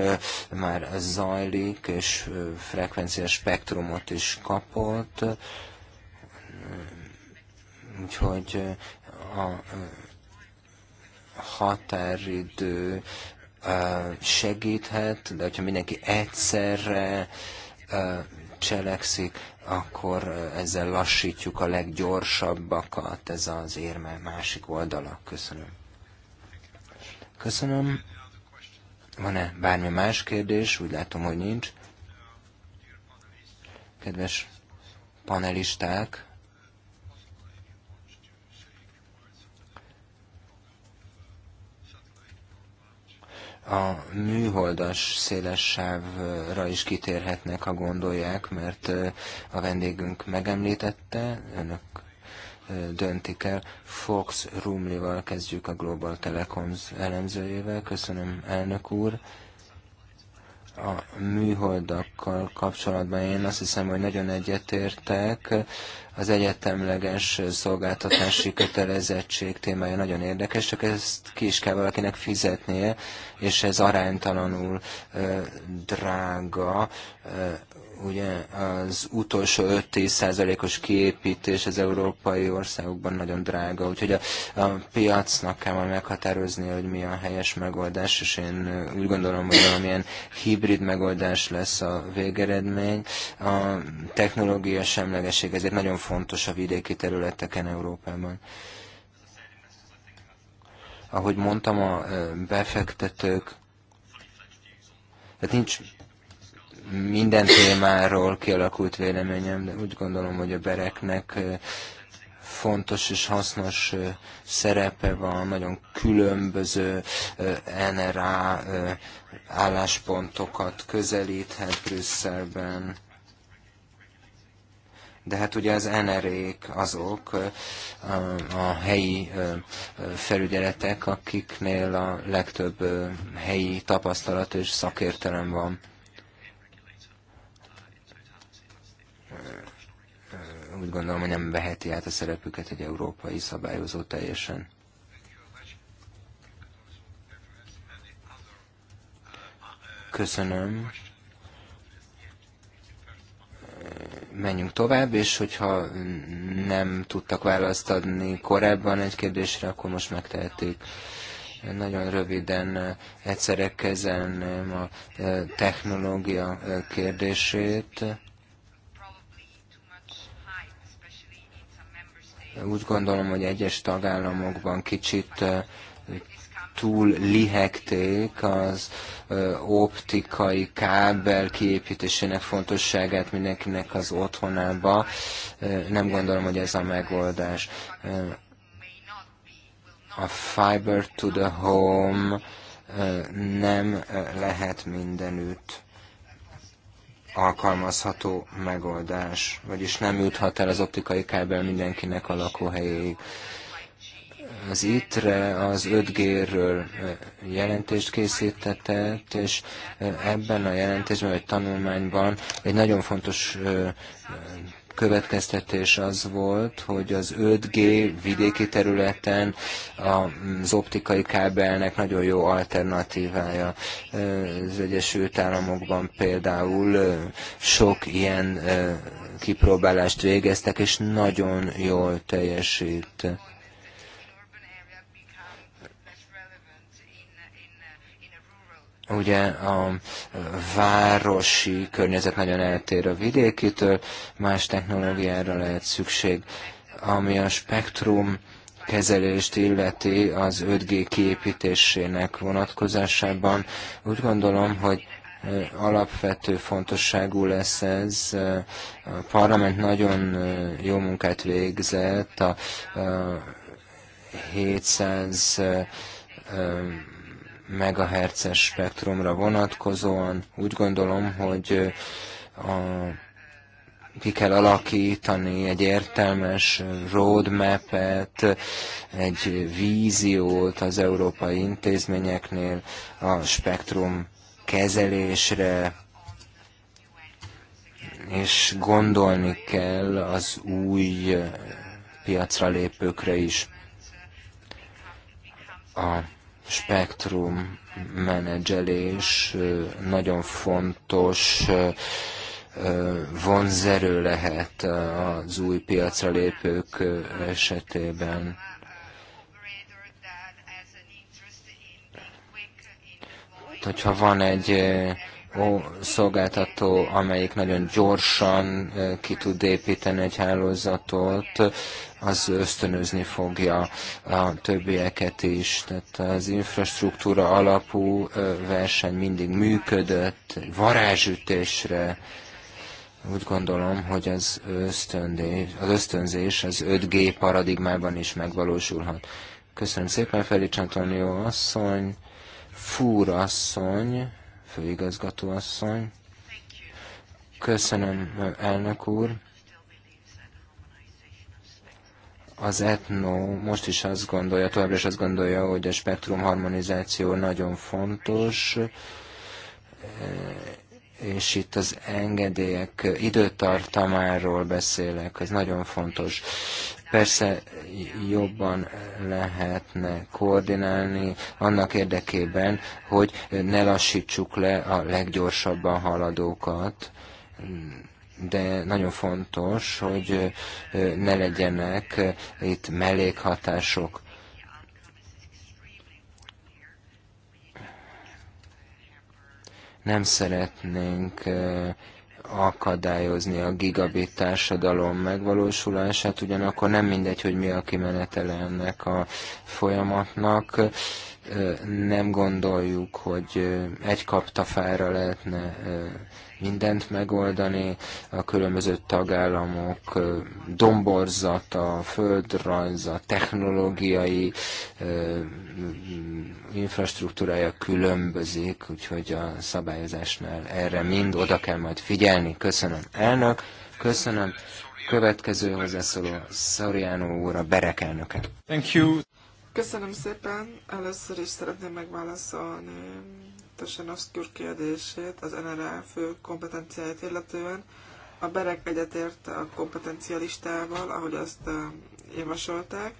Speaker 3: már zajlik, és frekvenciás spektrumot is kapott, úgyhogy a határidő segíthet, de hogyha mindenki egyszerre cselekszik, akkor ezzel lassítjuk a leggyorsabbakat, ez az érme másik oldala. Köszönöm. Köszönöm. Van-e bármi más kérdés? Úgy látom, hogy nincs. Kedves panelisták, a műholdas széles sávra is kitérhetnek, ha gondolják, mert a vendégünk megemlítette, önök döntik el. Fox Rumlival kezdjük a Global Telecoms elemzőjével. Köszönöm, elnök úr. A műholdakkal kapcsolatban én azt hiszem, hogy nagyon egyetértek. Az egyetemleges szolgáltatási kötelezettség témája nagyon érdekes, csak ezt ki is kell valakinek fizetnie, és ez aránytalanul drága ugye az utolsó 5-10%-os kiépítés az európai országokban nagyon drága, úgyhogy a, a piacnak kell majd meghatározni, hogy mi a helyes megoldás, és én úgy gondolom, hogy valamilyen hibrid megoldás lesz a végeredmény. A technológia semlegesség ezért nagyon fontos a vidéki területeken Európában ahogy mondtam, a befektetők, tehát nincs minden témáról kialakult véleményem, de úgy gondolom, hogy a bereknek fontos és hasznos szerepe van, nagyon különböző NRA álláspontokat közelíthet Brüsszelben. De hát ugye az NRA-k azok a helyi felügyeletek, akiknél a legtöbb helyi tapasztalat és szakértelem van. úgy gondolom, hogy nem veheti át a szerepüket egy európai szabályozó teljesen. Köszönöm. Menjünk tovább, és hogyha nem tudtak választ adni korábban egy kérdésre, akkor most megtehetik nagyon röviden egyszerre kezelném a eh, technológia eh, kérdését. Úgy gondolom, hogy egyes tagállamokban kicsit túl lihegték az optikai kábel kiépítésének fontosságát mindenkinek az otthonába. Nem gondolom, hogy ez a megoldás. A fiber to the home nem lehet mindenütt alkalmazható megoldás, vagyis nem juthat el az optikai kábel mindenkinek a lakóhelyéig. Az ITRE az 5G-ről jelentést készítetett, és ebben a jelentésben, vagy tanulmányban egy nagyon fontos következtetés az volt, hogy az 5G vidéki területen az optikai kábelnek nagyon jó alternatívája. Az Egyesült Államokban például sok ilyen kipróbálást végeztek, és nagyon jól teljesít. Ugye a városi környezet nagyon eltér a vidékitől, más technológiára lehet szükség, ami a spektrum kezelést illeti az 5G kiépítésének vonatkozásában. Úgy gondolom, hogy alapvető fontosságú lesz ez. A parlament nagyon jó munkát végzett, a 700 megahertzes spektrumra vonatkozóan úgy gondolom, hogy a, ki kell alakítani egy értelmes roadmap-et, egy víziót az európai intézményeknél a spektrum kezelésre, és gondolni kell az új piacra lépőkre is. A spektrum menedzselés nagyon fontos vonzerő lehet az új piacra lépők esetében. Hogyha van egy szolgáltató, amelyik nagyon gyorsan ki tud építeni egy hálózatot, az ösztönözni fogja a többieket is. Tehát az infrastruktúra alapú verseny mindig működött, varázsütésre. Úgy gondolom, hogy az, ösztöndés, az ösztönzés az 5G paradigmában is megvalósulhat. Köszönöm szépen, Felics Antonio asszony, Fúr asszony, főigazgatóasszony. asszony. Köszönöm, elnök úr. Az etno most is azt gondolja, továbbra is azt gondolja, hogy a spektrum harmonizáció nagyon fontos, és itt az engedélyek időtartamáról beszélek, ez nagyon fontos. Persze jobban lehetne koordinálni annak érdekében, hogy ne lassítsuk le a leggyorsabban haladókat, de nagyon fontos, hogy ne legyenek itt mellékhatások Nem szeretnénk akadályozni a gigabit társadalom megvalósulását, ugyanakkor nem mindegy, hogy mi a kimenetele ennek a folyamatnak. Nem gondoljuk, hogy egy kaptafára lehetne mindent megoldani, a különböző tagállamok domborzata, földrajza, technológiai infrastruktúrája különbözik, úgyhogy a szabályozásnál erre mind oda kell majd figyelni. Köszönöm elnök, köszönöm következő hozzászóló Szoriano úr, a Berek elnöke. Thank you.
Speaker 1: Köszönöm szépen. Először is szeretném megválaszolni Tosanovszki úr kérdését az NRA fő kompetenciáját illetően. A Berek egyetért a kompetencialistával, ahogy azt javasolták.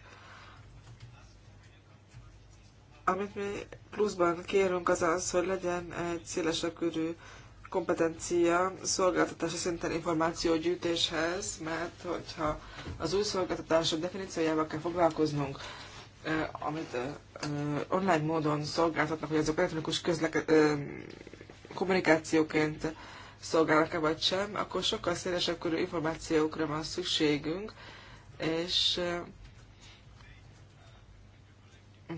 Speaker 1: Amit mi pluszban kérünk az az, hogy legyen egy szélesebb körű kompetencia szolgáltatási szinten információgyűjtéshez, mert hogyha az új szolgáltatások definíciójával kell foglalkoznunk, amit online módon szolgáltatnak, hogy azok elektronikus közleke- kommunikációként szolgálnak-e vagy sem, akkor sokkal szélesebb körű információkra van szükségünk, és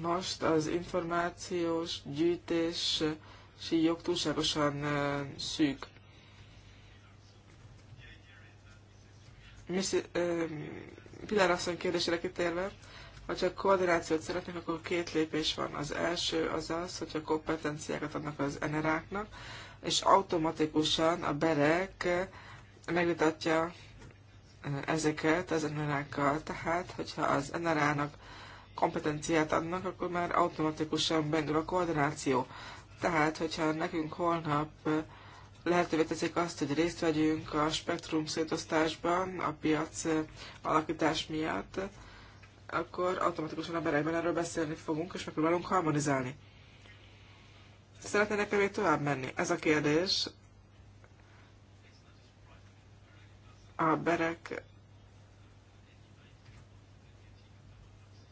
Speaker 1: most az információs gyűjtés gyűjtési jog túlságosan szűk. Pilar asszony kérdésére kitérve, ha csak koordinációt szeretnék, akkor két lépés van. Az első az az, hogyha kompetenciákat adnak az eneráknak, és automatikusan a berek megvitatja ezeket az enerákkal. Tehát, hogyha az enerának kompetenciát adnak, akkor már automatikusan beindul a koordináció. Tehát, hogyha nekünk holnap lehetővé teszik azt, hogy részt vegyünk a spektrum szétosztásban a piac alakítás miatt, akkor automatikusan a berekben erről beszélni fogunk, és megpróbálunk harmonizálni. Szeretnének-e még tovább menni? Ez a kérdés. A berek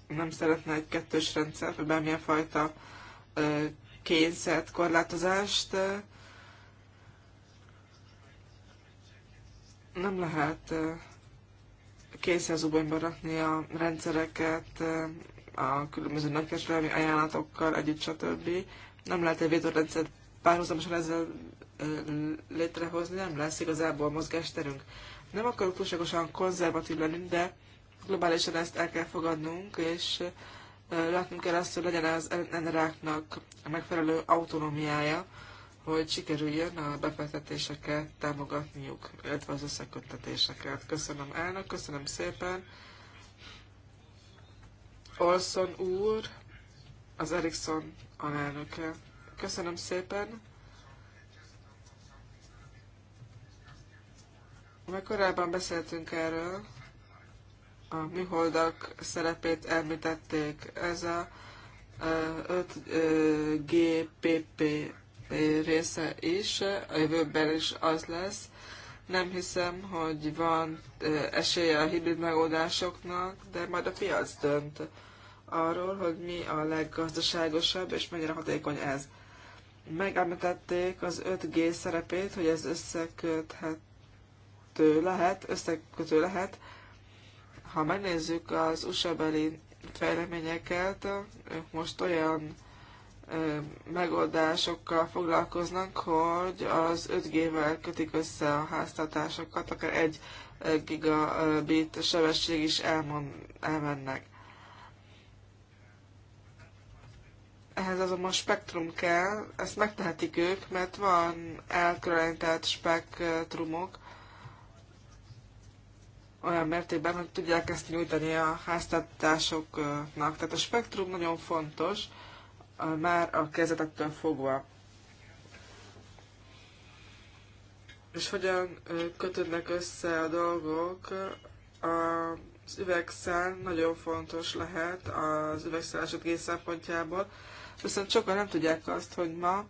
Speaker 1: nem szeretne egy kettős rendszer, vagy bármilyen fajta kényszert, korlátozást. Nem lehet kényszerzubonyba rakni a rendszereket, eh, a különböző nagykereskedelmi ajánlatokkal együtt, stb. Nem lehet egy védőrendszert párhuzamosan ezzel eh, létrehozni, nem lesz igazából mozgásterünk. Nem akarok túlságosan konzervatív lenni, de globálisan ezt el kell fogadnunk, és eh, látnunk kell azt, hogy legyen az NRA-knak megfelelő autonómiája, hogy sikerüljön a befektetéseket támogatniuk, illetve az összeköttetéseket. Köszönöm elnök, köszönöm szépen. Olson úr, az Ericsson alelnöke. Köszönöm szépen. Már korábban beszéltünk erről, a műholdak szerepét említették. Ez a 5GPP része is, a jövőben is az lesz. Nem hiszem, hogy van esélye a hibrid megoldásoknak, de majd a piac dönt arról, hogy mi a leggazdaságosabb és mennyire hatékony ez. Megemlítették az 5G szerepét, hogy ez összeköthető lehet, összekötő lehet. Ha megnézzük az USA-beli fejleményeket, ők most olyan megoldásokkal foglalkoznak, hogy az 5G-vel kötik össze a háztartásokat, akár egy gigabit sebesség is elmond, elmennek. Ehhez azonban spektrum kell, ezt megtehetik ők, mert van elkülönített spektrumok, olyan mértékben, hogy tudják ezt nyújtani a háztartásoknak. Tehát a spektrum nagyon fontos, a, már a kezdetektől fogva. És hogyan kötődnek össze a dolgok? Az üvegszál nagyon fontos lehet az üvegszálásod gész szempontjából, viszont sokan nem tudják azt, hogy ma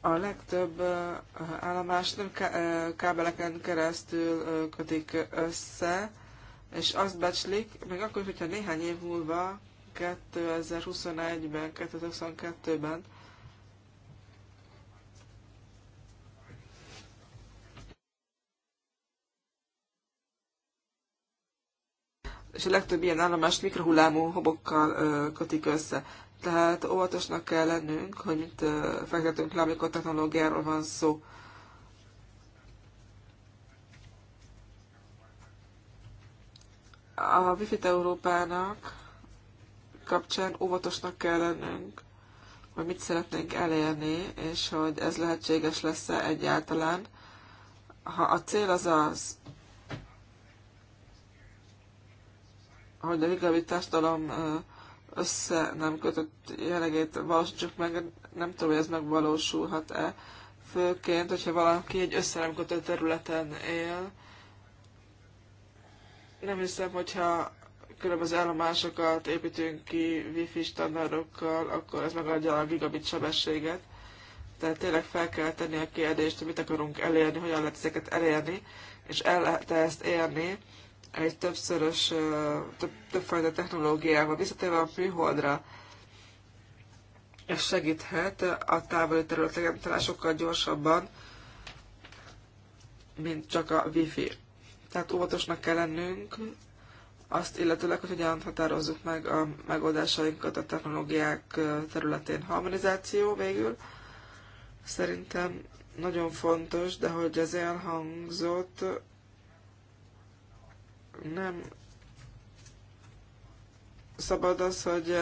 Speaker 1: a legtöbb állomás nem kábeleken keresztül kötik össze, és azt becslik, még akkor, hogyha néhány év múlva 2021-ben, 2022-ben. És a legtöbb ilyen állomást mikrohullámú hobokkal ö, kötik össze. Tehát óvatosnak kell lennünk, hogy mit fektetünk le, amikor technológiáról van szó. a Wi-Fi Európának kapcsán óvatosnak kell lennünk, hogy mit szeretnénk elérni, és hogy ez lehetséges lesz-e egyáltalán. Ha a cél az az, hogy a ligavi társadalom össze nem kötött jelenlegét valósítsuk meg, nem tudom, hogy ez megvalósulhat-e, főként, hogyha valaki egy össze nem kötött területen él. Nem hiszem, hogyha különböző állomásokat építünk ki wifi standardokkal, akkor ez megadja a gigabit sebességet. Tehát tényleg fel kell tenni a kérdést, hogy mit akarunk elérni, hogyan lehet ezeket elérni, és el lehet -e ezt érni egy többszörös, több, többfajta technológiával, visszatérve a műholdra, és segíthet a távoli területeken talán sokkal gyorsabban, mint csak a wifi. Tehát óvatosnak kell lennünk, azt illetőleg, hogy hogyan határozzuk meg a megoldásainkat a technológiák területén. Harmonizáció végül szerintem nagyon fontos, de hogy ez elhangzott, nem szabad az, hogy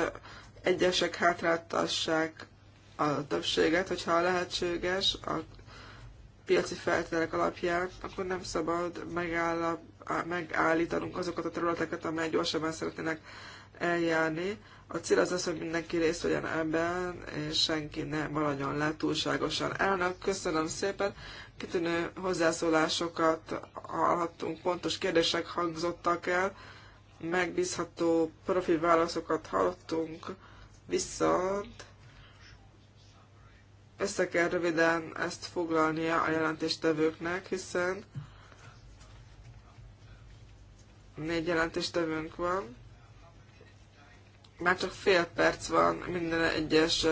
Speaker 1: egyesek hátráltassák a többséget, hogyha lehetséges a piaci feltételek alapján, akkor nem szabad megállapítani megállítanunk azokat a területeket, amelyek gyorsabban szeretnének eljárni. A cél az az, hogy mindenki részt vegyen ebben, és senki ne maradjon le túlságosan. Elnök, köszönöm szépen, kitűnő hozzászólásokat hallhattunk, pontos kérdések hangzottak el, megbízható profi válaszokat hallottunk, viszont össze kell röviden ezt foglalnia a jelentéstevőknek, hiszen négy tevünk van. Már csak fél perc van minden egyes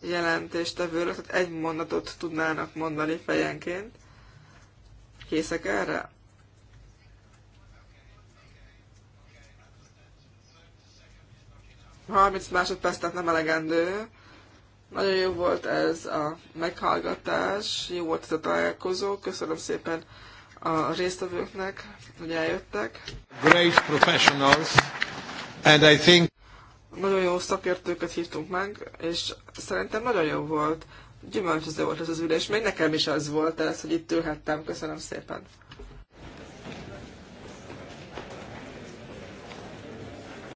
Speaker 1: jelentéstevőről, tehát egy mondatot tudnának mondani fejenként. Készek erre? Harminc másodperc, tehát nem elegendő. Nagyon jó volt ez a meghallgatás, jó volt ez a találkozó, köszönöm szépen a résztvevőknek, hogy eljöttek.
Speaker 2: Great professionals, and I think...
Speaker 1: Nagyon jó szakértőket hívtunk meg, és szerintem nagyon jó volt. Gyümölcsöző volt ez az ülés, még nekem is az volt ez, hogy itt ülhettem. Köszönöm szépen.